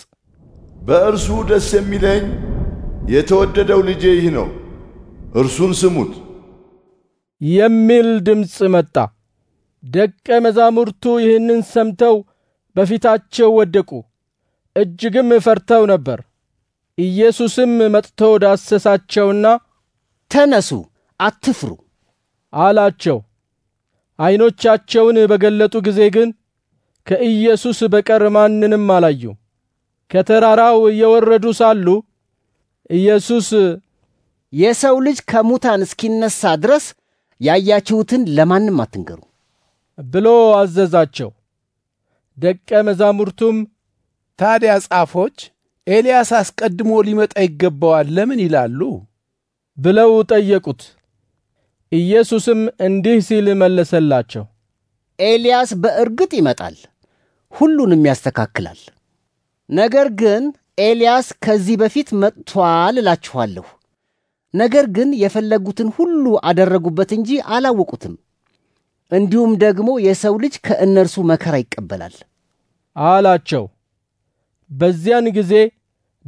በእርሱ ደስ የሚለኝ የተወደደው ልጄ ይህ ነው፣ እርሱን ስሙት የሚል ድምፅ መጣ። ደቀ መዛሙርቱ ይህንን ሰምተው በፊታቸው ወደቁ፣ እጅግም ፈርተው ነበር። ኢየሱስም መጥቶ ዳሰሳቸውና ተነሱ፣ አትፍሩ አላቸው። ዓይኖቻቸውን በገለጡ ጊዜ ግን ከኢየሱስ በቀር ማንንም አላዩ። ከተራራው እየወረዱ ሳሉ ኢየሱስ የሰው ልጅ ከሙታን እስኪነሳ ድረስ ያያችሁትን ለማንም አትንገሩ ብሎ አዘዛቸው። ደቀ መዛሙርቱም ታዲያ ጻፎች ኤልያስ አስቀድሞ ሊመጣ ይገባዋል ለምን ይላሉ? ብለው ጠየቁት። ኢየሱስም እንዲህ ሲል መለሰላቸው፣ ኤልያስ በእርግጥ ይመጣል፣ ሁሉንም ያስተካክላል። ነገር ግን ኤልያስ ከዚህ በፊት መጥቷል እላችኋለሁ። ነገር ግን የፈለጉትን ሁሉ አደረጉበት እንጂ አላወቁትም። እንዲሁም ደግሞ የሰው ልጅ ከእነርሱ መከራ ይቀበላል አላቸው። በዚያን ጊዜ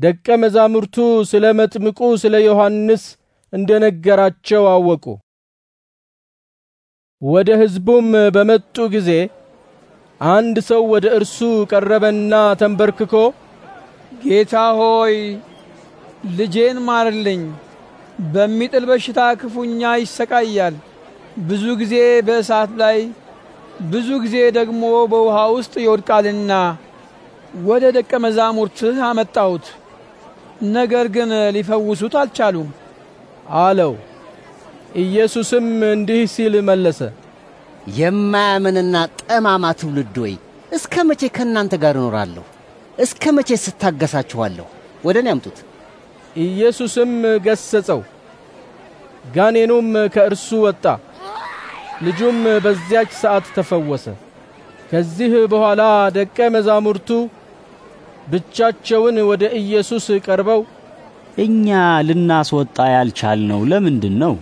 ደቀ መዛሙርቱ ስለ መጥምቁ ስለ ዮሐንስ እንደ ነገራቸው አወቁ። ወደ ሕዝቡም በመጡ ጊዜ አንድ ሰው ወደ እርሱ ቀረበና ተንበርክኮ ጌታ ሆይ ልጄን ማርልኝ፣ በሚጥል በሽታ ክፉኛ ይሰቃያል። ብዙ ጊዜ በእሳት ላይ ብዙ ጊዜ ደግሞ በውሃ ውስጥ ይወድቃልና ወደ ደቀ መዛሙርትህ አመጣሁት ነገር ግን ሊፈውሱት አልቻሉም አለው። ኢየሱስም እንዲህ ሲል መለሰ፣ የማያምንና ጠማማ ትውልድ ወይ እስከ መቼ ከእናንተ ጋር እኖራለሁ? እስከ መቼ ስታገሳችኋለሁ? ወደ እኔ አምጡት። ኢየሱስም ገሰጸው፣ ጋኔኑም ከእርሱ ወጣ፣ ልጁም በዚያች ሰዓት ተፈወሰ። ከዚህ በኋላ ደቀ መዛሙርቱ ብቻቸውን ወደ ኢየሱስ ቀርበው እኛ ልናስወጣ ያልቻልነው ለምንድን ነው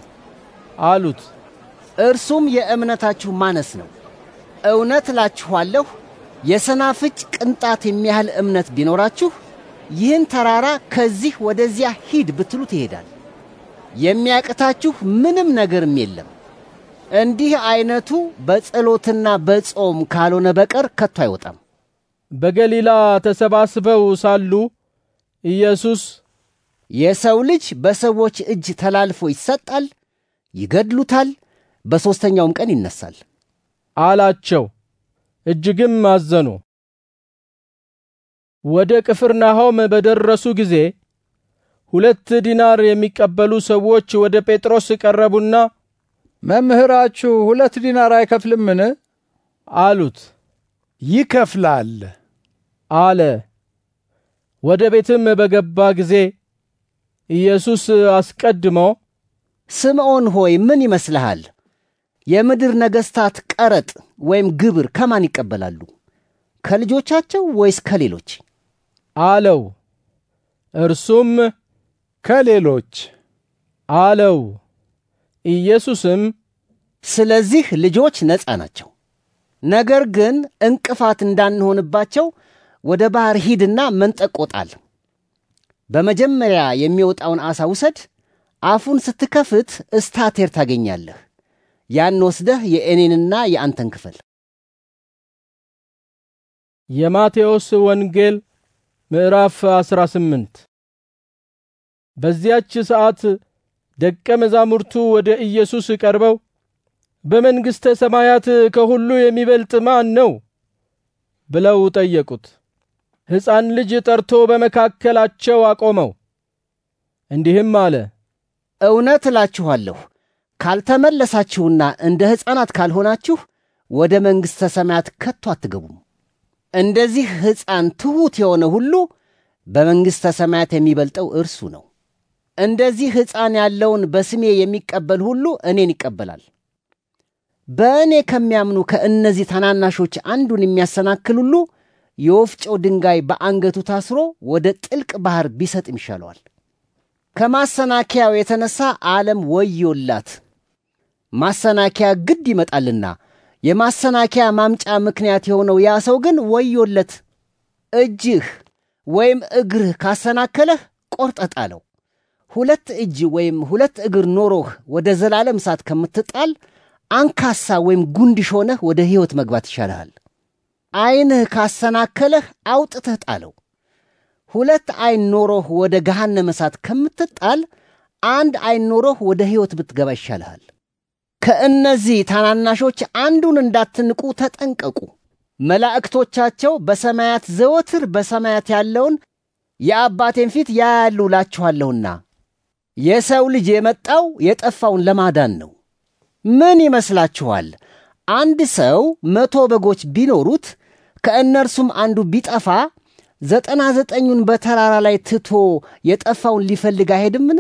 አሉት። እርሱም የእምነታችሁ ማነስ ነው። እውነት እላችኋለሁ የሰናፍጭ ቅንጣት የሚያህል እምነት ቢኖራችሁ ይህን ተራራ ከዚህ ወደዚያ ሂድ ብትሉት ይሄዳል። የሚያቅታችሁ ምንም ነገርም የለም። እንዲህ አይነቱ በጸሎትና በጾም ካልሆነ በቀር ከቶ አይወጣም። በገሊላ ተሰባስበው ሳሉ ኢየሱስ የሰው ልጅ በሰዎች እጅ ተላልፎ ይሰጣል፣ ይገድሉታል፣ በሦስተኛውም ቀን ይነሳል አላቸው። እጅግም አዘኑ። ወደ ቅፍርናሆም በደረሱ ጊዜ ሁለት ዲናር የሚቀበሉ ሰዎች ወደ ጴጥሮስ ቀረቡና መምህራችሁ ሁለት ዲናር አይከፍልምን? አሉት። ይከፍላል አለ። ወደ ቤትም በገባ ጊዜ ኢየሱስ አስቀድሞ ስምዖን ሆይ ምን ይመስልሃል? የምድር ነገሥታት ቀረጥ ወይም ግብር ከማን ይቀበላሉ? ከልጆቻቸው ወይስ ከሌሎች? አለው። እርሱም ከሌሎች አለው። ኢየሱስም ስለዚህ ልጆች ነፃ ናቸው፣ ነገር ግን እንቅፋት እንዳንሆንባቸው ወደ ባህር ሂድና መንጠቆ ጣል። በመጀመሪያ የሚወጣውን ዓሣ ውሰድ። አፉን ስትከፍት እስታቴር ታገኛለህ። ያን ወስደህ የእኔንና የአንተን ክፈል። የማቴዎስ ወንጌል ምዕራፍ 18 በዚያች ሰዓት ደቀ መዛሙርቱ ወደ ኢየሱስ ቀርበው በመንግሥተ ሰማያት ከሁሉ የሚበልጥ ማን ነው ብለው ጠየቁት። ሕፃን ልጅ ጠርቶ በመካከላቸው አቆመው፣ እንዲህም አለ፣ እውነት እላችኋለሁ ካልተመለሳችሁና እንደ ሕፃናት ካልሆናችሁ ወደ መንግሥተ ሰማያት ከቶ አትገቡም። እንደዚህ ሕፃን ትሑት የሆነ ሁሉ በመንግሥተ ሰማያት የሚበልጠው እርሱ ነው። እንደዚህ ሕፃን ያለውን በስሜ የሚቀበል ሁሉ እኔን ይቀበላል። በእኔ ከሚያምኑ ከእነዚህ ታናናሾች አንዱን የሚያሰናክል ሁሉ የወፍጮ ድንጋይ በአንገቱ ታስሮ ወደ ጥልቅ ባህር ቢሰጥ ይሻለዋል። ከማሰናከያው የተነሳ ዓለም ወዮላት። ማሰናከያ ግድ ይመጣልና የማሰናከያ ማምጫ ምክንያት የሆነው ያ ሰው ግን ወዮለት። እጅህ ወይም እግርህ ካሰናከለህ ቆርጠጣለው ሁለት እጅ ወይም ሁለት እግር ኖሮህ ወደ ዘላለም እሳት ከምትጣል አንካሳ ወይም ጉንድሽ ሆነህ ወደ ሕይወት መግባት ይሻልሃል። አይንህ ካሰናከለህ አውጥተህ ጣለው። ሁለት ዐይን ኖሮህ ወደ ገሃነመ እሳት ከምትጣል አንድ ዐይን ኖሮህ ወደ ሕይወት ብትገባ ይሻልሃል። ከእነዚህ ታናናሾች አንዱን እንዳትንቁ ተጠንቀቁ። መላእክቶቻቸው በሰማያት ዘወትር በሰማያት ያለውን የአባቴን ፊት ያያሉ እላችኋለሁና የሰው ልጅ የመጣው የጠፋውን ለማዳን ነው። ምን ይመስላችኋል? አንድ ሰው መቶ በጎች ቢኖሩት ከእነርሱም አንዱ ቢጠፋ ዘጠና ዘጠኙን በተራራ ላይ ትቶ የጠፋውን ሊፈልግ አይሄድምን?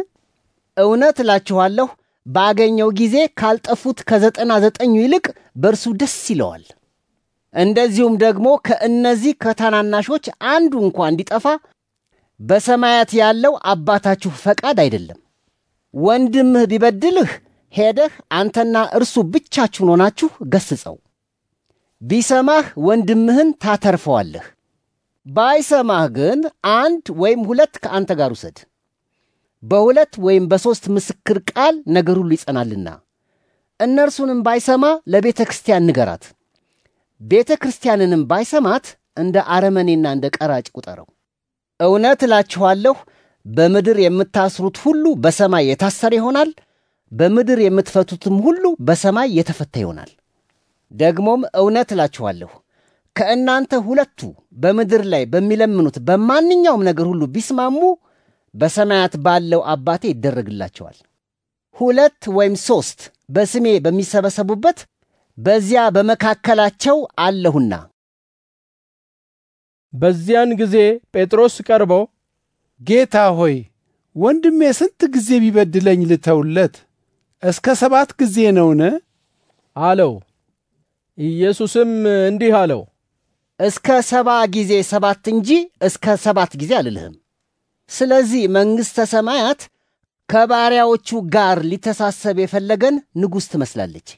እውነት እላችኋለሁ ባገኘው ጊዜ ካልጠፉት ከዘጠና ዘጠኙ ይልቅ በእርሱ ደስ ይለዋል። እንደዚሁም ደግሞ ከእነዚህ ከታናናሾች አንዱ እንኳ እንዲጠፋ በሰማያት ያለው አባታችሁ ፈቃድ አይደለም። ወንድምህ ቢበድልህ ሄደህ አንተና እርሱ ብቻችሁን ሆናችሁ ገስጸው። ቢሰማህ ወንድምህን ታተርፈዋለህ። ባይሰማህ ግን አንድ ወይም ሁለት ከአንተ ጋር ውሰድ። በሁለት ወይም በሦስት ምስክር ቃል ነገር ሁሉ ይጸናልና። እነርሱንም ባይሰማ ለቤተ ክርስቲያን ንገራት። ቤተ ክርስቲያንንም ባይሰማት እንደ አረመኔና እንደ ቀራጭ ቁጠረው። እውነት እላችኋለሁ በምድር የምታስሩት ሁሉ በሰማይ የታሰረ ይሆናል። በምድር የምትፈቱትም ሁሉ በሰማይ የተፈታ ይሆናል። ደግሞም እውነት እላችኋለሁ ከእናንተ ሁለቱ በምድር ላይ በሚለምኑት በማንኛውም ነገር ሁሉ ቢስማሙ በሰማያት ባለው አባቴ ይደረግላቸዋል። ሁለት ወይም ሦስት በስሜ በሚሰበሰቡበት በዚያ በመካከላቸው አለሁና። በዚያን ጊዜ ጴጥሮስ ቀርቦ ጌታ ሆይ፣ ወንድሜ ስንት ጊዜ ቢበድለኝ ልተውለት እስከ ሰባት ጊዜ ነውን? አለው። ኢየሱስም እንዲህ አለው፣ እስከ ሰባ ጊዜ ሰባት እንጂ እስከ ሰባት ጊዜ አልልህም። ስለዚህ መንግሥተ ሰማያት ከባሪያዎቹ ጋር ሊተሳሰብ የፈለገን ንጉሥ ትመስላለች።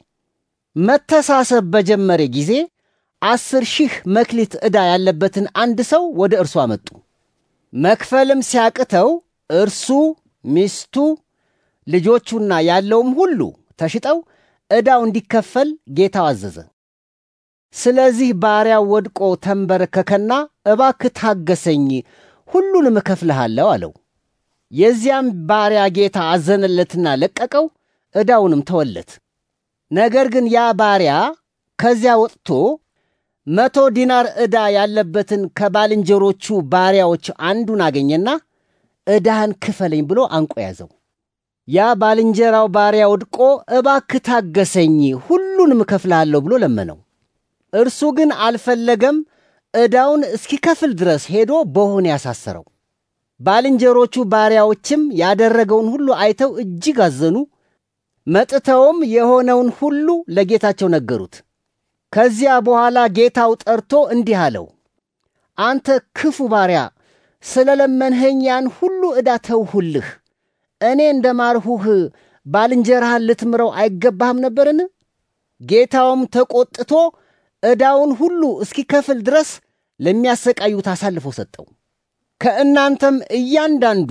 መተሳሰብ በጀመረ ጊዜ አስር ሺህ መክሊት ዕዳ ያለበትን አንድ ሰው ወደ እርሱ አመጡ። መክፈልም ሲያቅተው እርሱ፣ ሚስቱ፣ ልጆቹና ያለውም ሁሉ ተሽጠው ዕዳው እንዲከፈል ጌታው አዘዘ። ስለዚህ ባሪያው ወድቆ ተንበረከከና እባክ ታገሰኝ፣ ሁሉንም እከፍልሃለሁ አለው። የዚያም ባሪያ ጌታ አዘነለትና ለቀቀው፣ ዕዳውንም ተወለት። ነገር ግን ያ ባሪያ ከዚያ ወጥቶ መቶ ዲናር ዕዳ ያለበትን ከባልንጀሮቹ ባሪያዎች አንዱን አገኘና ዕዳህን ክፈለኝ ብሎ አንቆ ያዘው። ያ ባልንጀራው ባሪያ ወድቆ እባክ ታገሰኝ ሁሉንም እከፍልሃለሁ ብሎ ለመነው። እርሱ ግን አልፈለገም። ዕዳውን እስኪከፍል ድረስ ሄዶ በሆን ያሳሰረው። ባልንጀሮቹ ባሪያዎችም ያደረገውን ሁሉ አይተው እጅግ አዘኑ። መጥተውም የሆነውን ሁሉ ለጌታቸው ነገሩት። ከዚያ በኋላ ጌታው ጠርቶ እንዲህ አለው፣ አንተ ክፉ ባሪያ ስለ ለመንኸኝ ያን ሁሉ ዕዳ ተውሁልህ እኔ እንደ ማርሁህ ባልንጀራህን ልትምረው አይገባህም ነበርን? ጌታውም ተቆጥቶ ዕዳውን ሁሉ እስኪከፍል ድረስ ለሚያሰቃዩት አሳልፎ ሰጠው። ከእናንተም እያንዳንዱ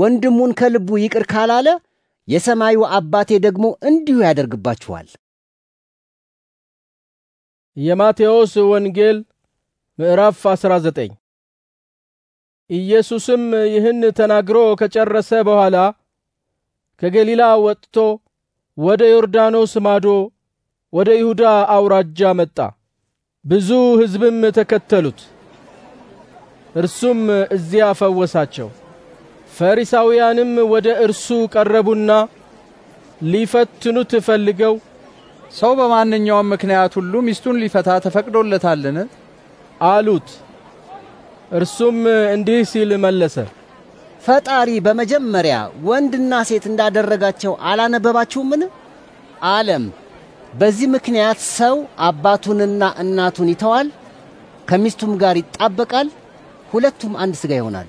ወንድሙን ከልቡ ይቅር ካላለ የሰማዩ አባቴ ደግሞ እንዲሁ ያደርግባችኋል። የማቴዎስ ወንጌል ምዕራፍ 19 ኢየሱስም ይህን ተናግሮ ከጨረሰ በኋላ ከገሊላ ወጥቶ ወደ ዮርዳኖስ ማዶ ወደ ይሁዳ አውራጃ መጣ። ብዙ ሕዝብም ተከተሉት። እርሱም እዚያ ፈወሳቸው። ፈሪሳውያንም ወደ እርሱ ቀረቡና ሊፈትኑት ፈልገው ሰው በማንኛውም ምክንያት ሁሉ ሚስቱን ሊፈታ ተፈቅዶለታልን? አሉት። እርሱም እንዲህ ሲል መለሰ። ፈጣሪ በመጀመሪያ ወንድና ሴት እንዳደረጋቸው አላነበባችሁምን? አለም በዚህ ምክንያት ሰው አባቱንና እናቱን ይተዋል፣ ከሚስቱም ጋር ይጣበቃል፣ ሁለቱም አንድ ሥጋ ይሆናሉ።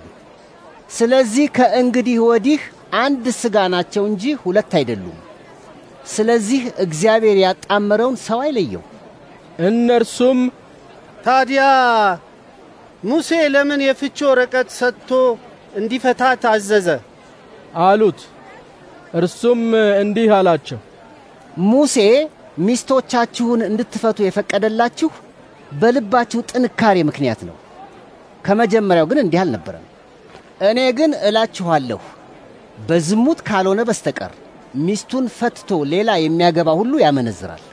ስለዚህ ከእንግዲህ ወዲህ አንድ ሥጋ ናቸው እንጂ ሁለት አይደሉም። ስለዚህ እግዚአብሔር ያጣመረውን ሰው አይለየው። እነርሱም ታዲያ ሙሴ ለምን የፍቾ ወረቀት ሰጥቶ እንዲፈታ ታዘዘ አሉት። እርሱም እንዲህ አላቸው፣ ሙሴ ሚስቶቻችሁን እንድትፈቱ የፈቀደላችሁ በልባችሁ ጥንካሬ ምክንያት ነው። ከመጀመሪያው ግን እንዲህ አልነበረም። እኔ ግን እላችኋለሁ በዝሙት ካልሆነ በስተቀር ሚስቱን ፈትቶ ሌላ የሚያገባ ሁሉ ያመነዝራል።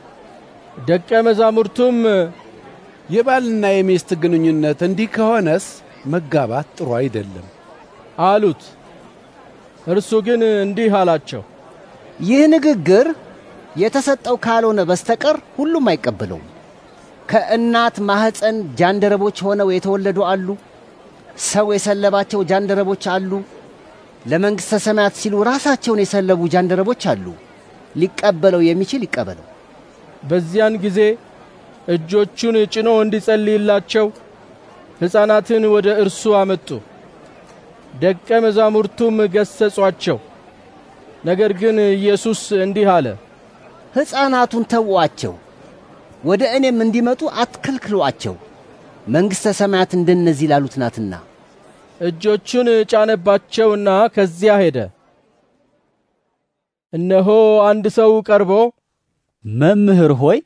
ደቀ መዛሙርቱም የባልና የሚስት ግንኙነት እንዲህ ከሆነስ መጋባት ጥሩ አይደለም አሉት። እርሱ ግን እንዲህ አላቸው፣ ይህ ንግግር የተሰጠው ካልሆነ በስተቀር ሁሉም አይቀበለውም። ከእናት ማኅፀን ጃንደረቦች ሆነው የተወለዱ አሉ። ሰው የሰለባቸው ጃንደረቦች አሉ። ለመንግሥተ ሰማያት ሲሉ ራሳቸውን የሰለቡ ጃንደረቦች አሉ። ሊቀበለው የሚችል ይቀበለው። በዚያን ጊዜ እጆቹን ጭኖ እንዲጸልይላቸው ሕፃናትን ወደ እርሱ አመጡ። ደቀ መዛሙርቱም ገሰጿቸው። ነገር ግን ኢየሱስ እንዲህ አለ፣ ሕፃናቱን ተዋቸው፣ ወደ እኔም እንዲመጡ አትከልክሏቸው፣ መንግሥተ ሰማያት እንደነዚህ ላሉት ናትና። እጆቹን ጫነባቸውና ከዚያ ሄደ። እነሆ አንድ ሰው ቀርቦ መምህር ሆይ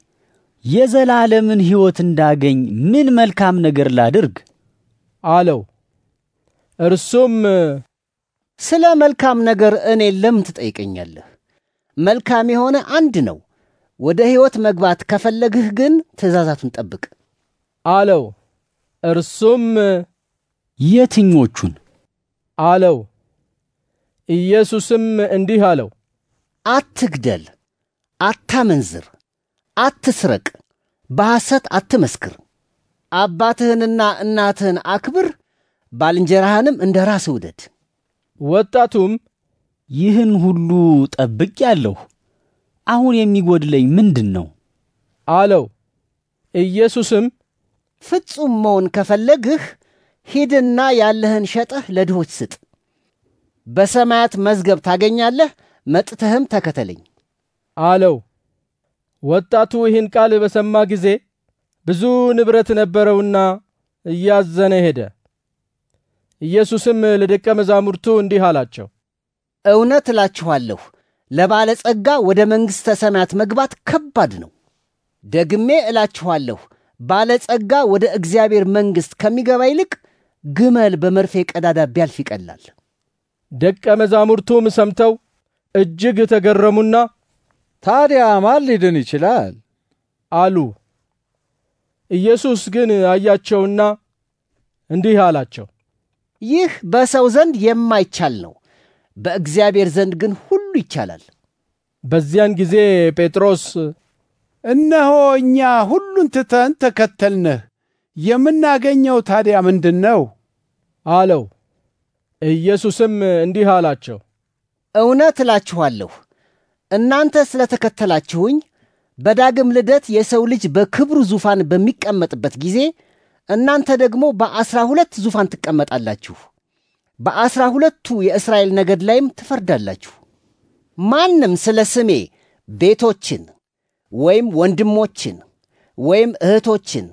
የዘላለምን ሕይወት እንዳገኝ ምን መልካም ነገር ላድርግ? አለው። እርሱም ስለ መልካም ነገር እኔ ለምን ትጠይቀኛለህ? መልካም የሆነ አንድ ነው። ወደ ሕይወት መግባት ከፈለግህ ግን ትእዛዛቱን ጠብቅ አለው። እርሱም የትኞቹን አለው። ኢየሱስም እንዲህ አለው፣ አትግደል፣ አታመንዝር፣ አትስረቅ፣ በሐሰት አትመስክር፣ አባትህንና እናትህን አክብር ባልንጀራህንም እንደ ራስ ውደድ። ወጣቱም ይህን ሁሉ ጠብቅ ያለሁ አሁን የሚጎድለኝ ምንድን ነው አለው። ኢየሱስም ፍጹም መሆን ከፈለግህ ሂድና ያለህን ሸጠህ ለድሆች ስጥ፣ በሰማያት መዝገብ ታገኛለህ፣ መጥተህም ተከተለኝ አለው። ወጣቱ ይህን ቃል በሰማ ጊዜ ብዙ ንብረት ነበረውና እያዘነ ሄደ። ኢየሱስም ለደቀ መዛሙርቱ እንዲህ አላቸው፣ እውነት እላችኋለሁ ለባለጸጋ ወደ መንግሥተ ሰማያት መግባት ከባድ ነው። ደግሜ እላችኋለሁ ባለጸጋ ወደ እግዚአብሔር መንግሥት ከሚገባ ይልቅ ግመል በመርፌ ቀዳዳ ቢያልፍ ይቀላል። ደቀ መዛሙርቱም ሰምተው እጅግ ተገረሙና ታዲያ ማን ሊድን ይችላል አሉ። ኢየሱስ ግን አያቸውና እንዲህ አላቸው ይህ በሰው ዘንድ የማይቻል ነው፣ በእግዚአብሔር ዘንድ ግን ሁሉ ይቻላል። በዚያን ጊዜ ጴጥሮስ እነሆ እኛ ሁሉን ትተን ተከተልንህ፣ የምናገኘው ታዲያ ምንድን ነው አለው። ኢየሱስም እንዲህ አላቸው፣ እውነት እላችኋለሁ እናንተ ስለ ተከተላችሁኝ በዳግም ልደት የሰው ልጅ በክብሩ ዙፋን በሚቀመጥበት ጊዜ እናንተ ደግሞ በአስራ ሁለት ዙፋን ትቀመጣላችሁ፣ በአስራ ሁለቱ የእስራኤል ነገድ ላይም ትፈርዳላችሁ። ማንም ስለ ስሜ ቤቶችን ወይም ወንድሞችን ወይም እህቶችን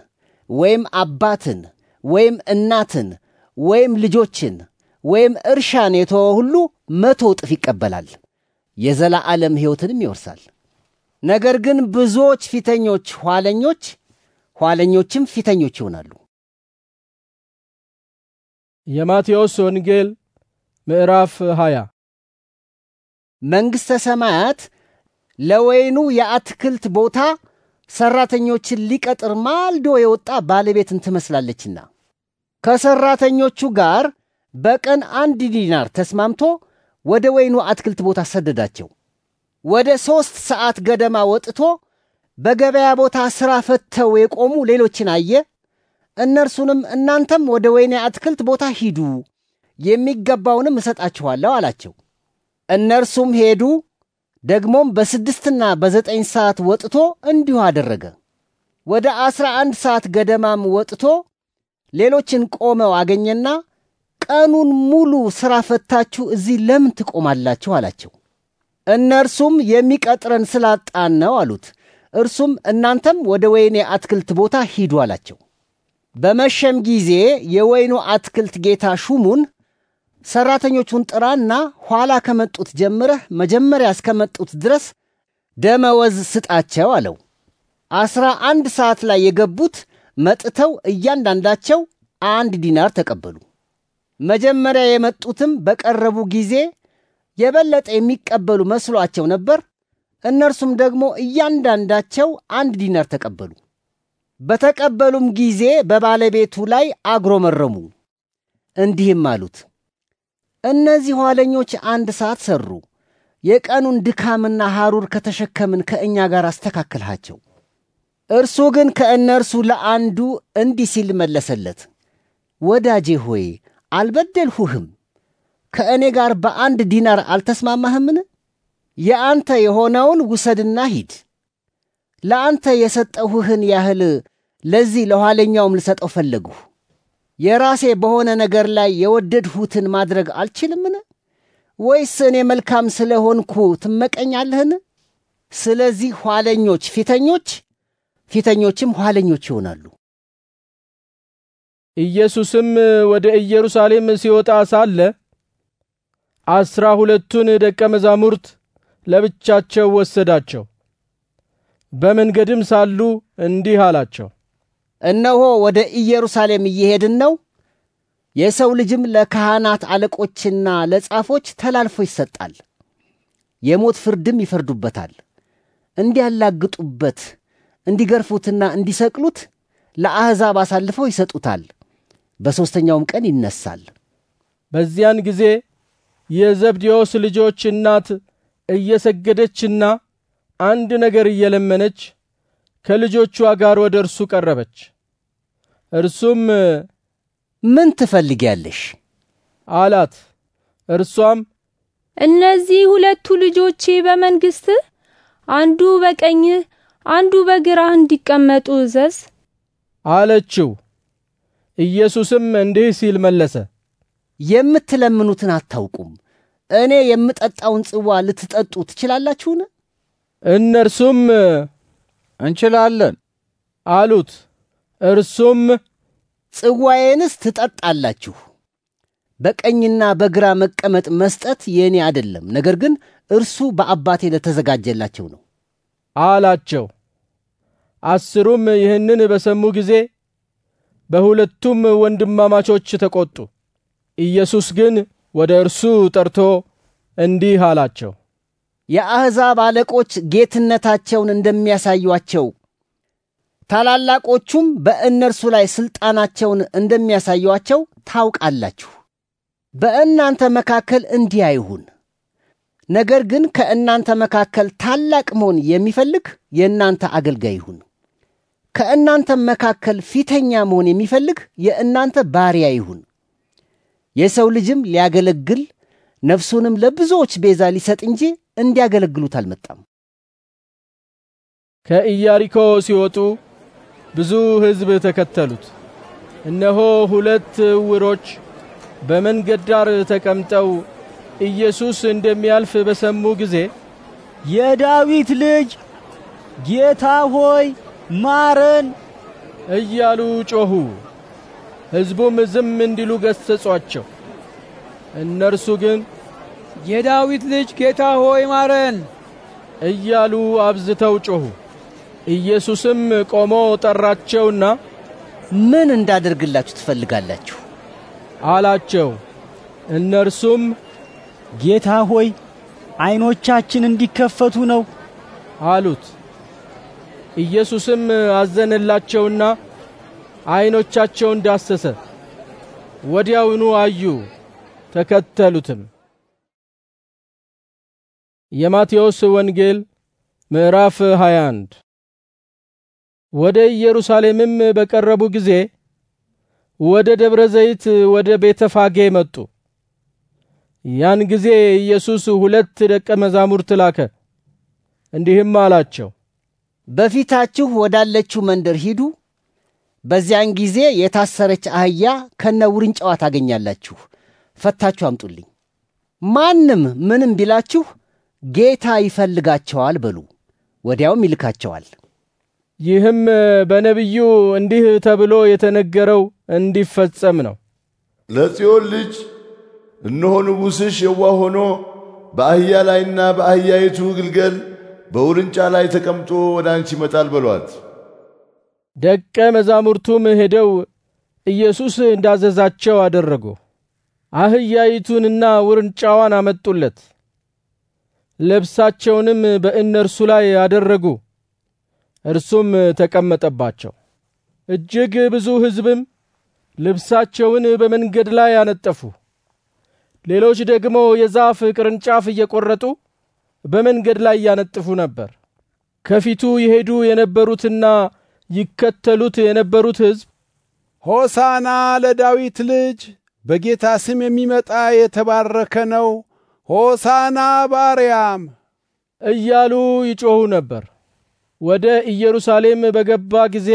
ወይም አባትን ወይም እናትን ወይም ልጆችን ወይም እርሻን የተወ ሁሉ መቶ እጥፍ ይቀበላል፣ ዓለም ሕይወትንም ይወርሳል። ነገር ግን ብዙዎች ፊተኞች ኋለኞች፣ ኋለኞችም ፊተኞች ይሆናሉ። የማቴዎስ ወንጌል ምዕራፍ 20 መንግሥተ ሰማያት ለወይኑ የአትክልት ቦታ ሰራተኞችን ሊቀጥር ማልዶ የወጣ ባለቤትን ትመስላለችና ከሰራተኞቹ ጋር በቀን አንድ ዲናር ተስማምቶ ወደ ወይኑ አትክልት ቦታ ሰደዳቸው። ወደ ሦስት ሰዓት ገደማ ወጥቶ በገበያ ቦታ ሥራ ፈተው የቆሙ ሌሎችን አየ። እነርሱንም እናንተም ወደ ወይኔ አትክልት ቦታ ሂዱ፣ የሚገባውንም እሰጣችኋለሁ አላቸው። እነርሱም ሄዱ። ደግሞም በስድስትና በዘጠኝ ሰዓት ወጥቶ እንዲሁ አደረገ። ወደ አስራ አንድ ሰዓት ገደማም ወጥቶ ሌሎችን ቆመው አገኘና ቀኑን ሙሉ ሥራ ፈታችሁ እዚህ ለምን ትቆማላችሁ? አላቸው። እነርሱም የሚቀጥረን ስላጣን ነው አሉት። እርሱም እናንተም ወደ ወይኔ አትክልት ቦታ ሂዱ አላቸው። በመሸም ጊዜ የወይኑ አትክልት ጌታ ሹሙን ሰራተኞቹን ጥራና ኋላ ከመጡት ጀምረህ መጀመሪያ እስከመጡት ድረስ ደመወዝ ስጣቸው አለው። አስራ አንድ ሰዓት ላይ የገቡት መጥተው እያንዳንዳቸው አንድ ዲናር ተቀበሉ። መጀመሪያ የመጡትም በቀረቡ ጊዜ የበለጠ የሚቀበሉ መስሏቸው ነበር። እነርሱም ደግሞ እያንዳንዳቸው አንድ ዲናር ተቀበሉ። በተቀበሉም ጊዜ በባለቤቱ ላይ አግሮመረሙ፣ እንዲህም አሉት፦ እነዚህ ኋለኞች አንድ ሰዓት ሠሩ፣ የቀኑን ድካምና ሐሩር ከተሸከምን ከእኛ ጋር አስተካከልሃቸው። እርሱ ግን ከእነርሱ ለአንዱ እንዲህ ሲል መለሰለት፣ ወዳጄ ሆይ አልበደልሁህም። ከእኔ ጋር በአንድ ዲናር አልተስማማህምን? የአንተ የሆነውን ውሰድና ሂድ። ለአንተ የሰጠሁህን ያህል ለዚህ ለኋለኛውም ልሰጠው ፈለግሁ። የራሴ በሆነ ነገር ላይ የወደድሁትን ማድረግ አልችልምን? ወይስ እኔ መልካም ስለ ሆንኩ ትመቀኛለህን? ስለዚህ ኋለኞች ፊተኞች፣ ፊተኞችም ኋለኞች ይሆናሉ። ኢየሱስም ወደ ኢየሩሳሌም ሲወጣ ሳለ አስራ ሁለቱን ደቀ መዛሙርት ለብቻቸው ወሰዳቸው። በመንገድም ሳሉ እንዲህ አላቸው፣ እነሆ ወደ ኢየሩሳሌም እየሄድን ነው። የሰው ልጅም ለካህናት አለቆችና ለጻፎች ተላልፎ ይሰጣል፣ የሞት ፍርድም ይፈርዱበታል። እንዲያላግጡበት፣ እንዲገርፉትና እንዲሰቅሉት ለአሕዛብ አሳልፈው ይሰጡታል። በሦስተኛውም ቀን ይነሳል። በዚያን ጊዜ የዘብዴዎስ ልጆች እናት እየሰገደችና አንድ ነገር እየለመነች ከልጆቿ ጋር ወደ እርሱ ቀረበች። እርሱም ምን ትፈልጊያለሽ አላት። እርሷም እነዚህ ሁለቱ ልጆቼ በመንግስት አንዱ በቀኝህ አንዱ በግራህ እንዲቀመጡ እዘዝ አለችው። ኢየሱስም እንዲህ ሲል መለሰ፣ የምትለምኑትን አታውቁም። እኔ የምጠጣውን ጽዋ ልትጠጡ ትችላላችሁን? እነርሱም እንችላለን አሉት። እርሱም ጽዋዬንስ ትጠጣላችሁ፣ በቀኝና በግራ መቀመጥ መስጠት የእኔ አይደለም፣ ነገር ግን እርሱ በአባቴ ለተዘጋጀላቸው ነው አላቸው። አስሩም ይህንን በሰሙ ጊዜ በሁለቱም ወንድማማቾች ተቆጡ። ኢየሱስ ግን ወደ እርሱ ጠርቶ እንዲህ አላቸው፣ የአሕዛብ አለቆች ጌትነታቸውን እንደሚያሳዩአቸው ታላላቆቹም በእነርሱ ላይ ሥልጣናቸውን እንደሚያሳዩአቸው ታውቃላችሁ። በእናንተ መካከል እንዲህ አይሁን። ነገር ግን ከእናንተ መካከል ታላቅ መሆን የሚፈልግ የእናንተ አገልጋይ ይሁን። ከእናንተም መካከል ፊተኛ መሆን የሚፈልግ የእናንተ ባሪያ ይሁን። የሰው ልጅም ሊያገለግል ነፍሱንም ለብዙዎች ቤዛ ሊሰጥ እንጂ እንዲያገለግሉት አልመጣም። ከኢያሪኮ ሲወጡ ብዙ ሕዝብ ተከተሉት። እነሆ ሁለት ዕውሮች በመንገድ ዳር ተቀምጠው ኢየሱስ እንደሚያልፍ በሰሙ ጊዜ የዳዊት ልጅ ጌታ ሆይ ማረን እያሉ ጮኹ። ሕዝቡም ዝም እንዲሉ ገሰጿቸው። እነርሱ ግን የዳዊት ልጅ ጌታ ሆይ ማረን እያሉ አብዝተው ጮኹ። ኢየሱስም ቆሞ ጠራቸውና ምን እንዳደርግላችሁ ትፈልጋላችሁ አላቸው። እነርሱም ጌታ ሆይ ዓይኖቻችን እንዲከፈቱ ነው አሉት። ኢየሱስም አዘነላቸውና ዓይኖቻቸውን ዳሰሰ። ወዲያውኑ አዩ፣ ተከተሉትም። የማቴዎስ ወንጌል ምዕራፍ 21 ወደ ኢየሩሳሌምም በቀረቡ ጊዜ ወደ ደብረ ዘይት ወደ ቤተ ፋጌ መጡ። ያን ጊዜ ኢየሱስ ሁለት ደቀ መዛሙርት ላከ፣ እንዲህም አላቸው፦ በፊታችሁ ወዳለችው መንደር ሂዱ፣ በዚያን ጊዜ የታሰረች አህያ ከነ ውርንጫዋ ታገኛላችሁ፣ ፈታችሁ አምጡልኝ። ማንም ምንም ቢላችሁ ጌታ ይፈልጋቸዋል በሉ፣ ወዲያውም ይልካቸዋል። ይህም በነቢዩ እንዲህ ተብሎ የተነገረው እንዲፈጸም ነው። ለጽዮን ልጅ እነሆ ንጉሥሽ የዋህ ሆኖ በአህያ ላይና በአህያይቱ ግልገል በውርንጫ ላይ ተቀምጦ ወደ አንቺ ይመጣል በሏት። ደቀ መዛሙርቱም ሄደው ኢየሱስ እንዳዘዛቸው አደረጉ። አህያይቱንና ውርንጫዋን አመጡለት። ልብሳቸውንም በእነርሱ ላይ አደረጉ። እርሱም ተቀመጠባቸው። እጅግ ብዙ ሕዝብም ልብሳቸውን በመንገድ ላይ አነጠፉ። ሌሎች ደግሞ የዛፍ ቅርንጫፍ እየቆረጡ በመንገድ ላይ ያነጥፉ ነበር። ከፊቱ ይሄዱ የነበሩትና ይከተሉት የነበሩት ሕዝብ ሆሳና ለዳዊት ልጅ በጌታ ስም የሚመጣ የተባረከ ነው ሆሳና ባርያም እያሉ ይጮኹ ነበር። ወደ ኢየሩሳሌም በገባ ጊዜ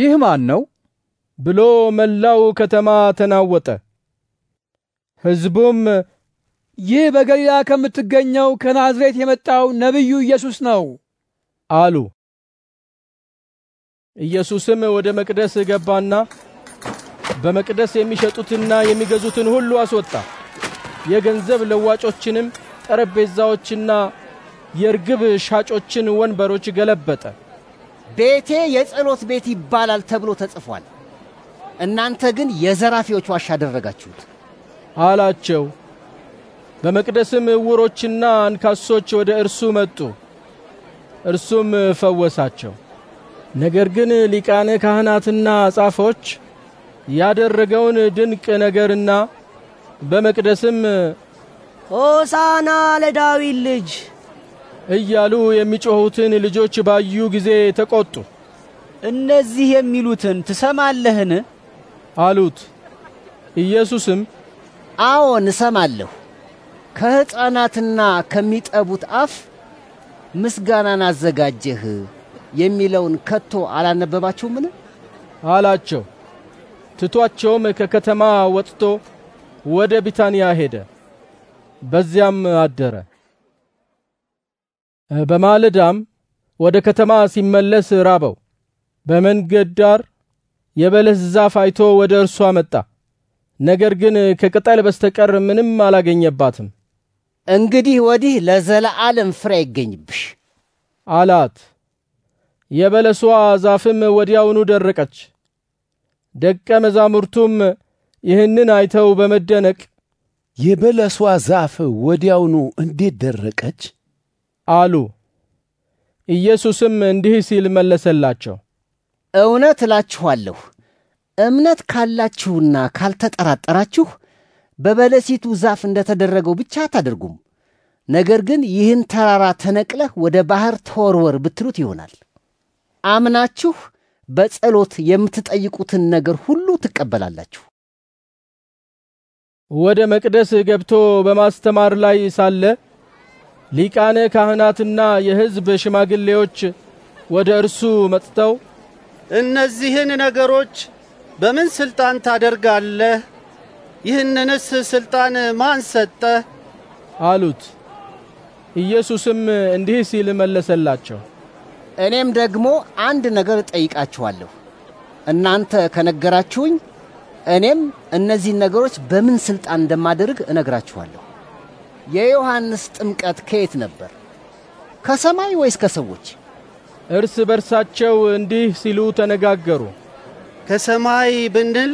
ይህ ማን ነው ብሎ መላው ከተማ ተናወጠ። ሕዝቡም ይህ በገሊላ ከምትገኘው ከናዝሬት የመጣው ነቢዩ ኢየሱስ ነው አሉ። ኢየሱስም ወደ መቅደስ ገባና በመቅደስ የሚሸጡትና የሚገዙትን ሁሉ አስወጣ። የገንዘብ ለዋጮችንም ጠረጴዛዎችና የርግብ ሻጮችን ወንበሮች ገለበጠ። ቤቴ የጸሎት ቤት ይባላል ተብሎ ተጽፏል፣ እናንተ ግን የዘራፊዎች ዋሻ አደረጋችሁት አላቸው። በመቅደስም እውሮችና አንካሶች ወደ እርሱ መጡ፣ እርሱም ፈወሳቸው። ነገር ግን ሊቃነ ካህናትና ጻፎች ያደረገውን ድንቅ ነገርና በመቅደስም ሆሳና ለዳዊት ልጅ እያሉ የሚጮኹትን ልጆች ባዩ ጊዜ ተቆጡ። እነዚህ የሚሉትን ትሰማለህን? አሉት። ኢየሱስም አዎን እሰማለሁ፣ ከሕፃናትና ከሚጠቡት አፍ ምስጋናን አዘጋጀህ የሚለውን ከቶ አላነበባችሁምን? አላቸው። ትቷቸውም ከከተማ ወጥቶ ወደ ቢታንያ ሄደ፣ በዚያም አደረ። በማለዳም ወደ ከተማ ሲመለስ ራበው። በመንገድ ዳር የበለስ ዛፍ አይቶ ወደ እርሷ መጣ፣ ነገር ግን ከቅጠል በስተቀር ምንም አላገኘባትም። እንግዲህ ወዲህ ለዘለዓለም ፍሬ አይገኝብሽ አላት። የበለሷ ዛፍም ወዲያውኑ ደረቀች። ደቀ መዛሙርቱም ይህንን አይተው በመደነቅ የበለሷ ዛፍ ወዲያውኑ እንዴት ደረቀች? አሉ። ኢየሱስም እንዲህ ሲል መለሰላቸው፣ እውነት እላችኋለሁ እምነት ካላችሁና ካልተጠራጠራችሁ በበለሲቱ ዛፍ እንደተደረገው ብቻ አታደርጉም። ነገር ግን ይህን ተራራ ተነቅለህ ወደ ባሕር ተወርወር ብትሉት ይሆናል። አምናችሁ በጸሎት የምትጠይቁትን ነገር ሁሉ ትቀበላላችሁ። ወደ መቅደስ ገብቶ በማስተማር ላይ ሳለ ሊቃነ ካህናትና የሕዝብ ሽማግሌዎች ወደ እርሱ መጥተው እነዚህን ነገሮች በምን ስልጣን ታደርጋለህ? ይህንንስ ስልጣን ማን ሰጠ? አሉት። ኢየሱስም እንዲህ ሲል መለሰላቸው፣ እኔም ደግሞ አንድ ነገር ጠይቃችኋለሁ። እናንተ ከነገራችሁኝ እኔም እነዚህን ነገሮች በምን ስልጣን እንደማደርግ እነግራችኋለሁ። የዮሐንስ ጥምቀት ከየት ነበር? ከሰማይ ወይስ ከሰዎች? እርስ በርሳቸው እንዲህ ሲሉ ተነጋገሩ። ከሰማይ ብንል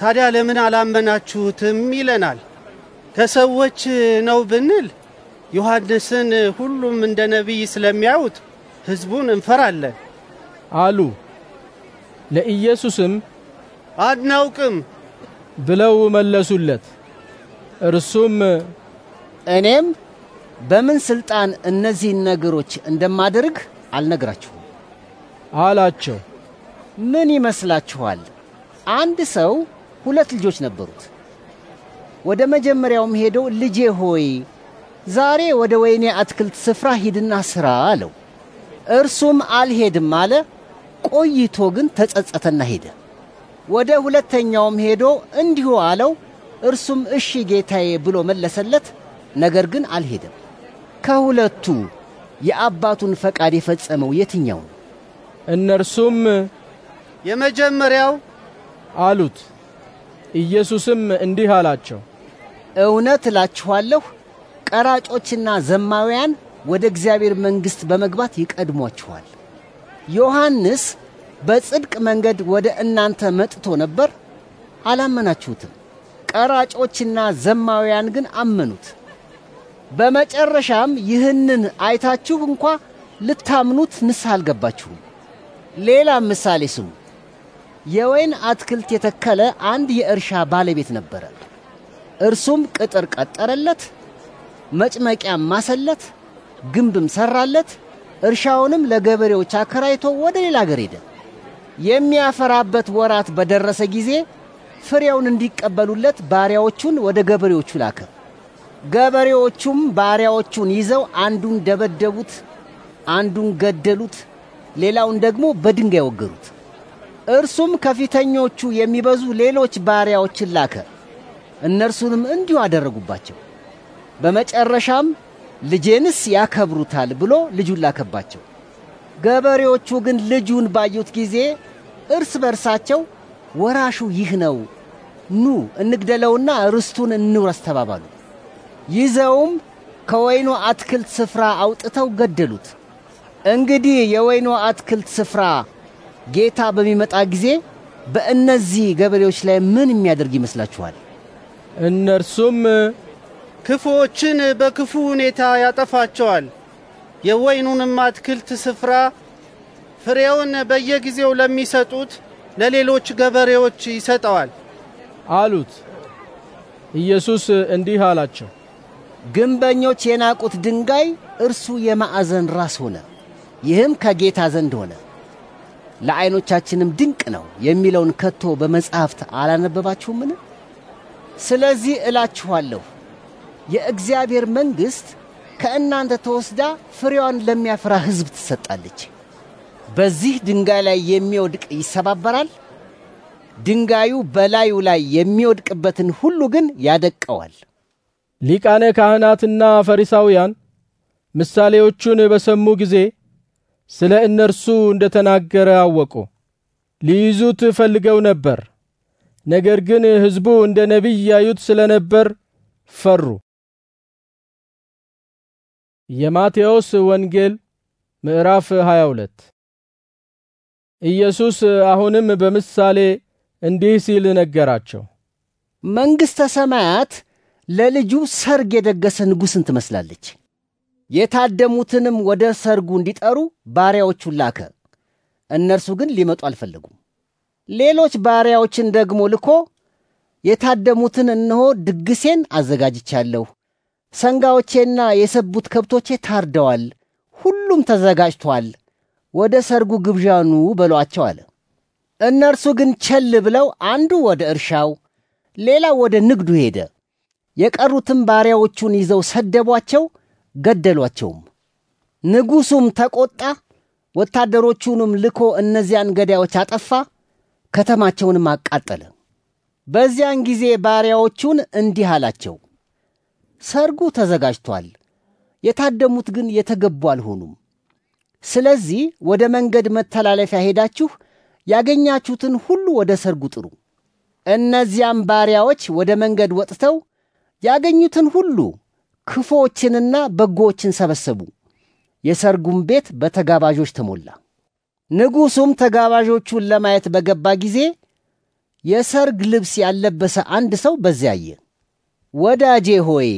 ታዲያ ለምን አላመናችሁትም ይለናል። ከሰዎች ነው ብንል ዮሐንስን ሁሉም እንደ ነቢይ ስለሚያዩት ሕዝቡን እንፈራለን አሉ። ለኢየሱስም አድናውቅም ብለው መለሱለት። እርሱም እኔም በምን ስልጣን እነዚህን ነገሮች እንደማደርግ አልነግራችሁም አላቸው። ምን ይመስላችኋል? አንድ ሰው ሁለት ልጆች ነበሩት። ወደ መጀመሪያውም ሄዶ ልጄ ሆይ ዛሬ ወደ ወይኔ አትክልት ስፍራ ሂድና ስራ አለው። እርሱም አልሄድም አለ። ቆይቶ ግን ተጸጸተና ሄደ። ወደ ሁለተኛውም ሄዶ እንዲሁ አለው። እርሱም እሺ ጌታዬ ብሎ መለሰለት። ነገር ግን አልሄደም። ከሁለቱ የአባቱን ፈቃድ የፈጸመው የትኛው? ነው? እነርሱም የመጀመሪያው አሉት። ኢየሱስም እንዲህ አላቸው፣ እውነት እላችኋለሁ ቀራጮችና ዘማውያን ወደ እግዚአብሔር መንግሥት በመግባት ይቀድሟችኋል። ዮሐንስ በጽድቅ መንገድ ወደ እናንተ መጥቶ ነበር፣ አላመናችሁትም። ቀራጮችና ዘማውያን ግን አመኑት። በመጨረሻም ይህንን አይታችሁ እንኳ ልታምኑት ንስሐ አልገባችሁም። ሌላ ምሳሌ ስሙ። የወይን አትክልት የተከለ አንድ የእርሻ ባለቤት ነበረ። እርሱም ቅጥር ቀጠረለት፣ መጭመቂያም ማሰለት፣ ግንብም ሰራለት። እርሻውንም ለገበሬዎች አከራይቶ ወደ ሌላ አገር ሄደ። የሚያፈራበት ወራት በደረሰ ጊዜ ፍሬውን እንዲቀበሉለት ባሪያዎቹን ወደ ገበሬዎቹ ላከ። ገበሬዎቹም ባሪያዎቹን ይዘው አንዱን ደበደቡት፣ አንዱን ገደሉት፣ ሌላውን ደግሞ በድንጋይ ወገሩት። እርሱም ከፊተኞቹ የሚበዙ ሌሎች ባሪያዎችን ላከ። እነርሱንም እንዲሁ አደረጉባቸው። በመጨረሻም ልጄንስ ያከብሩታል ብሎ ልጁን ላከባቸው። ገበሬዎቹ ግን ልጁን ባዩት ጊዜ እርስ በርሳቸው ወራሹ ይህ ነው፣ ኑ እንግደለውና ርስቱን እንውረስ ተባባሉ። ይዘውም ከወይኑ አትክልት ስፍራ አውጥተው ገደሉት። እንግዲህ የወይኑ አትክልት ስፍራ ጌታ በሚመጣ ጊዜ በእነዚህ ገበሬዎች ላይ ምን የሚያደርግ ይመስላችኋል? እነርሱም ክፉዎችን በክፉ ሁኔታ ያጠፋቸዋል የወይኑንም አትክልት ስፍራ ፍሬውን በየጊዜው ለሚሰጡት ለሌሎች ገበሬዎች ይሰጠዋል አሉት። ኢየሱስ እንዲህ አላቸው፣ ግንበኞች የናቁት ድንጋይ እርሱ የማዕዘን ራስ ሆነ። ይህም ከጌታ ዘንድ ሆነ፣ ለዓይኖቻችንም ድንቅ ነው የሚለውን ከቶ በመጻሕፍት አላነበባችሁምን? ስለዚህ እላችኋለሁ የእግዚአብሔር መንግሥት ከእናንተ ተወስዳ ፍሬዋን ለሚያፈራ ሕዝብ ትሰጣለች። በዚህ ድንጋይ ላይ የሚወድቅ ይሰባበራል፣ ድንጋዩ በላዩ ላይ የሚወድቅበትን ሁሉ ግን ያደቀዋል። ሊቃነ ካህናትና ፈሪሳውያን ምሳሌዎቹን በሰሙ ጊዜ ስለ እነርሱ እንደ ተናገረ አወቁ። ሊይዙት ፈልገው ነበር፣ ነገር ግን ሕዝቡ እንደ ነቢይ ያዩት ስለ ነበር ፈሩ። የማቴዎስ ወንጌል ምዕራፍ 22 ኢየሱስ አሁንም በምሳሌ እንዲህ ሲል ነገራቸው። መንግሥተ ሰማያት ለልጁ ሰርግ የደገሰ ንጉሥን ትመስላለች። የታደሙትንም ወደ ሰርጉ እንዲጠሩ ባሪያዎቹን ላከ። እነርሱ ግን ሊመጡ አልፈለጉም። ሌሎች ባሪያዎችን ደግሞ ልኮ የታደሙትን እነሆ ድግሴን አዘጋጅቻለሁ ሰንጋዎቼና የሰቡት ከብቶቼ ታርደዋል፣ ሁሉም ተዘጋጅቷል፣ ወደ ሰርጉ ግብዣኑ በሏቸው አለ። እነርሱ ግን ቸል ብለው አንዱ ወደ እርሻው፣ ሌላው ወደ ንግዱ ሄደ። የቀሩትም ባሪያዎቹን ይዘው ሰደቧቸው፣ ገደሏቸውም። ንጉሡም ተቆጣ፣ ወታደሮቹንም ልኮ እነዚያን ገዳዮች አጠፋ፣ ከተማቸውንም አቃጠለ። በዚያን ጊዜ ባሪያዎቹን እንዲህ አላቸው፦ ሰርጉ ተዘጋጅቷል፣ የታደሙት ግን የተገቡ አልሆኑም። ስለዚህ ወደ መንገድ መተላለፊያ ሄዳችሁ ያገኛችሁትን ሁሉ ወደ ሰርጉ ጥሩ። እነዚያም ባሪያዎች ወደ መንገድ ወጥተው ያገኙትን ሁሉ ክፉዎችንና በጎዎችን ሰበሰቡ። የሰርጉም ቤት በተጋባዦች ተሞላ። ንጉሡም ተጋባዦቹን ለማየት በገባ ጊዜ የሰርግ ልብስ ያለበሰ አንድ ሰው በዚያ አየ። ወዳጄ ሆይ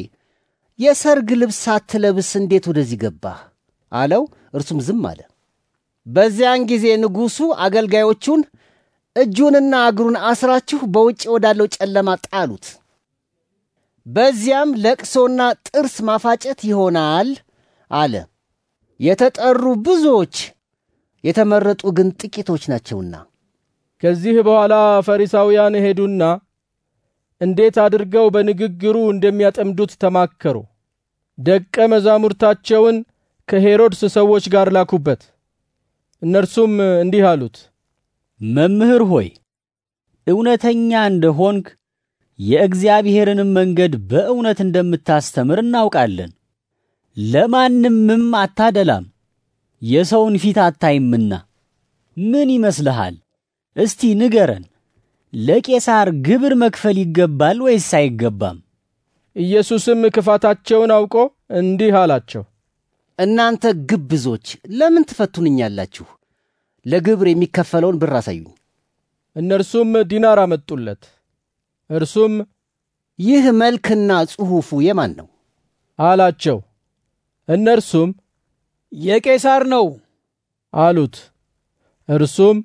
የሰርግ ልብስ ሳትለብስ እንዴት ወደዚህ ገባህ? አለው። እርሱም ዝም አለ። በዚያን ጊዜ ንጉሡ አገልጋዮቹን እጁንና እግሩን አስራችሁ በውጭ ወዳለው ጨለማ ጣሉት፣ በዚያም ለቅሶና ጥርስ ማፋጨት ይሆናል አለ። የተጠሩ ብዙዎች የተመረጡ ግን ጥቂቶች ናቸውና። ከዚህ በኋላ ፈሪሳውያን ሄዱና እንዴት አድርገው በንግግሩ እንደሚያጠምዱት ተማከሩ። ደቀ መዛሙርታቸውን ከሄሮድስ ሰዎች ጋር ላኩበት። እነርሱም እንዲህ አሉት፣ መምህር ሆይ እውነተኛ እንደሆንክ የእግዚአብሔርንም መንገድ በእውነት እንደምታስተምር እናውቃለን። ለማንምም አታደላም፣ የሰውን ፊት አታይምና። ምን ይመስልሃል? እስቲ ንገረን። ለቄሳር ግብር መክፈል ይገባል ወይስ አይገባም? ኢየሱስም ክፋታቸውን አውቆ እንዲህ አላቸው፣ እናንተ ግብዞች ለምን ትፈቱንኛላችሁ? ለግብር የሚከፈለውን ብር አሳዩኝ። እነርሱም ዲናር አመጡለት። እርሱም ይህ መልክና ጽሑፉ የማን ነው? አላቸው። እነርሱም የቄሳር ነው አሉት። እርሱም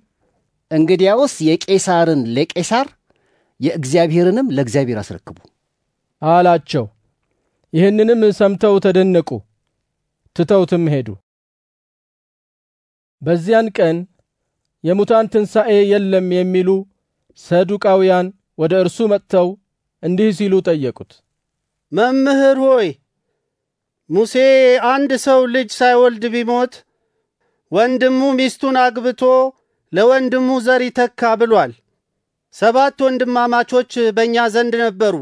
እንግዲያውስ የቄሳርን ለቄሳር የእግዚአብሔርንም ለእግዚአብሔር አስረክቡ አላቸው። ይህንንም ሰምተው ተደነቁ፣ ትተውትም ሄዱ። በዚያን ቀን የሙታን ትንሣኤ የለም የሚሉ ሰዱቃውያን ወደ እርሱ መጥተው እንዲህ ሲሉ ጠየቁት። መምህር ሆይ ሙሴ አንድ ሰው ልጅ ሳይወልድ ቢሞት ወንድሙ ሚስቱን አግብቶ ለወንድሙ ዘር ይተካ ብሏል። ሰባት ወንድማማቾች በእኛ ዘንድ ነበሩ።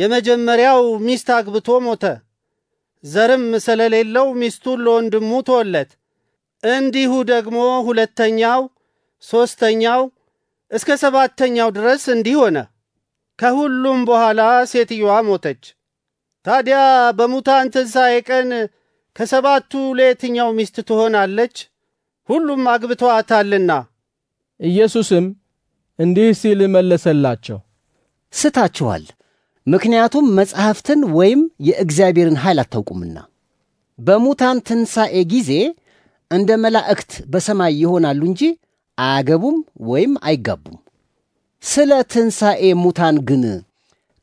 የመጀመሪያው ሚስት አግብቶ ሞተ። ዘርም ስለሌለው ሚስቱን ለወንድሙ ተወለት። እንዲሁ ደግሞ ሁለተኛው፣ ሦስተኛው እስከ ሰባተኛው ድረስ እንዲህ ሆነ። ከሁሉም በኋላ ሴትዮዋ ሞተች። ታዲያ በሙታን ትንሣኤ ቀን ከሰባቱ ለየትኛው ሚስት ትሆናለች? ሁሉም አግብተዋታልና። ኢየሱስም እንዲህ ሲል መለሰላቸው፣ ስታችኋል። ምክንያቱም መጻሕፍትን ወይም የእግዚአብሔርን ኃይል አታውቁምና። በሙታን ትንሣኤ ጊዜ እንደ መላእክት በሰማይ ይሆናሉ እንጂ አያገቡም ወይም አይጋቡም። ስለ ትንሣኤ ሙታን ግን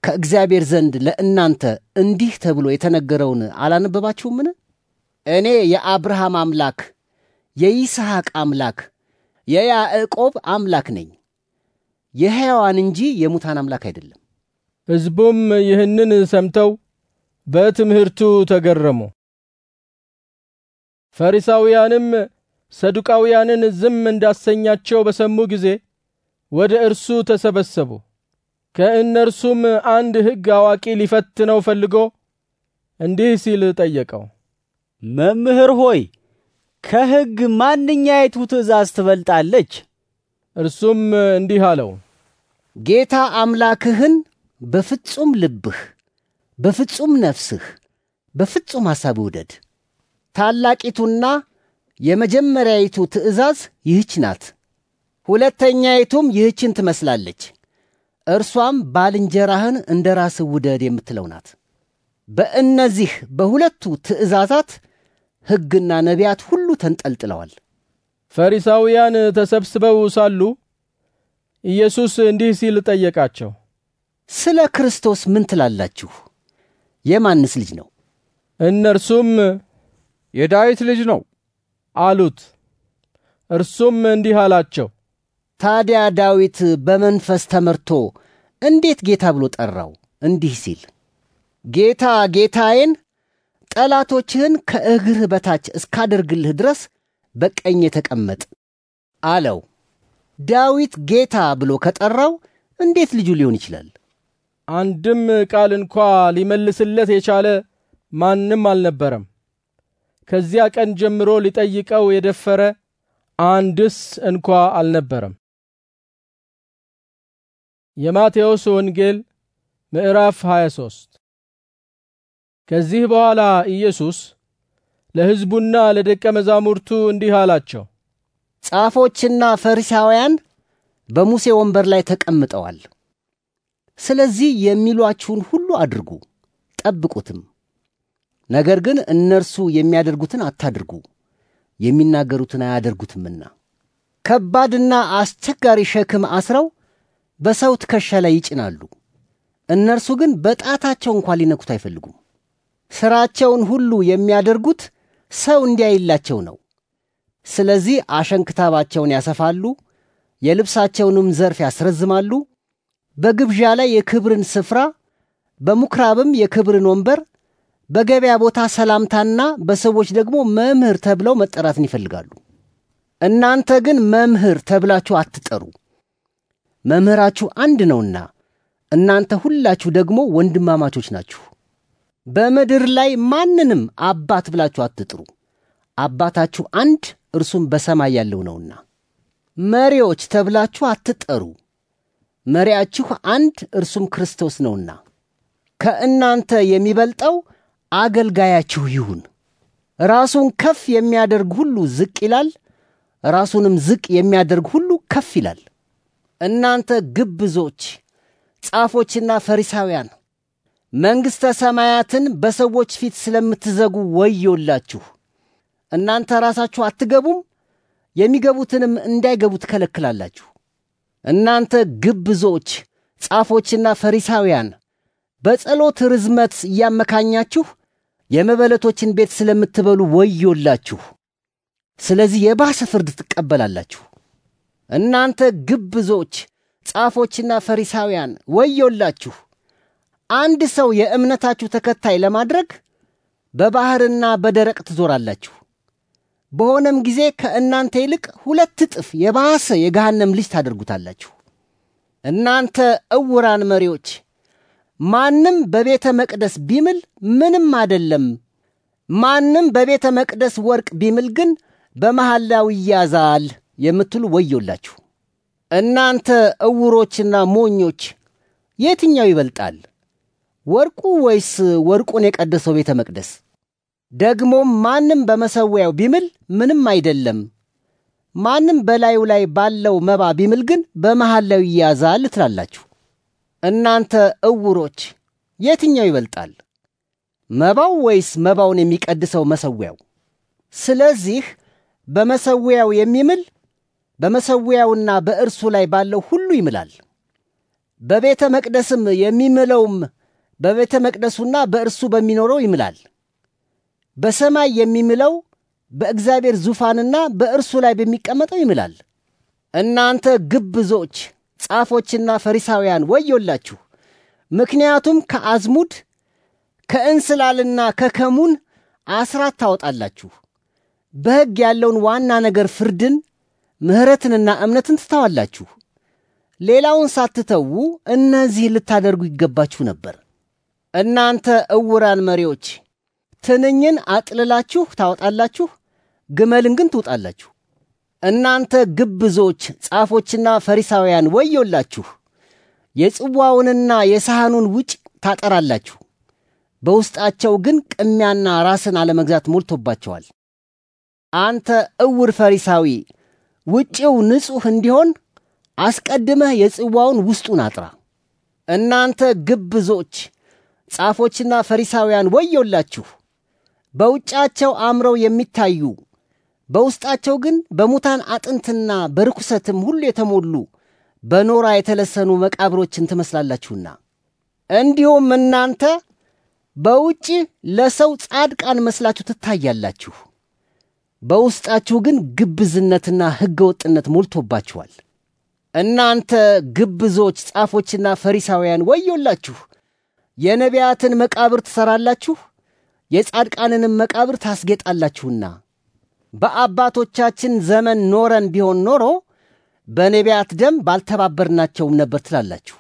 ከእግዚአብሔር ዘንድ ለእናንተ እንዲህ ተብሎ የተነገረውን አላነበባችሁምን? እኔ የአብርሃም አምላክ የይስሐቅ አምላክ የያዕቆብ አምላክ ነኝ፣ የሕያዋን እንጂ የሙታን አምላክ አይደለም። ሕዝቡም ይህንን ሰምተው በትምህርቱ ተገረሙ። ፈሪሳውያንም ሰዱቃውያንን ዝም እንዳሰኛቸው በሰሙ ጊዜ ወደ እርሱ ተሰበሰቡ። ከእነርሱም አንድ ሕግ አዋቂ ሊፈትነው ፈልጎ እንዲህ ሲል ጠየቀው፣ መምህር ሆይ ከሕግ ማንኛይቱ ትእዛዝ ትበልጣለች? እርሱም እንዲህ አለው፣ ጌታ አምላክህን በፍጹም ልብህ፣ በፍጹም ነፍስህ፣ በፍጹም ሐሳብ ውደድ። ታላቂቱና የመጀመሪያይቱ ትእዛዝ ይህች ናት። ሁለተኛይቱም ይህችን ትመስላለች። እርሷም ባልንጀራህን እንደ ራስህ ውደድ የምትለው ናት። በእነዚህ በሁለቱ ትእዛዛት ሕግና ነቢያት ሁሉ ተንጠልጥለዋል። ፈሪሳውያን ተሰብስበው ሳሉ ኢየሱስ እንዲህ ሲል ጠየቃቸው፣ ስለ ክርስቶስ ምን ትላላችሁ? የማንስ ልጅ ነው? እነርሱም የዳዊት ልጅ ነው አሉት። እርሱም እንዲህ አላቸው፣ ታዲያ ዳዊት በመንፈስ ተመርቶ እንዴት ጌታ ብሎ ጠራው? እንዲህ ሲል ጌታ ጌታዬን ጠላቶችህን ከእግርህ በታች እስካደርግልህ ድረስ በቀኝ ተቀመጥ አለው። ዳዊት ጌታ ብሎ ከጠራው እንዴት ልጁ ሊሆን ይችላል? አንድም ቃል እንኳ ሊመልስለት የቻለ ማንም አልነበረም። ከዚያ ቀን ጀምሮ ሊጠይቀው የደፈረ አንድስ እንኳ አልነበረም። የማቴዎስ ወንጌል ምዕራፍ 23 ከዚህ በኋላ ኢየሱስ ለሕዝቡና ለደቀ መዛሙርቱ እንዲህ አላቸው። ጻፎችና ፈሪሳውያን በሙሴ ወንበር ላይ ተቀምጠዋል። ስለዚህ የሚሏችሁን ሁሉ አድርጉ፣ ጠብቁትም። ነገር ግን እነርሱ የሚያደርጉትን አታድርጉ፣ የሚናገሩትን አያደርጉትምና። ከባድና አስቸጋሪ ሸክም አስረው በሰው ትከሻ ላይ ይጭናሉ። እነርሱ ግን በጣታቸው እንኳን ሊነኩት አይፈልጉም። ስራቸውን ሁሉ የሚያደርጉት ሰው እንዲያይላቸው ነው። ስለዚህ አሸንክታባቸውን ያሰፋሉ፣ የልብሳቸውንም ዘርፍ ያስረዝማሉ። በግብዣ ላይ የክብርን ስፍራ፣ በምኵራብም የክብርን ወንበር፣ በገበያ ቦታ ሰላምታና በሰዎች ደግሞ መምህር ተብለው መጠራትን ይፈልጋሉ። እናንተ ግን መምህር ተብላችሁ አትጠሩ፣ መምህራችሁ አንድ ነውና እናንተ ሁላችሁ ደግሞ ወንድማማቾች ናችሁ። በምድር ላይ ማንንም አባት ብላችሁ አትጥሩ፣ አባታችሁ አንድ እርሱም በሰማይ ያለው ነውና። መሪዎች ተብላችሁ አትጠሩ፣ መሪያችሁ አንድ እርሱም ክርስቶስ ነውና። ከእናንተ የሚበልጠው አገልጋያችሁ ይሁን። ራሱን ከፍ የሚያደርግ ሁሉ ዝቅ ይላል፣ ራሱንም ዝቅ የሚያደርግ ሁሉ ከፍ ይላል። እናንተ ግብዞች ጻፎችና ፈሪሳውያን መንግሥተ ሰማያትን በሰዎች ፊት ስለምትዘጉ ወዮላችሁ። እናንተ ራሳችሁ አትገቡም፣ የሚገቡትንም እንዳይገቡ ትከለክላላችሁ። እናንተ ግብዞች ጻፎችና ፈሪሳውያን በጸሎት ርዝመት እያመካኛችሁ የመበለቶችን ቤት ስለምትበሉ ወዮላችሁ። ስለዚህ የባሰ ፍርድ ትቀበላላችሁ። እናንተ ግብዞች ጻፎችና ፈሪሳውያን ወዮላችሁ አንድ ሰው የእምነታችሁ ተከታይ ለማድረግ በባህርና በደረቅ ትዞራላችሁ። በሆነም ጊዜ ከእናንተ ይልቅ ሁለት እጥፍ የባሰ የገሃነም ልጅ ታደርጉታላችሁ። እናንተ እውራን መሪዎች፣ ማንም በቤተ መቅደስ ቢምል ምንም አይደለም፣ ማንም በቤተ መቅደስ ወርቅ ቢምል ግን በመሐላው ይያዛል የምትሉ ወዮላችሁ። እናንተ እውሮችና ሞኞች፣ የትኛው ይበልጣል? ወርቁ ወይስ ወርቁን የቀደሰው ቤተ መቅደስ? ደግሞም ማንም በመሠዊያው ቢምል ምንም አይደለም። ማንም በላዩ ላይ ባለው መባ ቢምል ግን በመሐላው ይያዛል ትላላችሁ። እናንተ እውሮች የትኛው ይበልጣል? መባው ወይስ መባውን የሚቀድሰው መሠዊያው? ስለዚህ በመሠዊያው የሚምል በመሠዊያውና በእርሱ ላይ ባለው ሁሉ ይምላል። በቤተ መቅደስም የሚምለውም በቤተ መቅደሱና በእርሱ በሚኖረው ይምላል። በሰማይ የሚምለው በእግዚአብሔር ዙፋንና በእርሱ ላይ በሚቀመጠው ይምላል። እናንተ ግብዞች ጻፎችና ፈሪሳውያን ወዮላችሁ! ምክንያቱም ከአዝሙድ ከእንስላልና ከከሙን አስራት ታወጣላችሁ። በሕግ ያለውን ዋና ነገር ፍርድን፣ ምሕረትንና እምነትን ትተዋላችሁ። ሌላውን ሳትተዉ እነዚህ ልታደርጉ ይገባችሁ ነበር። እናንተ እውራን መሪዎች ትንኝን አጥልላችሁ ታወጣላችሁ፣ ግመልን ግን ትውጣላችሁ። እናንተ ግብዞች ጻፎችና ፈሪሳውያን ወዮላችሁ! የጽዋውንና የሳህኑን ውጭ ታጠራላችሁ፣ በውስጣቸው ግን ቅሚያና ራስን አለመግዛት ሞልቶባቸዋል። አንተ እውር ፈሪሳዊ፣ ውጭው ንጹሕ እንዲሆን አስቀድመህ የጽዋውን ውስጡን አጥራ። እናንተ ግብዞች ጻፎችና ፈሪሳውያን ወዮላችሁ! በውጫቸው አምረው የሚታዩ በውስጣቸው ግን በሙታን አጥንትና በርኩሰትም ሁሉ የተሞሉ በኖራ የተለሰኑ መቃብሮችን ትመስላላችሁና። እንዲሁም እናንተ በውጭ ለሰው ጻድቃን መስላችሁ ትታያላችሁ፣ በውስጣችሁ ግን ግብዝነትና ሕገወጥነት ሞልቶባችኋል። እናንተ ግብዞች ጻፎችና ፈሪሳውያን ወዮላችሁ! የነቢያትን መቃብር ትሠራላችሁ፣ የጻድቃንንም መቃብር ታስጌጣላችሁና በአባቶቻችን ዘመን ኖረን ቢሆን ኖሮ በነቢያት ደም ባልተባበርናቸውም ነበር ትላላችሁ።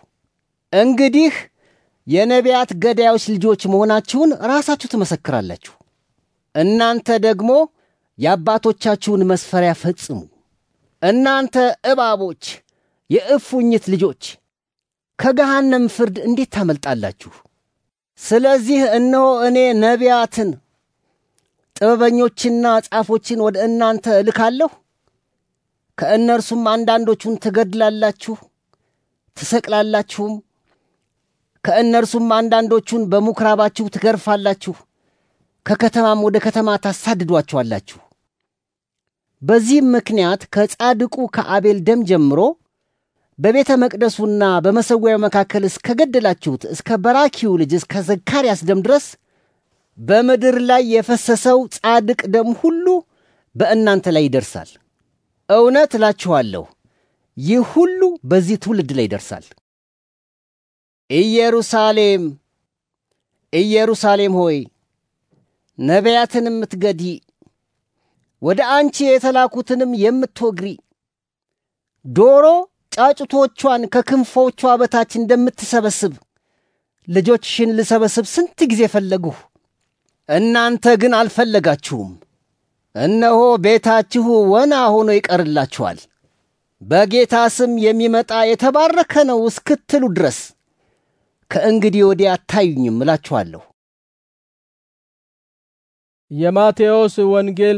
እንግዲህ የነቢያት ገዳዮች ልጆች መሆናችሁን ራሳችሁ ትመሰክራላችሁ። እናንተ ደግሞ የአባቶቻችሁን መስፈሪያ ፈጽሙ። እናንተ እባቦች፣ የእፉኝት ልጆች ከገሃነም ፍርድ እንዴት ታመልጣላችሁ? ስለዚህ እነሆ እኔ ነቢያትን ጥበበኞችና ጻፎችን ወደ እናንተ እልካለሁ። ከእነርሱም አንዳንዶቹን ትገድላላችሁ፣ ትሰቅላላችሁም። ከእነርሱም አንዳንዶቹን በምኵራባችሁ ትገርፋላችሁ፣ ከከተማም ወደ ከተማ ታሳድዷችኋላችሁ። በዚህም ምክንያት ከጻድቁ ከአቤል ደም ጀምሮ በቤተ መቅደሱና በመሰዊያው መካከል እስከ ገደላችሁት እስከ በራኪው ልጅ እስከ ዘካርያስ ደም ድረስ በምድር ላይ የፈሰሰው ጻድቅ ደም ሁሉ በእናንተ ላይ ይደርሳል። እውነት እላችኋለሁ ይህ ሁሉ በዚህ ትውልድ ላይ ይደርሳል። ኢየሩሳሌም ኢየሩሳሌም ሆይ ነቢያትን የምትገዲ ወደ አንቺ የተላኩትንም የምትወግሪ ዶሮ ጫጩቶቿን ከክንፎቿ በታች እንደምትሰበስብ ልጆችሽን ልሰበስብ ስንት ጊዜ ፈለግሁ፣ እናንተ ግን አልፈለጋችሁም። እነሆ ቤታችሁ ወና ሆኖ ይቀርላችኋል። በጌታ ስም የሚመጣ የተባረከ ነው እስክትሉ ድረስ ከእንግዲህ ወዲህ አታዩኝም እላችኋለሁ። የማቴዎስ ወንጌል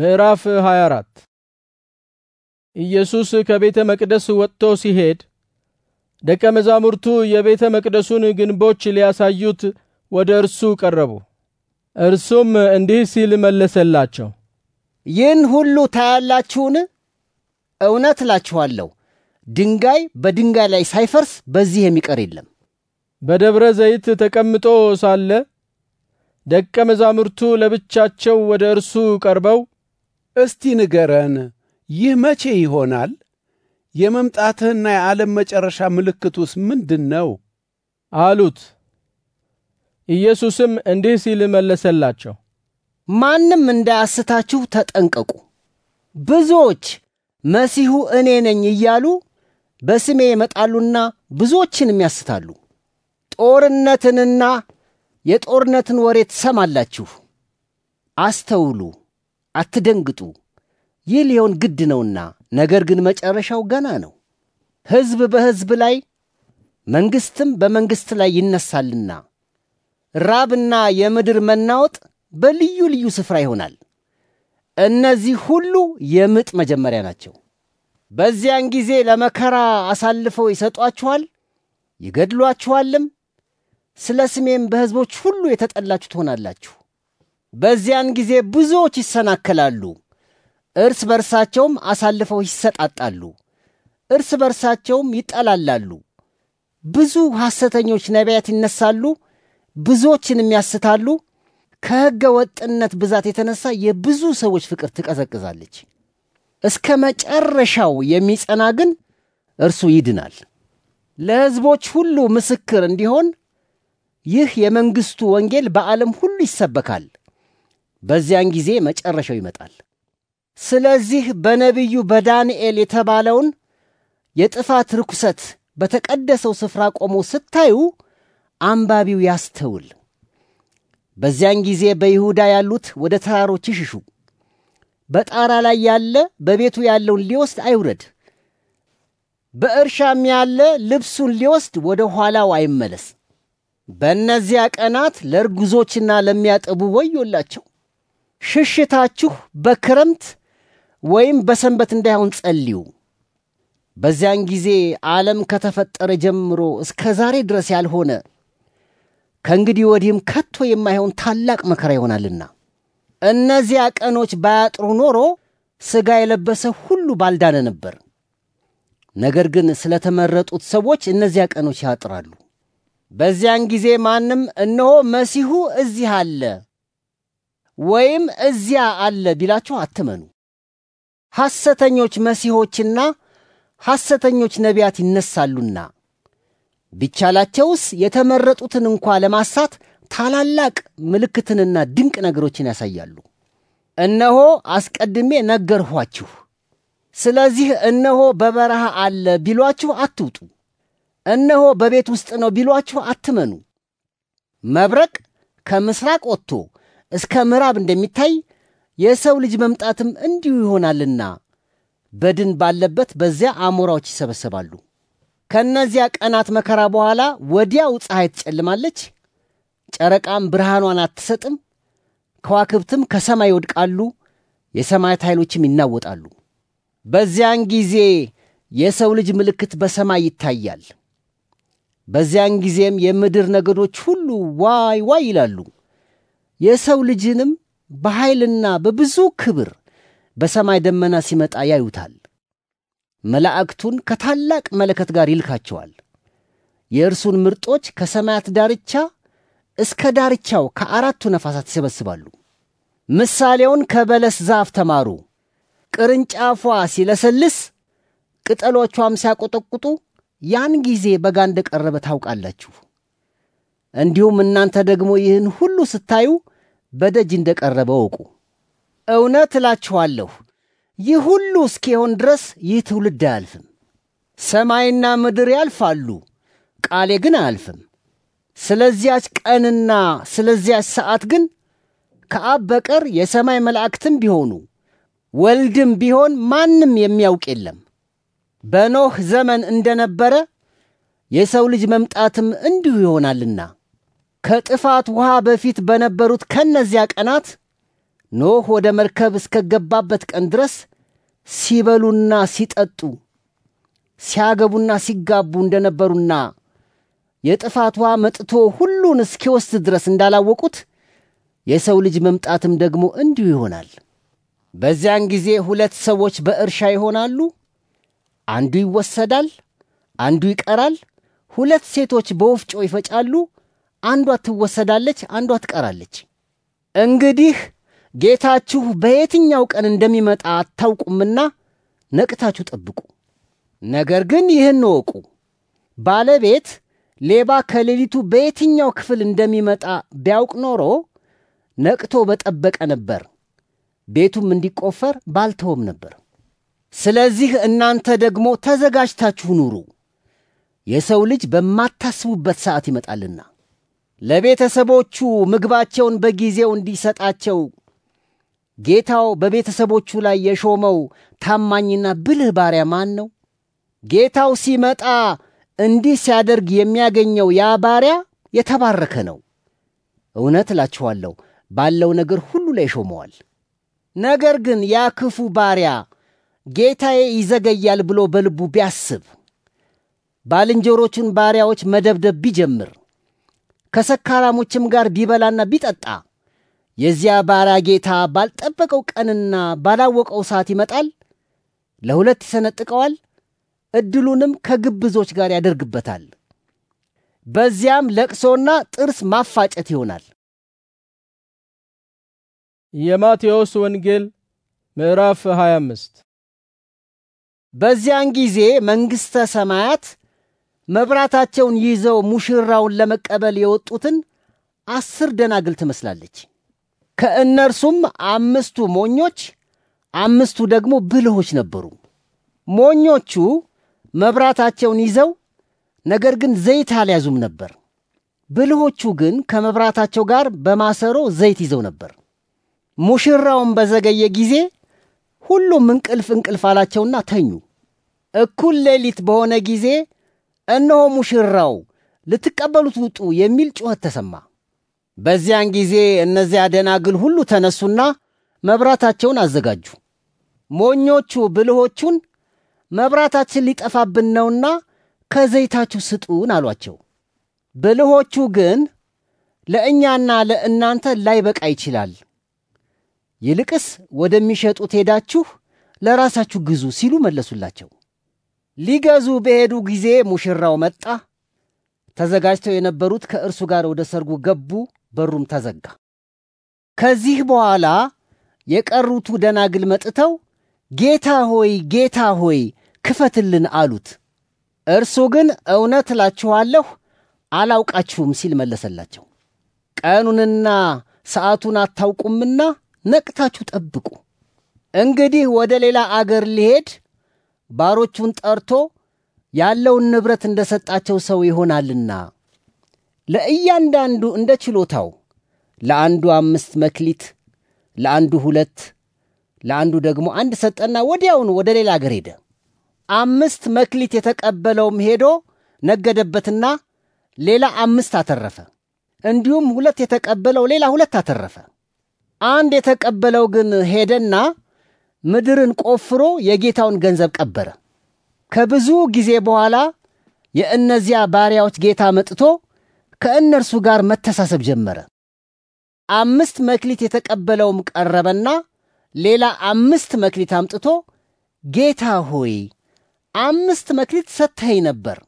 ምዕራፍ 24 ኢየሱስ ከቤተ መቅደስ ወጥቶ ሲሄድ ደቀ መዛሙርቱ የቤተ መቅደሱን ግንቦች ሊያሳዩት ወደ እርሱ ቀረቡ። እርሱም እንዲህ ሲል መለሰላቸው፣ ይህን ሁሉ ታያላችሁን? እውነት እላችኋለሁ ድንጋይ በድንጋይ ላይ ሳይፈርስ በዚህ የሚቀር የለም። በደብረ ዘይት ተቀምጦ ሳለ ደቀ መዛሙርቱ ለብቻቸው ወደ እርሱ ቀርበው እስቲ ንገረን ይህ መቼ ይሆናል? የመምጣትህና የዓለም መጨረሻ ምልክቱስ ምንድን ነው? አሉት። ኢየሱስም እንዲህ ሲል መለሰላቸው፣ ማንም እንዳያስታችሁ ተጠንቀቁ። ብዙዎች መሲሁ እኔ ነኝ እያሉ በስሜ ይመጣሉና ብዙዎችንም ያስታሉ። ጦርነትንና የጦርነትን ወሬ ትሰማላችሁ። አስተውሉ፣ አትደንግጡ። ይህ ሊሆን ግድ ነውና፣ ነገር ግን መጨረሻው ገና ነው። ሕዝብ በሕዝብ ላይ መንግሥትም በመንግሥት ላይ ይነሳልና ራብና የምድር መናወጥ በልዩ ልዩ ስፍራ ይሆናል። እነዚህ ሁሉ የምጥ መጀመሪያ ናቸው። በዚያን ጊዜ ለመከራ አሳልፈው ይሰጧችኋል፣ ይገድሏችኋልም። ስለ ስሜም በሕዝቦች ሁሉ የተጠላችሁ ትሆናላችሁ። በዚያን ጊዜ ብዙዎች ይሰናከላሉ። እርስ በርሳቸውም አሳልፈው ይሰጣጣሉ፣ እርስ በርሳቸውም ይጠላላሉ። ብዙ ሐሰተኞች ነቢያት ይነሳሉ፣ ብዙዎችንም ያስታሉ። ከሕገ ወጥነት ብዛት የተነሳ የብዙ ሰዎች ፍቅር ትቀዘቅዛለች። እስከ መጨረሻው የሚጸና ግን እርሱ ይድናል። ለሕዝቦች ሁሉ ምስክር እንዲሆን ይህ የመንግሥቱ ወንጌል በዓለም ሁሉ ይሰበካል። በዚያን ጊዜ መጨረሻው ይመጣል። ስለዚህ በነቢዩ በዳንኤል የተባለውን የጥፋት ርኩሰት በተቀደሰው ስፍራ ቆሞ ስታዩ አንባቢው ያስተውል። በዚያን ጊዜ በይሁዳ ያሉት ወደ ተራሮች ይሽሹ። በጣራ ላይ ያለ በቤቱ ያለውን ሊወስድ አይውረድ። በእርሻም ያለ ልብሱን ሊወስድ ወደ ኋላው አይመለስ። በእነዚያ ቀናት ለርጉዞችና ለሚያጠቡ ወዮላቸው። ሽሽታችሁ በክረምት ወይም በሰንበት እንዳይሆን ጸልዩ። በዚያን ጊዜ ዓለም ከተፈጠረ ጀምሮ እስከ ዛሬ ድረስ ያልሆነ ከእንግዲህ ወዲህም ከቶ የማይሆን ታላቅ መከራ ይሆናልና እነዚያ ቀኖች ባያጥሩ ኖሮ ሥጋ የለበሰ ሁሉ ባልዳነ ነበር። ነገር ግን ስለተመረጡት ሰዎች እነዚያ ቀኖች ያጥራሉ። በዚያን ጊዜ ማንም እነሆ መሲሁ እዚህ አለ ወይም እዚያ አለ ቢላችሁ አትመኑ። ሐሰተኞች መሲሖችና ሐሰተኞች ነቢያት ይነሳሉና ቢቻላቸውስ የተመረጡትን እንኳ ለማሳት ታላላቅ ምልክትንና ድንቅ ነገሮችን ያሳያሉ። እነሆ አስቀድሜ ነገርኋችሁ። ስለዚህ እነሆ በበረሃ አለ ቢሏችሁ አትውጡ፣ እነሆ በቤት ውስጥ ነው ቢሏችሁ አትመኑ። መብረቅ ከምስራቅ ወጥቶ እስከ ምዕራብ እንደሚታይ የሰው ልጅ መምጣትም እንዲሁ ይሆናልና በድን ባለበት በዚያ አሞራዎች ይሰበሰባሉ። ከእነዚያ ቀናት መከራ በኋላ ወዲያው ፀሐይ ትጨልማለች፣ ጨረቃም ብርሃኗን አትሰጥም፣ ከዋክብትም ከሰማይ ይወድቃሉ፣ የሰማያት ኃይሎችም ይናወጣሉ። በዚያን ጊዜ የሰው ልጅ ምልክት በሰማይ ይታያል። በዚያን ጊዜም የምድር ነገዶች ሁሉ ዋይ ዋይ ይላሉ። የሰው ልጅንም በኃይልና በብዙ ክብር በሰማይ ደመና ሲመጣ ያዩታል። መላእክቱን ከታላቅ መለከት ጋር ይልካቸዋል። የእርሱን ምርጦች ከሰማያት ዳርቻ እስከ ዳርቻው ከአራቱ ነፋሳት ይሰበስባሉ። ምሳሌውን ከበለስ ዛፍ ተማሩ። ቅርንጫፏ ሲለሰልስ ቅጠሎቿም ሲያቆጠቁጡ ያን ጊዜ በጋ እንደ ቀረበ ታውቃላችሁ። እንዲሁም እናንተ ደግሞ ይህን ሁሉ ስታዩ በደጅ እንደ ቀረበ እወቁ። እውነት እላችኋለሁ ይህ ሁሉ እስኪሆን ድረስ ይህ ትውልድ አያልፍም። ሰማይና ምድር ያልፋሉ፣ ቃሌ ግን አያልፍም። ስለዚያች ቀንና ስለዚያች ሰዓት ግን ከአብ በቀር የሰማይ መላእክትም ቢሆኑ ወልድም ቢሆን ማንም የሚያውቅ የለም። በኖህ ዘመን እንደነበረ የሰው ልጅ መምጣትም እንዲሁ ይሆናልና ከጥፋት ውሃ በፊት በነበሩት ከነዚያ ቀናት ኖህ ወደ መርከብ እስከገባበት ቀን ድረስ ሲበሉና ሲጠጡ ሲያገቡና ሲጋቡ እንደነበሩና የጥፋት ውሃ መጥቶ ሁሉን እስኪወስድ ድረስ እንዳላወቁት የሰው ልጅ መምጣትም ደግሞ እንዲሁ ይሆናል። በዚያን ጊዜ ሁለት ሰዎች በእርሻ ይሆናሉ፣ አንዱ ይወሰዳል፣ አንዱ ይቀራል። ሁለት ሴቶች በወፍጮ ይፈጫሉ፣ አንዷ ትወሰዳለች፣ አንዷ ትቀራለች። እንግዲህ ጌታችሁ በየትኛው ቀን እንደሚመጣ አታውቁምና ነቅታችሁ ጠብቁ። ነገር ግን ይህን እወቁ፣ ባለቤት ሌባ ከሌሊቱ በየትኛው ክፍል እንደሚመጣ ቢያውቅ ኖሮ ነቅቶ በጠበቀ ነበር፣ ቤቱም እንዲቆፈር ባልተወም ነበር። ስለዚህ እናንተ ደግሞ ተዘጋጅታችሁ ኑሩ፣ የሰው ልጅ በማታስቡበት ሰዓት ይመጣልና። ለቤተሰቦቹ ምግባቸውን በጊዜው እንዲሰጣቸው ጌታው በቤተሰቦቹ ላይ የሾመው ታማኝና ብልህ ባሪያ ማን ነው? ጌታው ሲመጣ እንዲህ ሲያደርግ የሚያገኘው ያ ባሪያ የተባረከ ነው። እውነት እላችኋለሁ ባለው ነገር ሁሉ ላይ ሾመዋል። ነገር ግን ያ ክፉ ባሪያ ጌታዬ ይዘገያል ብሎ በልቡ ቢያስብ ባልንጀሮቹን ባሪያዎች መደብደብ ቢጀምር ከሰካራሞችም ጋር ቢበላና ቢጠጣ የዚያ ባሪያ ጌታ ባልጠበቀው ቀንና ባላወቀው ሰዓት ይመጣል፣ ለሁለት ይሰነጥቀዋል፣ ዕድሉንም ከግብዞች ጋር ያደርግበታል። በዚያም ለቅሶና ጥርስ ማፋጨት ይሆናል። የማቴዎስ ወንጌል ምዕራፍ 25 በዚያን ጊዜ መንግሥተ ሰማያት መብራታቸውን ይዘው ሙሽራውን ለመቀበል የወጡትን አስር ደናግል ትመስላለች። ከእነርሱም አምስቱ ሞኞች፣ አምስቱ ደግሞ ብልሆች ነበሩ። ሞኞቹ መብራታቸውን ይዘው ነገር ግን ዘይት አልያዙም ነበር። ብልሆቹ ግን ከመብራታቸው ጋር በማሰሮ ዘይት ይዘው ነበር። ሙሽራውን በዘገየ ጊዜ ሁሉም እንቅልፍ እንቅልፍ አላቸውና ተኙ። እኩል ሌሊት በሆነ ጊዜ እነሆ ሙሽራው ልትቀበሉት ውጡ የሚል ጩኸት ተሰማ። በዚያን ጊዜ እነዚያ ደናግል ሁሉ ተነሱና መብራታቸውን አዘጋጁ። ሞኞቹ ብልሆቹን መብራታችን ሊጠፋብን ነውና ከዘይታችሁ ስጡን አሏቸው። ብልሆቹ ግን ለእኛና ለእናንተ ላይበቃ ይችላል፣ ይልቅስ ወደሚሸጡት ሄዳችሁ ለራሳችሁ ግዙ ሲሉ መለሱላቸው። ሊገዙ በሄዱ ጊዜ ሙሽራው መጣ። ተዘጋጅተው የነበሩት ከእርሱ ጋር ወደ ሰርጉ ገቡ፣ በሩም ተዘጋ። ከዚህ በኋላ የቀሩቱ ደናግል መጥተው ጌታ ሆይ፣ ጌታ ሆይ ክፈትልን አሉት። እርሱ ግን እውነት እላችኋለሁ አላውቃችሁም ሲል መለሰላቸው። ቀኑንና ሰዓቱን አታውቁምና ነቅታችሁ ጠብቁ። እንግዲህ ወደ ሌላ አገር ሊሄድ ባሮቹን ጠርቶ ያለውን ንብረት እንደ ሰጣቸው ሰው ይሆናልና ለእያንዳንዱ እንደ ችሎታው ለአንዱ አምስት መክሊት፣ ለአንዱ ሁለት፣ ለአንዱ ደግሞ አንድ ሰጠና ወዲያውኑ ወደ ሌላ አገር ሄደ። አምስት መክሊት የተቀበለውም ሄዶ ነገደበትና ሌላ አምስት አተረፈ። እንዲሁም ሁለት የተቀበለው ሌላ ሁለት አተረፈ። አንድ የተቀበለው ግን ሄደና ምድርን ቆፍሮ የጌታውን ገንዘብ ቀበረ። ከብዙ ጊዜ በኋላ የእነዚያ ባሪያዎች ጌታ መጥቶ ከእነርሱ ጋር መተሳሰብ ጀመረ። አምስት መክሊት የተቀበለውም ቀረበና ሌላ አምስት መክሊት አምጥቶ ጌታ ሆይ አምስት መክሊት ሰጥተኸኝ ነበር፣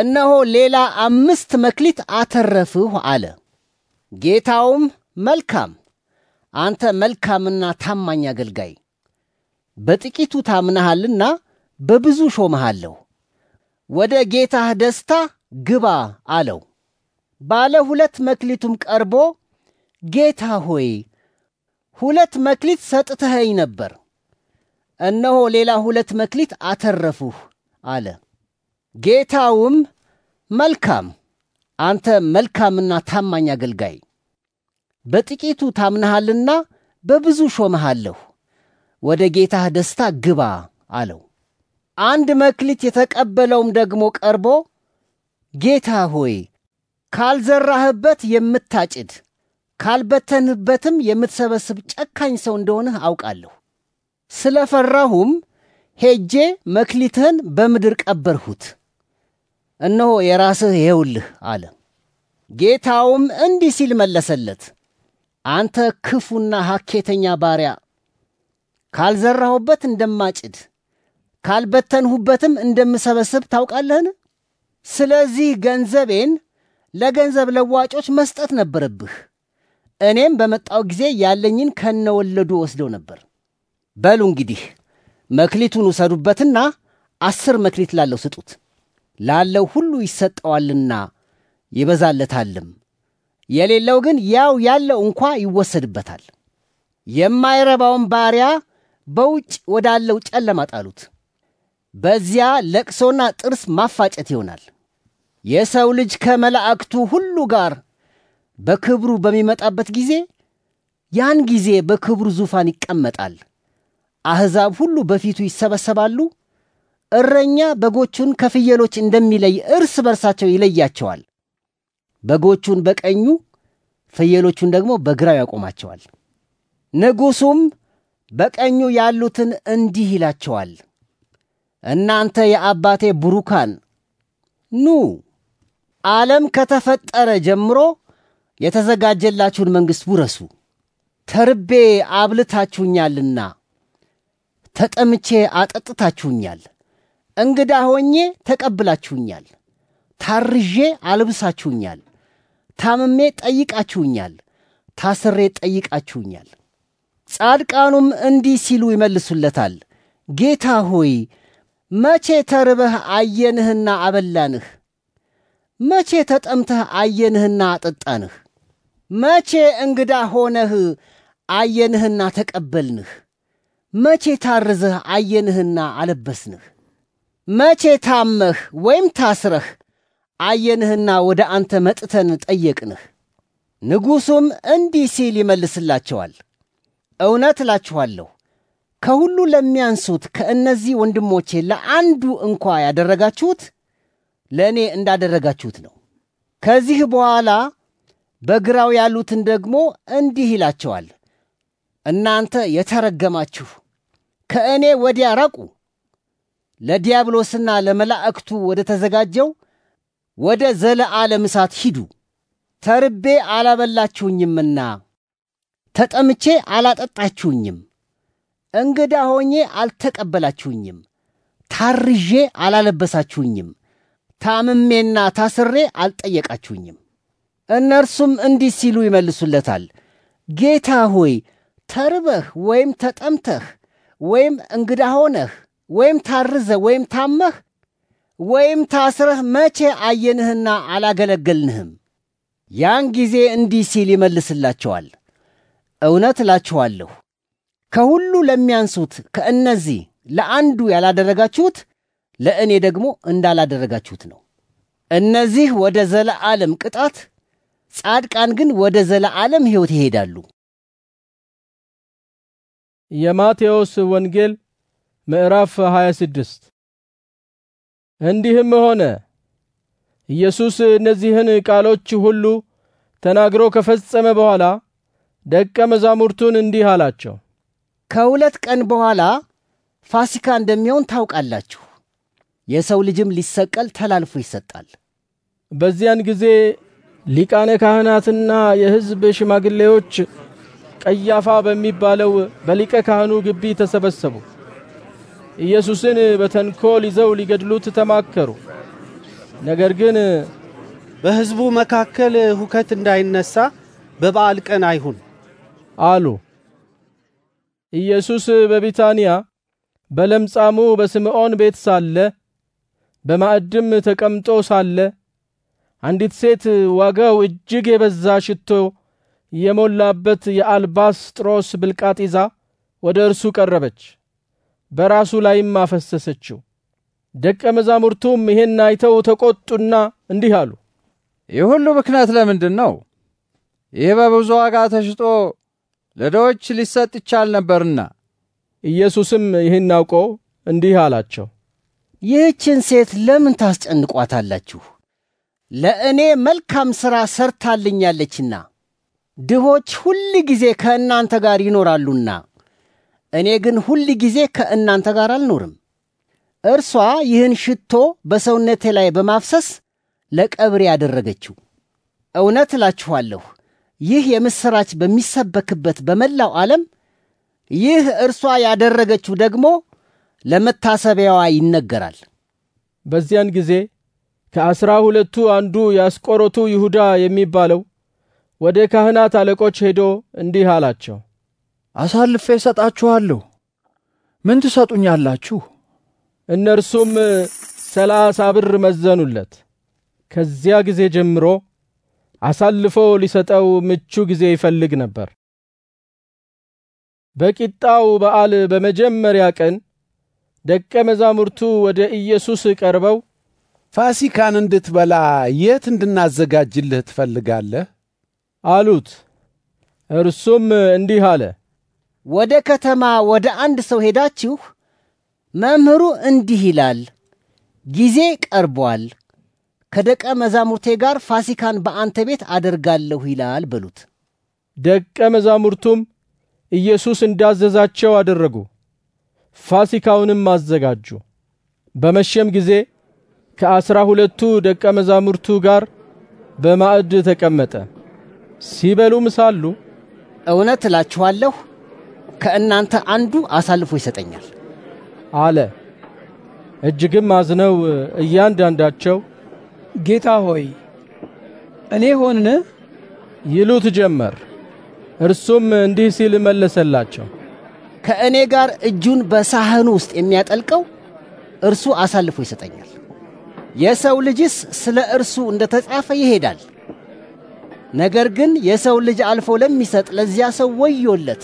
እነሆ ሌላ አምስት መክሊት አተረፍሁ አለ። ጌታውም መልካም አንተ መልካምና ታማኝ አገልጋይ በጥቂቱ ታምነሃልና በብዙ ሾመሃለሁ፣ ወደ ጌታህ ደስታ ግባ አለው። ባለ ሁለት መክሊቱም ቀርቦ ጌታ ሆይ ሁለት መክሊት ሰጥተኸኝ ነበር፣ እነሆ ሌላ ሁለት መክሊት አተረፉህ አለ። ጌታውም መልካም አንተ መልካምና ታማኝ አገልጋይ፣ በጥቂቱ ታምነሃልና በብዙ ሾመሃለሁ ወደ ጌታህ ደስታ ግባ አለው። አንድ መክሊት የተቀበለውም ደግሞ ቀርቦ ጌታ ሆይ ካልዘራህበት የምታጭድ ካልበተንህበትም የምትሰበስብ ጨካኝ ሰው እንደሆንህ አውቃለሁ። ስለ ፈራሁም ሄጄ መክሊትህን በምድር ቀበርሁት፣ እነሆ የራስህ ይኸውልህ አለ። ጌታውም እንዲህ ሲል መለሰለት፣ አንተ ክፉና ሐኬተኛ ባሪያ ካልዘራሁበት እንደማጭድ ካልበተንሁበትም እንደምሰበስብ ታውቃለህን? ስለዚህ ገንዘቤን ለገንዘብ ለዋጮች መስጠት ነበረብህ። እኔም በመጣው ጊዜ ያለኝን ከነወለዱ ወስደው ነበር። በሉ እንግዲህ መክሊቱን ውሰዱበትና አስር መክሊት ላለው ስጡት፣ ላለው ሁሉ ይሰጠዋልና ይበዛለታልም። የሌለው ግን ያው ያለው እንኳ ይወሰድበታል። የማይረባውን ባሪያ በውጭ ወዳለው ጨለማ ጣሉት። በዚያ ለቅሶና ጥርስ ማፋጨት ይሆናል። የሰው ልጅ ከመላእክቱ ሁሉ ጋር በክብሩ በሚመጣበት ጊዜ ያን ጊዜ በክብሩ ዙፋን ይቀመጣል። አሕዛብ ሁሉ በፊቱ ይሰበሰባሉ። እረኛ በጎቹን ከፍየሎች እንደሚለይ እርስ በርሳቸው ይለያቸዋል። በጎቹን በቀኙ፣ ፍየሎቹን ደግሞ በግራው ያቆማቸዋል። ንጉሡም በቀኙ ያሉትን እንዲህ ይላቸዋል፣ እናንተ የአባቴ ቡሩካን ኑ፣ ዓለም ከተፈጠረ ጀምሮ የተዘጋጀላችሁን መንግሥት ውረሱ። ተርቤ አብልታችሁኛልና፣ ተጠምቼ አጠጥታችሁኛል፣ እንግዳ ሆኜ ተቀብላችሁኛል፣ ታርዤ አልብሳችሁኛል፣ ታምሜ ጠይቃችሁኛል፣ ታስሬ ጠይቃችሁኛል። ጻድቃኑም እንዲህ ሲሉ ይመልሱለታል፣ ጌታ ሆይ መቼ ተርበህ አየንህና አበላንህ? መቼ ተጠምተህ አየንህና አጠጣንህ? መቼ እንግዳ ሆነህ አየንህና ተቀበልንህ? መቼ ታርዘህ አየንህና አለበስንህ? መቼ ታመህ ወይም ታስረህ አየንህና ወደ አንተ መጥተን ጠየቅንህ? ንጉሡም እንዲህ ሲል ይመልስላቸዋል። እውነት እላችኋለሁ ከሁሉ ለሚያንሱት ከእነዚህ ወንድሞቼ ለአንዱ እንኳ ያደረጋችሁት ለእኔ እንዳደረጋችሁት ነው። ከዚህ በኋላ በግራው ያሉትን ደግሞ እንዲህ ይላቸዋል፣ እናንተ የተረገማችሁ ከእኔ ወዲያ ራቁ፣ ለዲያብሎስና ለመላእክቱ ወደ ተዘጋጀው ወደ ዘለዓለም እሳት ሂዱ። ተርቤ አላበላችሁኝምና ተጠምቼ አላጠጣችሁኝም፣ እንግዳ ሆኜ አልተቀበላችሁኝም፣ ታርዤ አላለበሳችሁኝም፣ ታምሜና ታስሬ አልጠየቃችሁኝም። እነርሱም እንዲህ ሲሉ ይመልሱለታል፣ ጌታ ሆይ ተርበህ ወይም ተጠምተህ ወይም እንግዳ ሆነህ ወይም ታርዘ ወይም ታመህ ወይም ታስረህ መቼ አየንህና አላገለገልንህም? ያን ጊዜ እንዲህ ሲል ይመልስላቸዋል እውነት እላችኋለሁ ከሁሉ ለሚያንሱት ከእነዚህ ለአንዱ ያላደረጋችሁት ለእኔ ደግሞ እንዳላደረጋችሁት ነው። እነዚህ ወደ ዘለዓለም ቅጣት፣ ጻድቃን ግን ወደ ዘለዓለም ሕይወት ይሄዳሉ። የማቴዎስ ወንጌል ምዕራፍ 26 እንዲህም ሆነ ኢየሱስ እነዚህን ቃሎች ሁሉ ተናግሮ ከፈጸመ በኋላ ደቀ መዛሙርቱን እንዲህ አላቸው፣ ከሁለት ቀን በኋላ ፋሲካ እንደሚሆን ታውቃላችሁ። የሰው ልጅም ሊሰቀል ተላልፎ ይሰጣል። በዚያን ጊዜ ሊቃነ ካህናትና የሕዝብ ሽማግሌዎች ቀያፋ በሚባለው በሊቀ ካህኑ ግቢ ተሰበሰቡ። ኢየሱስን በተንኮል ይዘው ሊገድሉት ተማከሩ። ነገር ግን በሕዝቡ መካከል ሁከት እንዳይነሳ በበዓል ቀን አይሁን አሉ። ኢየሱስ በቢታንያ በለምጻሙ በስምዖን ቤት ሳለ በማዕድም ተቀምጦ ሳለ አንዲት ሴት ዋጋው እጅግ የበዛ ሽቶ የሞላበት የአልባስጥሮስ ብልቃጥ ይዛ ወደ እርሱ ቀረበች፣ በራሱ ላይም አፈሰሰችው። ደቀ መዛሙርቱም ይሄን አይተው ተቆጡና እንዲህ አሉ፣ ይህ ሁሉ ምክንያት ለምንድን ነው? ይህ በብዙ ዋጋ ተሽጦ ለድሆች ሊሰጥ ይቻል ነበርና። ኢየሱስም ይህን አውቆ እንዲህ አላቸው፣ ይህችን ሴት ለምን ታስጨንቋታላችሁ? ለእኔ መልካም ሥራ ሰርታልኛለችና ድሆች ሁል ጊዜ ከእናንተ ጋር ይኖራሉና፣ እኔ ግን ሁል ጊዜ ከእናንተ ጋር አልኖርም። እርሷ ይህን ሽቶ በሰውነቴ ላይ በማፍሰስ ለቀብሬ ያደረገችው። እውነት እላችኋለሁ ይህ የምሥራች በሚሰበክበት በመላው ዓለም ይህ እርሷ ያደረገችው ደግሞ ለመታሰቢያዋ ይነገራል። በዚያን ጊዜ ከአስራ ሁለቱ አንዱ የአስቆሮቱ ይሁዳ የሚባለው ወደ ካህናት አለቆች ሄዶ እንዲህ አላቸው፣ አሳልፌ እሰጣችኋለሁ፣ ምን ትሰጡኛላችሁ? እነርሱም ሰላሳ ብር መዘኑለት። ከዚያ ጊዜ ጀምሮ አሳልፎ ሊሰጠው ምቹ ጊዜ ይፈልግ ነበር። በቂጣው በዓል በመጀመሪያ ቀን ደቀ መዛሙርቱ ወደ ኢየሱስ ቀርበው ፋሲካን እንድትበላ የት እንድናዘጋጅልህ ትፈልጋለህ? አሉት። እርሱም እንዲህ አለ። ወደ ከተማ ወደ አንድ ሰው ሄዳችሁ መምህሩ እንዲህ ይላል፣ ጊዜ ቀርቧል፣ ከደቀ መዛሙርቴ ጋር ፋሲካን በአንተ ቤት አደርጋለሁ ይላል በሉት። ደቀ መዛሙርቱም ኢየሱስ እንዳዘዛቸው አደረጉ። ፋሲካውንም አዘጋጁ። በመሸም ጊዜ ከአስራ ሁለቱ ደቀ መዛሙርቱ ጋር በማዕድ ተቀመጠ። ሲበሉም ሳሉ እውነት እላችኋለሁ ከእናንተ አንዱ አሳልፎ ይሰጠኛል አለ። እጅግም አዝነው እያንዳንዳቸው ጌታ ሆይ እኔ ሆንን? ይሉት ጀመር። እርሱም እንዲህ ሲል መለሰላቸው፣ ከእኔ ጋር እጁን በሳህኑ ውስጥ የሚያጠልቀው እርሱ አሳልፎ ይሰጠኛል። የሰው ልጅስ ስለ እርሱ እንደ ተጻፈ ይሄዳል። ነገር ግን የሰው ልጅ አልፎ ለሚሰጥ ለዚያ ሰው ወዮለት!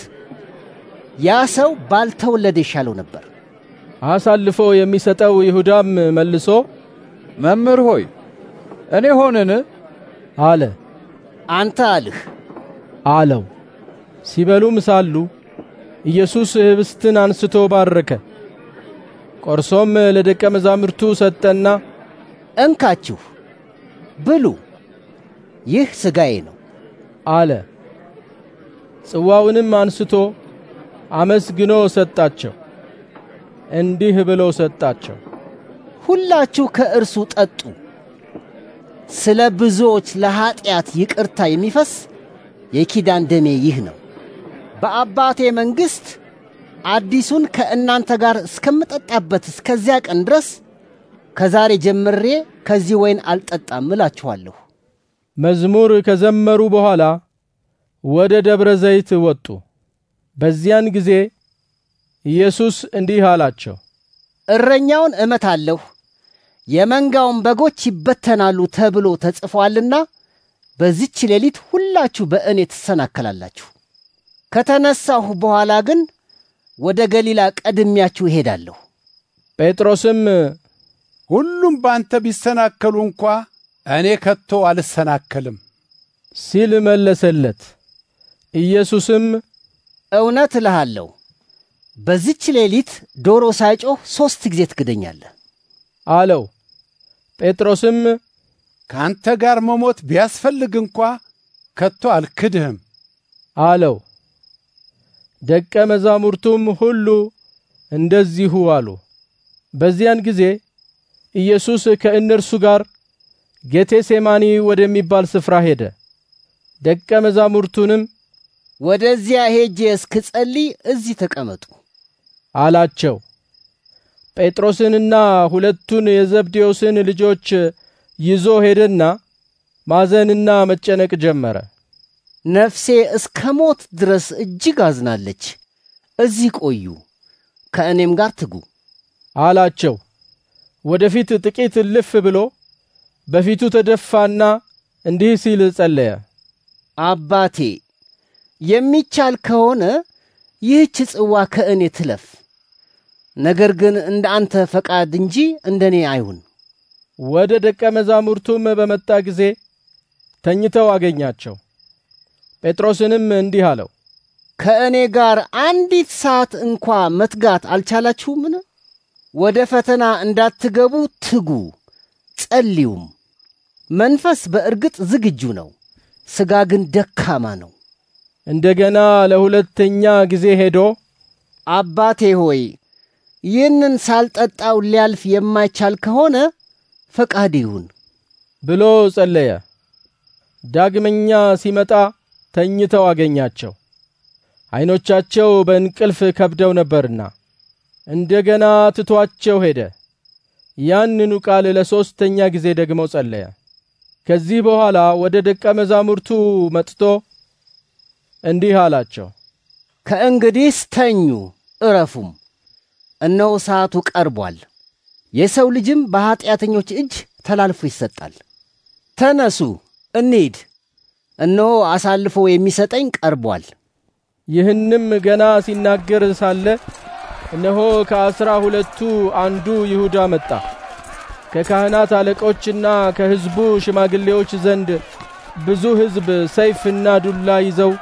ያ ሰው ባልተወለደ ይሻለው ነበር። አሳልፎ የሚሰጠው ይሁዳም መልሶ መምህር ሆይ እኔ ሆንን አለ። አንተ አልህ አለው። ሲበሉም ሳሉ ኢየሱስ ህብስትን አንስቶ ባረከ፣ ቆርሶም ለደቀ መዛሙርቱ ሰጠና እንካችሁ ብሉ፣ ይህ ሥጋዬ ነው አለ። ጽዋውንም አንስቶ አመስግኖ ሰጣቸው፣ እንዲህ ብሎ ሰጣቸው፣ ሁላችሁ ከእርሱ ጠጡ ስለ ብዙዎች ለኀጢአት ይቅርታ የሚፈስ የኪዳን ደሜ ይህ ነው። በአባቴ መንግሥት አዲሱን ከእናንተ ጋር እስከምጠጣበት እስከዚያ ቀን ድረስ ከዛሬ ጀምሬ ከዚህ ወይን አልጠጣም እላችኋለሁ። መዝሙር ከዘመሩ በኋላ ወደ ደብረ ዘይት ወጡ። በዚያን ጊዜ ኢየሱስ እንዲህ አላቸው፣ እረኛውን እመታለሁ የመንጋውን በጎች ይበተናሉ ተብሎ ተጽፏልና በዚች ሌሊት ሁላችሁ በእኔ ትሰናከላላችሁ። ከተነሳሁ በኋላ ግን ወደ ገሊላ ቀድሚያችሁ እሄዳለሁ። ጴጥሮስም ሁሉም ባንተ ቢሰናከሉ እንኳ እኔ ከቶ አልሰናከልም ሲል መለሰለት። ኢየሱስም እውነት እልሃለሁ በዚች ሌሊት ዶሮ ሳይጮህ ሦስት ጊዜ ትክደኛለህ። አለው። ጴጥሮስም ከአንተ ጋር መሞት ቢያስፈልግ እንኳ ከቶ አልክድህም አለው። ደቀ መዛሙርቱም ሁሉ እንደዚሁ አሉ። በዚያን ጊዜ ኢየሱስ ከእነርሱ ጋር ጌቴሴማኒ ወደሚባል ስፍራ ሄደ። ደቀ መዛሙርቱንም ወደዚያ ሄጄ እስክጸልይ እዚህ ተቀመጡ አላቸው። ጴጥሮስንና ሁለቱን የዘብዴዎስን ልጆች ይዞ ሄደና ማዘንና መጨነቅ ጀመረ። ነፍሴ እስከ ሞት ድረስ እጅግ አዝናለች፣ እዚህ ቆዩ፣ ከእኔም ጋር ትጉ አላቸው። ወደፊት ጥቂት እልፍ ብሎ በፊቱ ተደፋና እንዲህ ሲል ጸለየ። አባቴ የሚቻል ከሆነ ይህች ጽዋ ከእኔ ትለፍ ነገር ግን እንደ አንተ ፈቃድ እንጂ እንደ እኔ አይሁን። ወደ ደቀ መዛሙርቱም በመጣ ጊዜ ተኝተው አገኛቸው። ጴጥሮስንም እንዲህ አለው፣ ከእኔ ጋር አንዲት ሰዓት እንኳ መትጋት አልቻላችሁምን? ወደ ፈተና እንዳትገቡ ትጉ፣ ጸልዩም። መንፈስ በእርግጥ ዝግጁ ነው፣ ሥጋ ግን ደካማ ነው። እንደገና ለሁለተኛ ጊዜ ሄዶ አባቴ ሆይ ይህንን ሳልጠጣው ሊያልፍ የማይቻል ከሆነ ፈቃድ ይሁን ብሎ ጸለየ። ዳግመኛ ሲመጣ ተኝተው አገኛቸው። ዐይኖቻቸው በእንቅልፍ ከብደው ነበርና እንደገና ትቷቸው ሄደ። ያንኑ ቃል ለሶስተኛ ጊዜ ደግሞ ጸለየ። ከዚህ በኋላ ወደ ደቀ መዛሙርቱ መጥቶ እንዲህ አላቸው፣ ከእንግዲህ ስተኙ እረፉም እነሆ ሰዓቱ ቀርቧል፣ የሰው ልጅም በኀጢአተኞች እጅ ተላልፎ ይሰጣል። ተነሱ እንሂድ፣ እነሆ አሳልፎ የሚሰጠኝ ቀርቧል። ይህንም ገና ሲናገር ሳለ እነሆ ከአስራ ሁለቱ አንዱ ይሁዳ መጣ። ከካህናት አለቆችና ከሕዝቡ ሽማግሌዎች ዘንድ ብዙ ሕዝብ ሰይፍና ዱላ ይዘው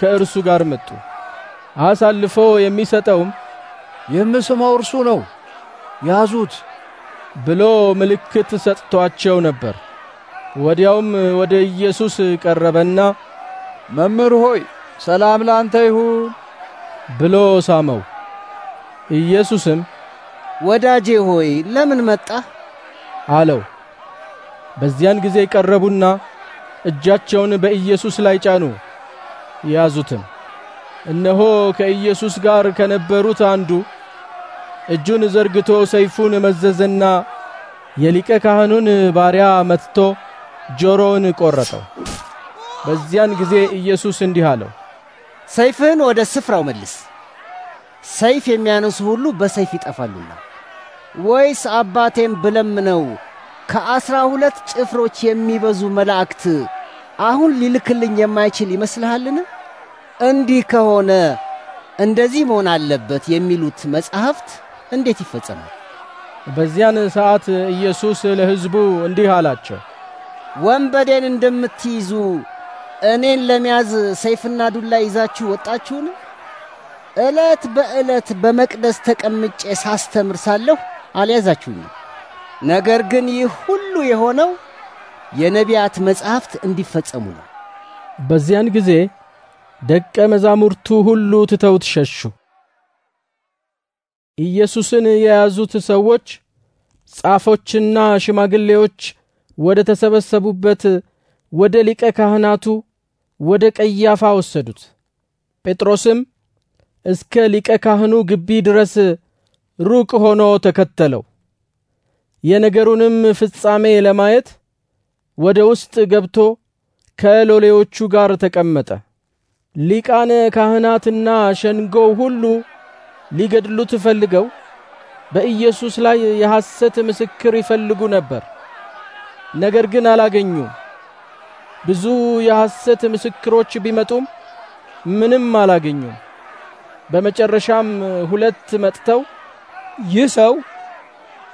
ከእርሱ ጋር መጡ። አሳልፎ የሚሰጠውም የምስማው እርሱ ነው፣ ያዙት ብሎ ምልክት ሰጥቷቸው ነበር። ወዲያውም ወደ ኢየሱስ ቀረበና መምህር ሆይ ሰላም ላንተ ይሁን ብሎ ሳመው። ኢየሱስም ወዳጄ ሆይ ለምን መጣህ አለው። በዚያን ጊዜ ቀረቡና እጃቸውን በኢየሱስ ላይ ጫኑ፣ ያዙትም። እነሆ ከኢየሱስ ጋር ከነበሩት አንዱ እጁን ዘርግቶ ሰይፉን መዘዘና የሊቀ ካህኑን ባሪያ መትቶ ጆሮውን ቆረጠው። በዚያን ጊዜ ኢየሱስ እንዲህ አለው፣ ሰይፍህን ወደ ስፍራው መልስ። ሰይፍ የሚያነሱ ሁሉ በሰይፍ ይጠፋሉና፣ ወይስ አባቴም ብለምነው ከአስራ ሁለት ጭፍሮች የሚበዙ መላእክት አሁን ሊልክልኝ የማይችል ይመስልሃልን? እንዲህ ከሆነ እንደዚህ መሆን አለበት የሚሉት መጻሕፍት እንዴት ይፈጸማል? በዚያን ሰዓት ኢየሱስ ለሕዝቡ እንዲህ አላቸው፣ ወንበዴን እንደምትይዙ እኔን ለመያዝ ሰይፍና ዱላ ይዛችሁ ወጣችሁን? ዕለት በዕለት በመቅደስ ተቀምጬ ሳስተምር ሳለሁ አልያዛችሁኝም። ነገር ግን ይህ ሁሉ የሆነው የነቢያት መጻሕፍት እንዲፈጸሙ ነው። በዚያን ጊዜ ደቀ መዛሙርቱ ሁሉ ትተውት ሸሹ። ኢየሱስን የያዙት ሰዎች ጻፎችና ሽማግሌዎች ወደ ተሰበሰቡበት ወደ ሊቀ ካህናቱ ወደ ቀያፋ ወሰዱት። ጴጥሮስም እስከ ሊቀ ካህኑ ግቢ ድረስ ሩቅ ሆኖ ተከተለው። የነገሩንም ፍጻሜ ለማየት ወደ ውስጥ ገብቶ ከሎሌዎቹ ጋር ተቀመጠ። ሊቃነ ካህናትና ሸንጎው ሁሉ ሊገድሉት ፈልገው በኢየሱስ ላይ የሐሰት ምስክር ይፈልጉ ነበር፣ ነገር ግን አላገኙም። ብዙ የሐሰት ምስክሮች ቢመጡም ምንም አላገኙም። በመጨረሻም ሁለት መጥተው ይህ ሰው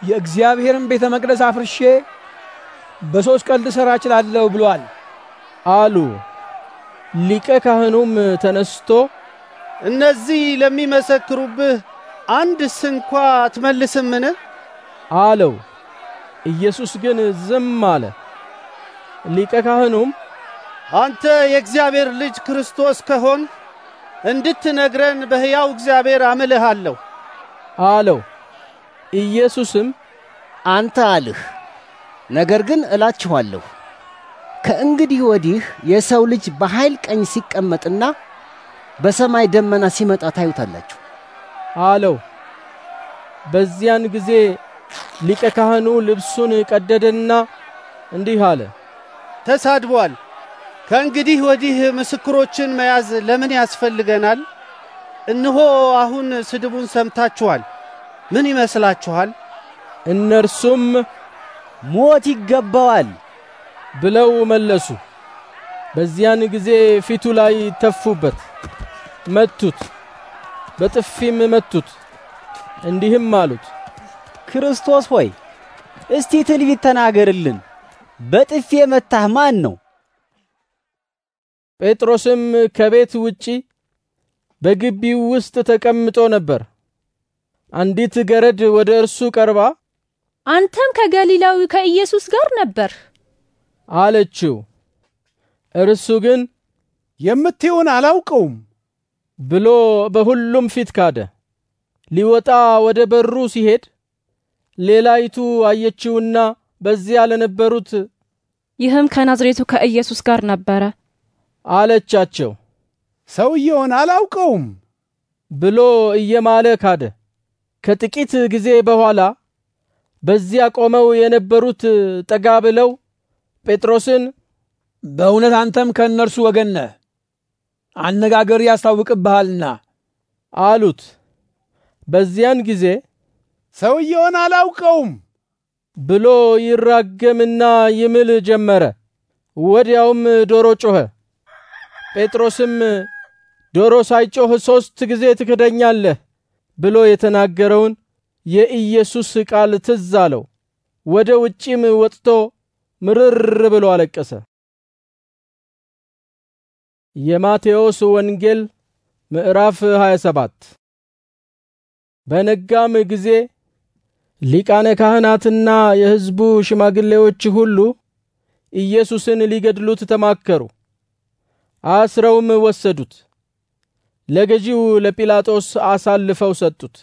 የእግዚአብሔርን ቤተ መቅደስ አፍርሼ በሶስት ቀን ልሰራ እችላለሁ ብሏል አሉ። ሊቀ ካህኑም ተነስቶ እነዚህ ለሚመሰክሩብህ አንድ ስንኳ አትመልስምን? አለው። ኢየሱስ ግን ዝም አለ። ሊቀ ካህኑም አንተ የእግዚአብሔር ልጅ ክርስቶስ ከሆን እንድትነግረን በሕያው እግዚአብሔር አምልሃለሁ አለው። ኢየሱስም አንተ አልህ፣ ነገር ግን እላችኋለሁ ከእንግዲህ ወዲህ የሰው ልጅ በኃይል ቀኝ ሲቀመጥና በሰማይ ደመና ሲመጣ ታዩታላችሁ አለው። በዚያን ጊዜ ሊቀ ካህኑ ልብሱን ቀደደና እንዲህ አለ፣ ተሳድቧል። ከእንግዲህ ወዲህ ምስክሮችን መያዝ ለምን ያስፈልገናል? እነሆ አሁን ስድቡን ሰምታችኋል። ምን ይመስላችኋል? እነርሱም ሞት ይገባዋል ብለው መለሱ። በዚያን ጊዜ ፊቱ ላይ ተፉበት። መቱት፣ በጥፊም መቱት። እንዲህም አሉት፣ ክርስቶስ ሆይ እስቲ ትንቢት ተናገርልን። በጥፊ የመታህ ማን ነው? ጴጥሮስም ከቤት ውጪ በግቢው ውስጥ ተቀምጦ ነበር። አንዲት ገረድ ወደ እርሱ ቀርባ አንተም ከገሊላዊ ከኢየሱስ ጋር ነበር አለችው። እርሱ ግን የምትይውን አላውቀውም ብሎ በሁሉም ፊት ካደ። ሊወጣ ወደ በሩ ሲሄድ ሌላይቱ አየችውና በዚያ ለነበሩት ይህም ከናዝሬቱ ከኢየሱስ ጋር ነበረ አለቻቸው። ሰውየውን አላውቀውም ብሎ እየማለ ካደ። ከጥቂት ጊዜ በኋላ በዚያ ቆመው የነበሩት ጠጋ ብለው ጴጥሮስን በእውነት አንተም ከእነርሱ ወገን ነህ አነጋገር ያስታውቅብሃልና አሉት። በዚያን ጊዜ ሰውየውን አላውቀውም ብሎ ይራገምና ይምል ጀመረ። ወዲያውም ዶሮ ጮኸ። ጴጥሮስም ዶሮ ሳይጮህ ሶስት ጊዜ ትክደኛለህ ብሎ የተናገረውን የኢየሱስ ቃል ትዝ አለው። ወደ ውጪም ወጥቶ ምርር ብሎ አለቀሰ። የማቴዎስ ወንጌል ምዕራፍ 27 በነጋም ጊዜ ሊቃነ ካህናትና የሕዝቡ ሽማግሌዎች ሁሉ ኢየሱስን ሊገድሉት ተማከሩ። አስረውም ወሰዱት፣ ለገዢው ለጲላጦስ አሳልፈው ሰጡት።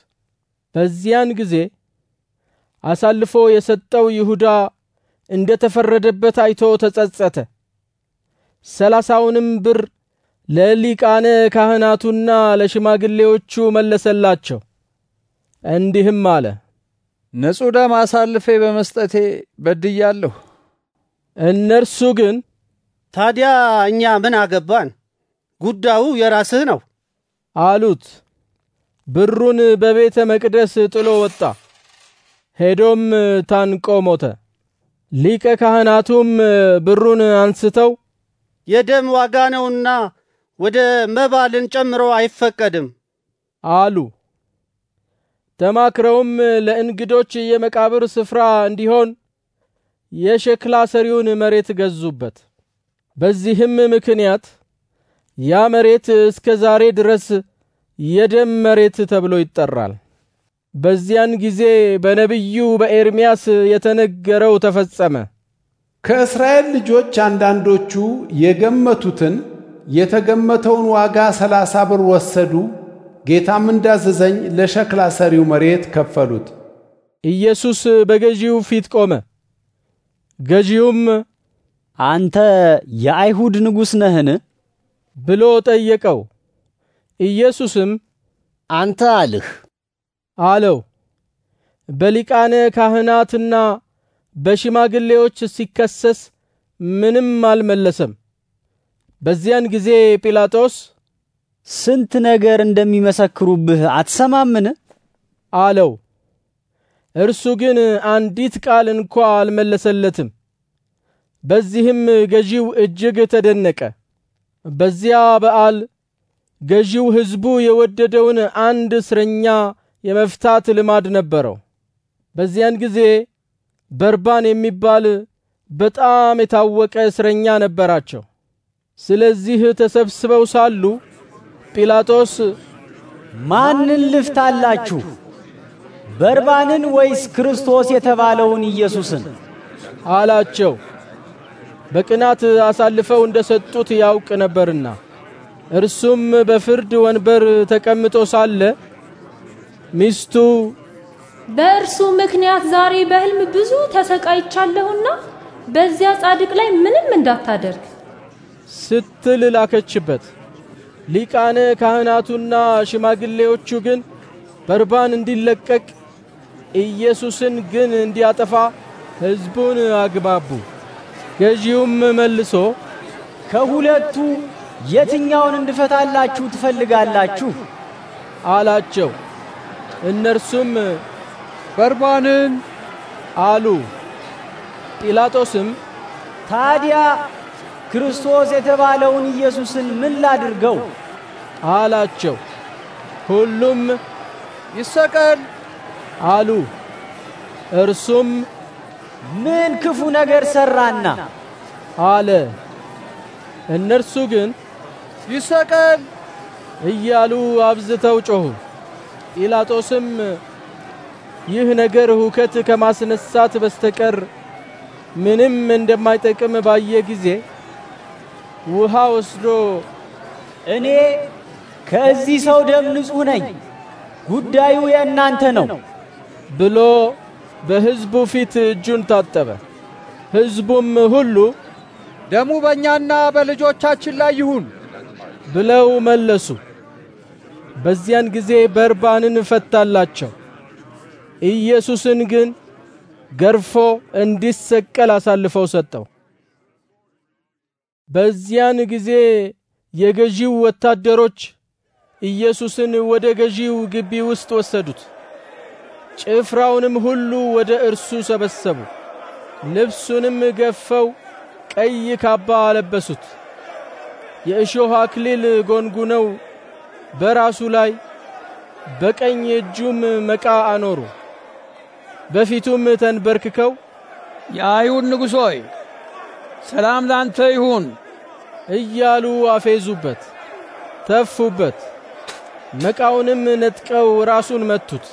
በዚያን ጊዜ አሳልፎ የሰጠው ይሁዳ እንደ ተፈረደበት አይቶ ተጸጸተ። ሰላሳውንም ብር ለሊቃነ ካህናቱና ለሽማግሌዎቹ መለሰላቸው፣ እንዲህም አለ፦ ንጹሕ ደም አሳልፌ በመስጠቴ በድያለሁ። እነርሱ ግን ታዲያ እኛ ምን አገባን? ጉዳዩ የራስህ ነው አሉት። ብሩን በቤተ መቅደስ ጥሎ ወጣ፣ ሄዶም ታንቆ ሞተ። ሊቀ ካህናቱም ብሩን አንስተው የደም ዋጋ ነውና ወደ መባልን ጨምሮ አይፈቀድም አሉ። ተማክረውም ለእንግዶች የመቃብር ስፍራ እንዲሆን የሸክላ ሰሪውን መሬት ገዙበት። በዚህም ምክንያት ያ መሬት እስከ ዛሬ ድረስ የደም መሬት ተብሎ ይጠራል። በዚያን ጊዜ በነቢዩ በኤርምያስ የተነገረው ተፈጸመ። ከእስራኤል ልጆች አንዳንዶቹ የገመቱትን የተገመተውን ዋጋ ሰላሳ ብር ወሰዱ። ጌታም እንዳዘዘኝ ለሸክላ ሰሪው መሬት ከፈሉት። ኢየሱስ በገዢው ፊት ቆመ። ገዢውም አንተ የአይሁድ ንጉሥ ነህን? ብሎ ጠየቀው። ኢየሱስም አንተ አልህ አለው። በሊቃነ ካህናትና በሽማግሌዎች ሲከሰስ ምንም አልመለሰም። በዚያን ጊዜ ጲላጦስ ስንት ነገር እንደሚመሰክሩብህ አትሰማምን? አለው። እርሱ ግን አንዲት ቃል እንኳ አልመለሰለትም። በዚህም ገዢው እጅግ ተደነቀ። በዚያ በዓል ገዢው ሕዝቡ የወደደውን አንድ እስረኛ የመፍታት ልማድ ነበረው። በዚያን ጊዜ በርባን የሚባል በጣም የታወቀ እስረኛ ነበራቸው። ስለዚህ ተሰብስበው ሳሉ ጲላጦስ ማንን ልፍታላችሁ? በርባንን ወይስ ክርስቶስ የተባለውን ኢየሱስን አላቸው። በቅናት አሳልፈው እንደ ሰጡት ያውቅ ነበርና። እርሱም በፍርድ ወንበር ተቀምጦ ሳለ ሚስቱ በእርሱ ምክንያት ዛሬ በሕልም ብዙ ተሰቃይቻለሁና በዚያ ጻድቅ ላይ ምንም እንዳታደርግ ስትል ላከችበት። ሊቃነ ካህናቱና ሽማግሌዎቹ ግን በርባን እንዲለቀቅ ኢየሱስን ግን እንዲያጠፋ ሕዝቡን አግባቡ። ገዢውም መልሶ ከሁለቱ የትኛውን እንድፈታላችሁ ትፈልጋላችሁ? አላቸው። እነርሱም በርባንን አሉ። ጲላጦስም ታዲያ ክርስቶስ የተባለውን ኢየሱስን ምን ላድርገው አላቸው። ሁሉም ይሰቀል አሉ። እርሱም ምን ክፉ ነገር ሰራና አለ። እነርሱ ግን ይሰቀል እያሉ አብዝተው ጮኹ። ጲላጦስም ይህ ነገር ሁከት ከማስነሳት በስተቀር ምንም እንደማይጠቅም ባየ ጊዜ ውሃ ወስዶ እኔ ከዚህ ሰው ደም ንጹሕ ነኝ፣ ጉዳዩ የእናንተ ነው ብሎ በሕዝቡ ፊት እጁን ታጠበ። ሕዝቡም ሁሉ ደሙ በእኛና በልጆቻችን ላይ ይሁን ብለው መለሱ። በዚያን ጊዜ በርባንን ፈታላቸው። ኢየሱስን ግን ገርፎ እንዲሰቀል አሳልፈው ሰጠው። በዚያን ጊዜ የገዢው ወታደሮች ኢየሱስን ወደ ገዢው ግቢ ውስጥ ወሰዱት። ጭፍራውንም ሁሉ ወደ እርሱ ሰበሰቡ። ልብሱንም ገፈው ቀይ ካባ አለበሱት። የእሾህ አክሊል ጎንጉነው በራሱ ላይ በቀኝ እጁም መቃ አኖሩ። በፊቱም ተንበርክከው የአይሁድ ንጉሥ ሆይ ሰላም ላንተ ይሁን እያሉ አፌዙበት፣ ተፉበት። መቃውንም ነጥቀው ራሱን መቱት።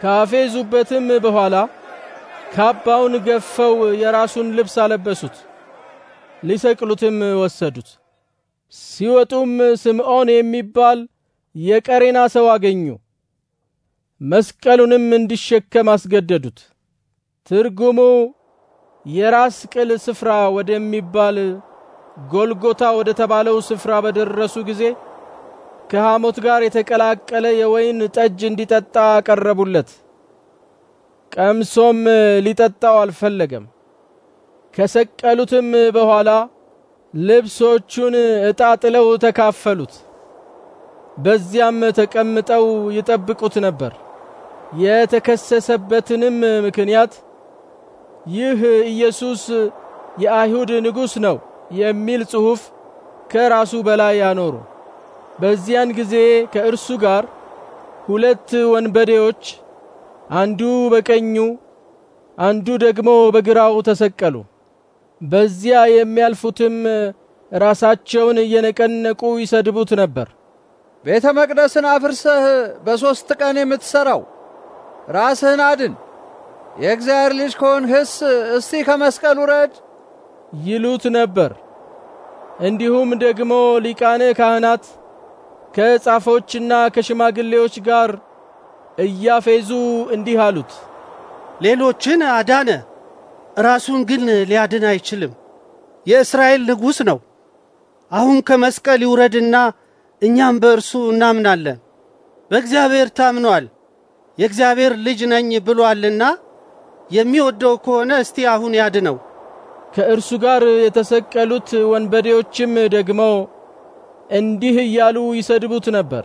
ካፌዙበትም በኋላ ካባውን ገፈው የራሱን ልብስ አለበሱት፣ ሊሰቅሉትም ወሰዱት። ሲወጡም ስምዖን የሚባል የቀሬና ሰው አገኙ። መስቀሉንም እንዲሸከም አስገደዱት። ትርጉሙ የራስ ቅል ስፍራ ወደሚባል ጎልጎታ ወደ ተባለው ስፍራ በደረሱ ጊዜ ከሐሞት ጋር የተቀላቀለ የወይን ጠጅ እንዲጠጣ አቀረቡለት። ቀምሶም ሊጠጣው አልፈለገም። ከሰቀሉትም በኋላ ልብሶቹን ዕጣ ጥለው ተካፈሉት። በዚያም ተቀምጠው ይጠብቁት ነበር። የተከሰሰበትንም ምክንያት ይህ ኢየሱስ የአይሁድ ንጉሥ ነው የሚል ጽሑፍ ከራሱ በላይ ያኖሩ። በዚያን ጊዜ ከእርሱ ጋር ሁለት ወንበዴዎች አንዱ በቀኙ አንዱ ደግሞ በግራው ተሰቀሉ። በዚያ የሚያልፉትም ራሳቸውን እየነቀነቁ ይሰድቡት ነበር። ቤተ መቅደስን አፍርሰህ በሶስት ቀን የምትሰራው ራስህን አድን የእግዚአብሔር ልጅ ከሆንህስ እስቲ ከመስቀል ውረድ ይሉት ነበር። እንዲሁም ደግሞ ሊቃነ ካህናት ከጻፎችና ከሽማግሌዎች ጋር እያፌዙ እንዲህ አሉት፣ ሌሎችን አዳነ፣ ራሱን ግን ሊያድን አይችልም። የእስራኤል ንጉሥ ነው። አሁን ከመስቀል ይውረድና እኛም በእርሱ እናምናለን። በእግዚአብሔር ታምኗል፣ የእግዚአብሔር ልጅ ነኝ ብሏልና የሚወደው ከሆነ እስቲ አሁን ያድነው። ከእርሱ ጋር የተሰቀሉት ወንበዴዎችም ደግሞ እንዲህ እያሉ ይሰድቡት ነበር።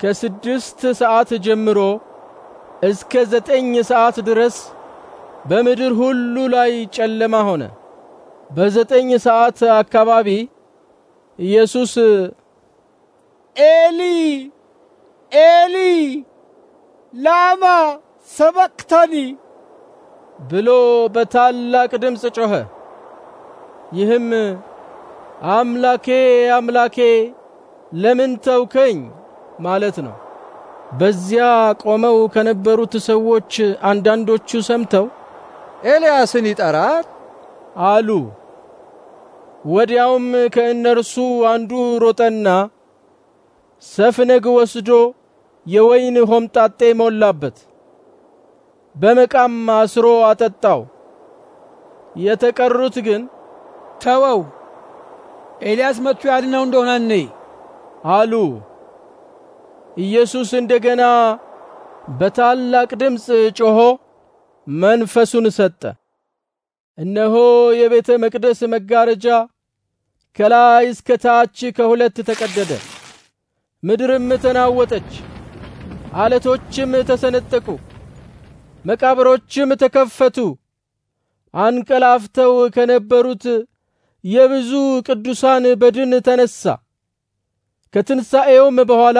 ከስድስት ሰዓት ጀምሮ እስከ ዘጠኝ ሰዓት ድረስ በምድር ሁሉ ላይ ጨለማ ሆነ። በዘጠኝ ሰዓት አካባቢ ኢየሱስ ኤሊ ኤሊ ላማ ሰበክተኒ ብሎ በታላቅ ድምፅ ጮኸ። ይህም አምላኬ አምላኬ ለምን ተውከኝ ማለት ነው። በዚያ ቆመው ከነበሩት ሰዎች አንዳንዶቹ ሰምተው ኤልያስን ይጠራል አሉ። ወዲያውም ከእነርሱ አንዱ ሮጠና ሰፍነግ ወስዶ የወይን ሆምጣጤ ሞላበት። በመቃም አስሮ አጠጣው። የተቀሩት ግን ተወው፣ ኤልያስ መጥቶ ያድነው እንደሆነ እንይ አሉ። ኢየሱስ እንደገና በታላቅ ድምፅ ጮሆ መንፈሱን ሰጠ። እነሆ የቤተ መቅደስ መጋረጃ ከላይ እስከ ታች ከሁለት ተቀደደ። ምድርም ተናወጠች፣ አለቶችም ተሰነጠቁ። መቃብሮችም ተከፈቱ። አንቀላፍተው ከነበሩት የብዙ ቅዱሳን በድን ተነሳ። ከትንሣኤውም በኋላ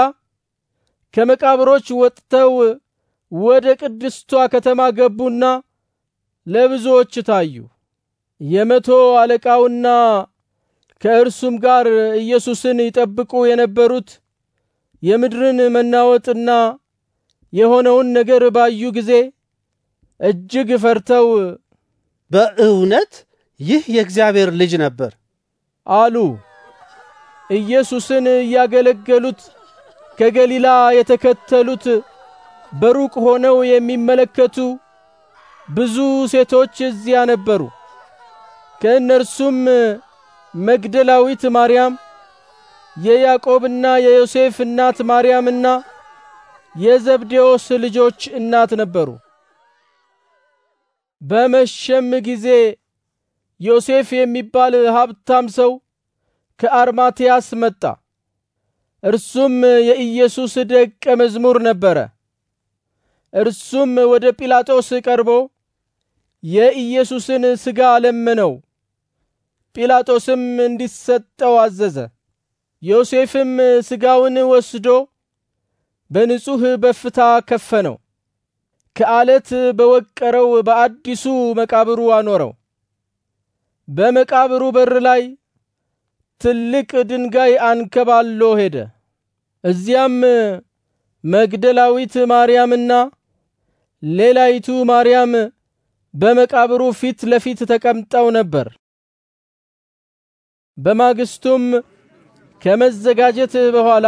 ከመቃብሮች ወጥተው ወደ ቅድስቷ ከተማ ገቡና ለብዙዎች ታዩ። የመቶ አለቃውና ከእርሱም ጋር ኢየሱስን ይጠብቁ የነበሩት የምድርን መናወጥና የሆነውን ነገር ባዩ ጊዜ እጅግ ፈርተው በእውነት ይህ የእግዚአብሔር ልጅ ነበር አሉ። ኢየሱስን እያገለገሉት ከገሊላ የተከተሉት በሩቅ ሆነው የሚመለከቱ ብዙ ሴቶች እዚያ ነበሩ። ከእነርሱም መግደላዊት ማርያም፣ የያዕቆብና የዮሴፍ እናት ማርያምና የዘብዴዎስ ልጆች እናት ነበሩ። በመሸም ጊዜ ዮሴፍ የሚባል ሀብታም ሰው ከአርማትያስ መጣ። እርሱም የኢየሱስ ደቀ መዝሙር ነበረ። እርሱም ወደ ጲላጦስ ቀርቦ የኢየሱስን ሥጋ ለመነው። ጲላጦስም እንዲሰጠው አዘዘ። ዮሴፍም ሥጋውን ወስዶ በንጹሕ በፍታ ከፈነው። ከአለት በወቀረው በአዲሱ መቃብሩ አኖረው። በመቃብሩ በር ላይ ትልቅ ድንጋይ አንከባሎ ሄደ። እዚያም መግደላዊት ማርያምና ሌላይቱ ማርያም በመቃብሩ ፊት ለፊት ተቀምጠው ነበር። በማግስቱም ከመዘጋጀት በኋላ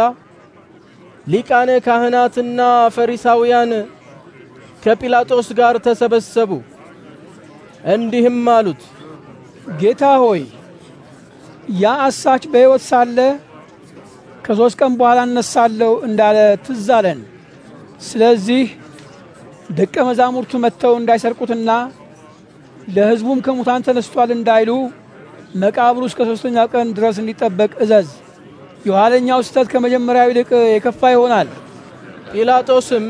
ሊቃነ ካህናትና ፈሪሳውያን ከጲላጦስ ጋር ተሰበሰቡ። እንዲህም አሉት፣ ጌታ ሆይ ያ አሳች በሕይወት ሳለ ከሶስት ቀን በኋላ እነሳለሁ እንዳለ ትዝ አለን። ስለዚህ ደቀ መዛሙርቱ መጥተው እንዳይሰርቁትና ለሕዝቡም ከሙታን ተነስቷል እንዳይሉ መቃብሩ እስከ ሶስተኛው ቀን ድረስ እንዲጠበቅ እዘዝ። የኋለኛው ስህተት ከመጀመሪያው ይልቅ የከፋ ይሆናል። ጲላጦስም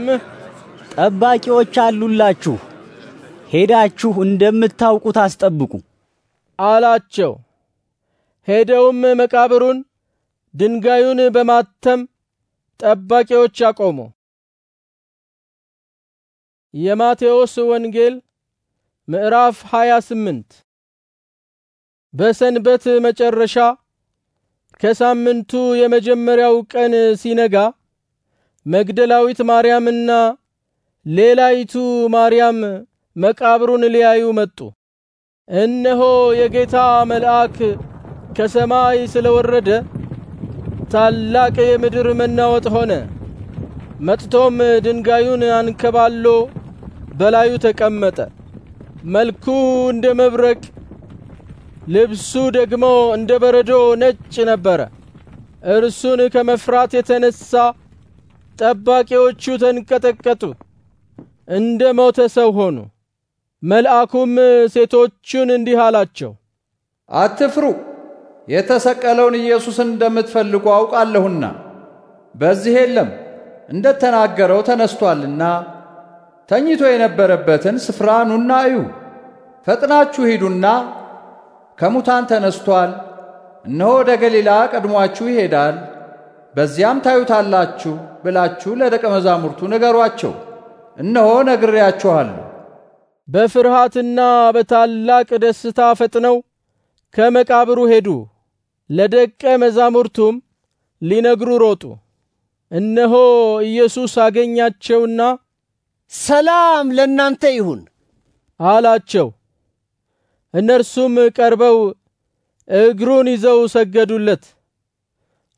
ጠባቂዎች አሉላችሁ፣ ሄዳችሁ እንደምታውቁት አስጠብቁ አላቸው። ሄደውም መቃብሩን ድንጋዩን በማተም ጠባቂዎች አቆሙ። የማቴዎስ ወንጌል ምዕራፍ 28 በሰንበት መጨረሻ ከሳምንቱ የመጀመሪያው ቀን ሲነጋ መግደላዊት ማርያምና ሌላይቱ ማርያም መቃብሩን ሊያዩ መጡ። እነሆ የጌታ መልአክ ከሰማይ ስለወረደ ታላቅ የምድር መናወጥ ሆነ። መጥቶም ድንጋዩን አንከባሎ በላዩ ተቀመጠ። መልኩ እንደ መብረቅ፣ ልብሱ ደግሞ እንደ በረዶ ነጭ ነበረ። እርሱን ከመፍራት የተነሳ ጠባቂዎቹ ተንቀጠቀጡ። እንደ ሞተ ሰው ሆኑ። መልአኩም ሴቶቹን እንዲህ አላቸው፣ አትፍሩ። የተሰቀለውን ኢየሱስን እንደምትፈልጉ አውቃለሁና በዚህ የለም፣ እንደ ተናገረው ተነስቶአልና ተኝቶ የነበረበትን ስፍራ ኑና እዩ። ፈጥናችሁ ሂዱና ከሙታን ተነስቷል፣ እነሆ ወደ ገሊላ ቀድሟችሁ ይሄዳል፣ በዚያም ታዩታላችሁ ብላችሁ ለደቀ መዛሙርቱ ንገሯቸው እነሆ ነግሬያችኋለሁ። በፍርሃትና በታላቅ ደስታ ፈጥነው ከመቃብሩ ሄዱ። ለደቀ መዛሙርቱም ሊነግሩ ሮጡ። እነሆ ኢየሱስ አገኛቸውና ሰላም ለእናንተ ይሁን አላቸው። እነርሱም ቀርበው እግሩን ይዘው ሰገዱለት።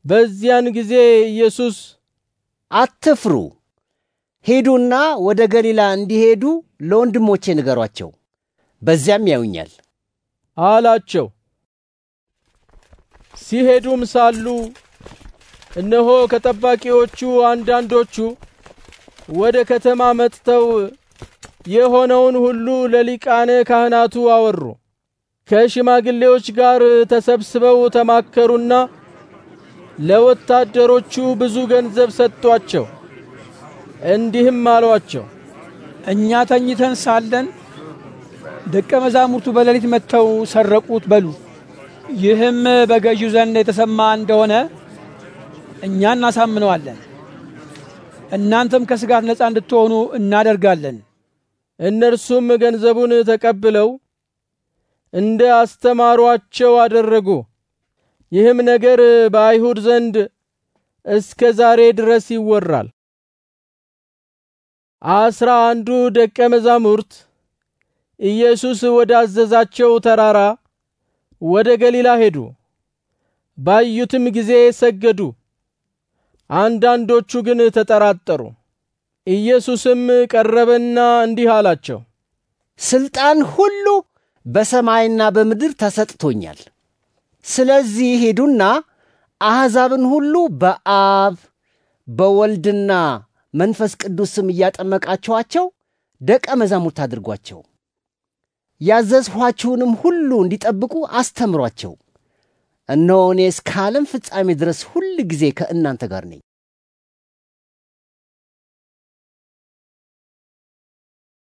በዚያን ጊዜ ኢየሱስ አትፍሩ ሄዱና ወደ ገሊላ እንዲሄዱ ለወንድሞቼ ንገሯቸው፣ በዚያም ያዩኛል አላቸው። ሲሄዱም ሳሉ እነሆ ከጠባቂዎቹ አንዳንዶቹ ወደ ከተማ መጥተው የሆነውን ሁሉ ለሊቃነ ካህናቱ አወሩ። ከሽማግሌዎች ጋር ተሰብስበው ተማከሩና ለወታደሮቹ ብዙ ገንዘብ ሰጧቸው። እንዲህም አሏቸው፣ እኛ ተኝተን ሳለን ደቀ መዛሙርቱ በሌሊት መጥተው ሰረቁት በሉ። ይህም በገዢው ዘንድ የተሰማ እንደሆነ እኛ እናሳምነዋለን፣ እናንተም ከስጋት ነፃ እንድትሆኑ እናደርጋለን። እነርሱም ገንዘቡን ተቀብለው እንደ አስተማሯቸው አደረጉ። ይህም ነገር በአይሁድ ዘንድ እስከ ዛሬ ድረስ ይወራል። አስራ አንዱ ደቀ መዛሙርት ኢየሱስ ወዳዘዛቸው ተራራ ወደ ገሊላ ሄዱ። ባዩትም ጊዜ ሰገዱ። አንዳንዶቹ ግን ተጠራጠሩ። ኢየሱስም ቀረበና እንዲህ አላቸው፣ ስልጣን ሁሉ በሰማይና በምድር ተሰጥቶኛል። ስለዚህ ሄዱና አሕዛብን ሁሉ በአብ በወልድና መንፈስ ቅዱስም ስም እያጠመቃችኋቸው ደቀ መዛሙርት አድርጓቸው። ያዘዝኋችሁንም ሁሉ እንዲጠብቁ አስተምሯቸው። እነሆ እኔ እስከ ዓለም ፍጻሜ ድረስ ሁል ጊዜ ከእናንተ ጋር ነኝ።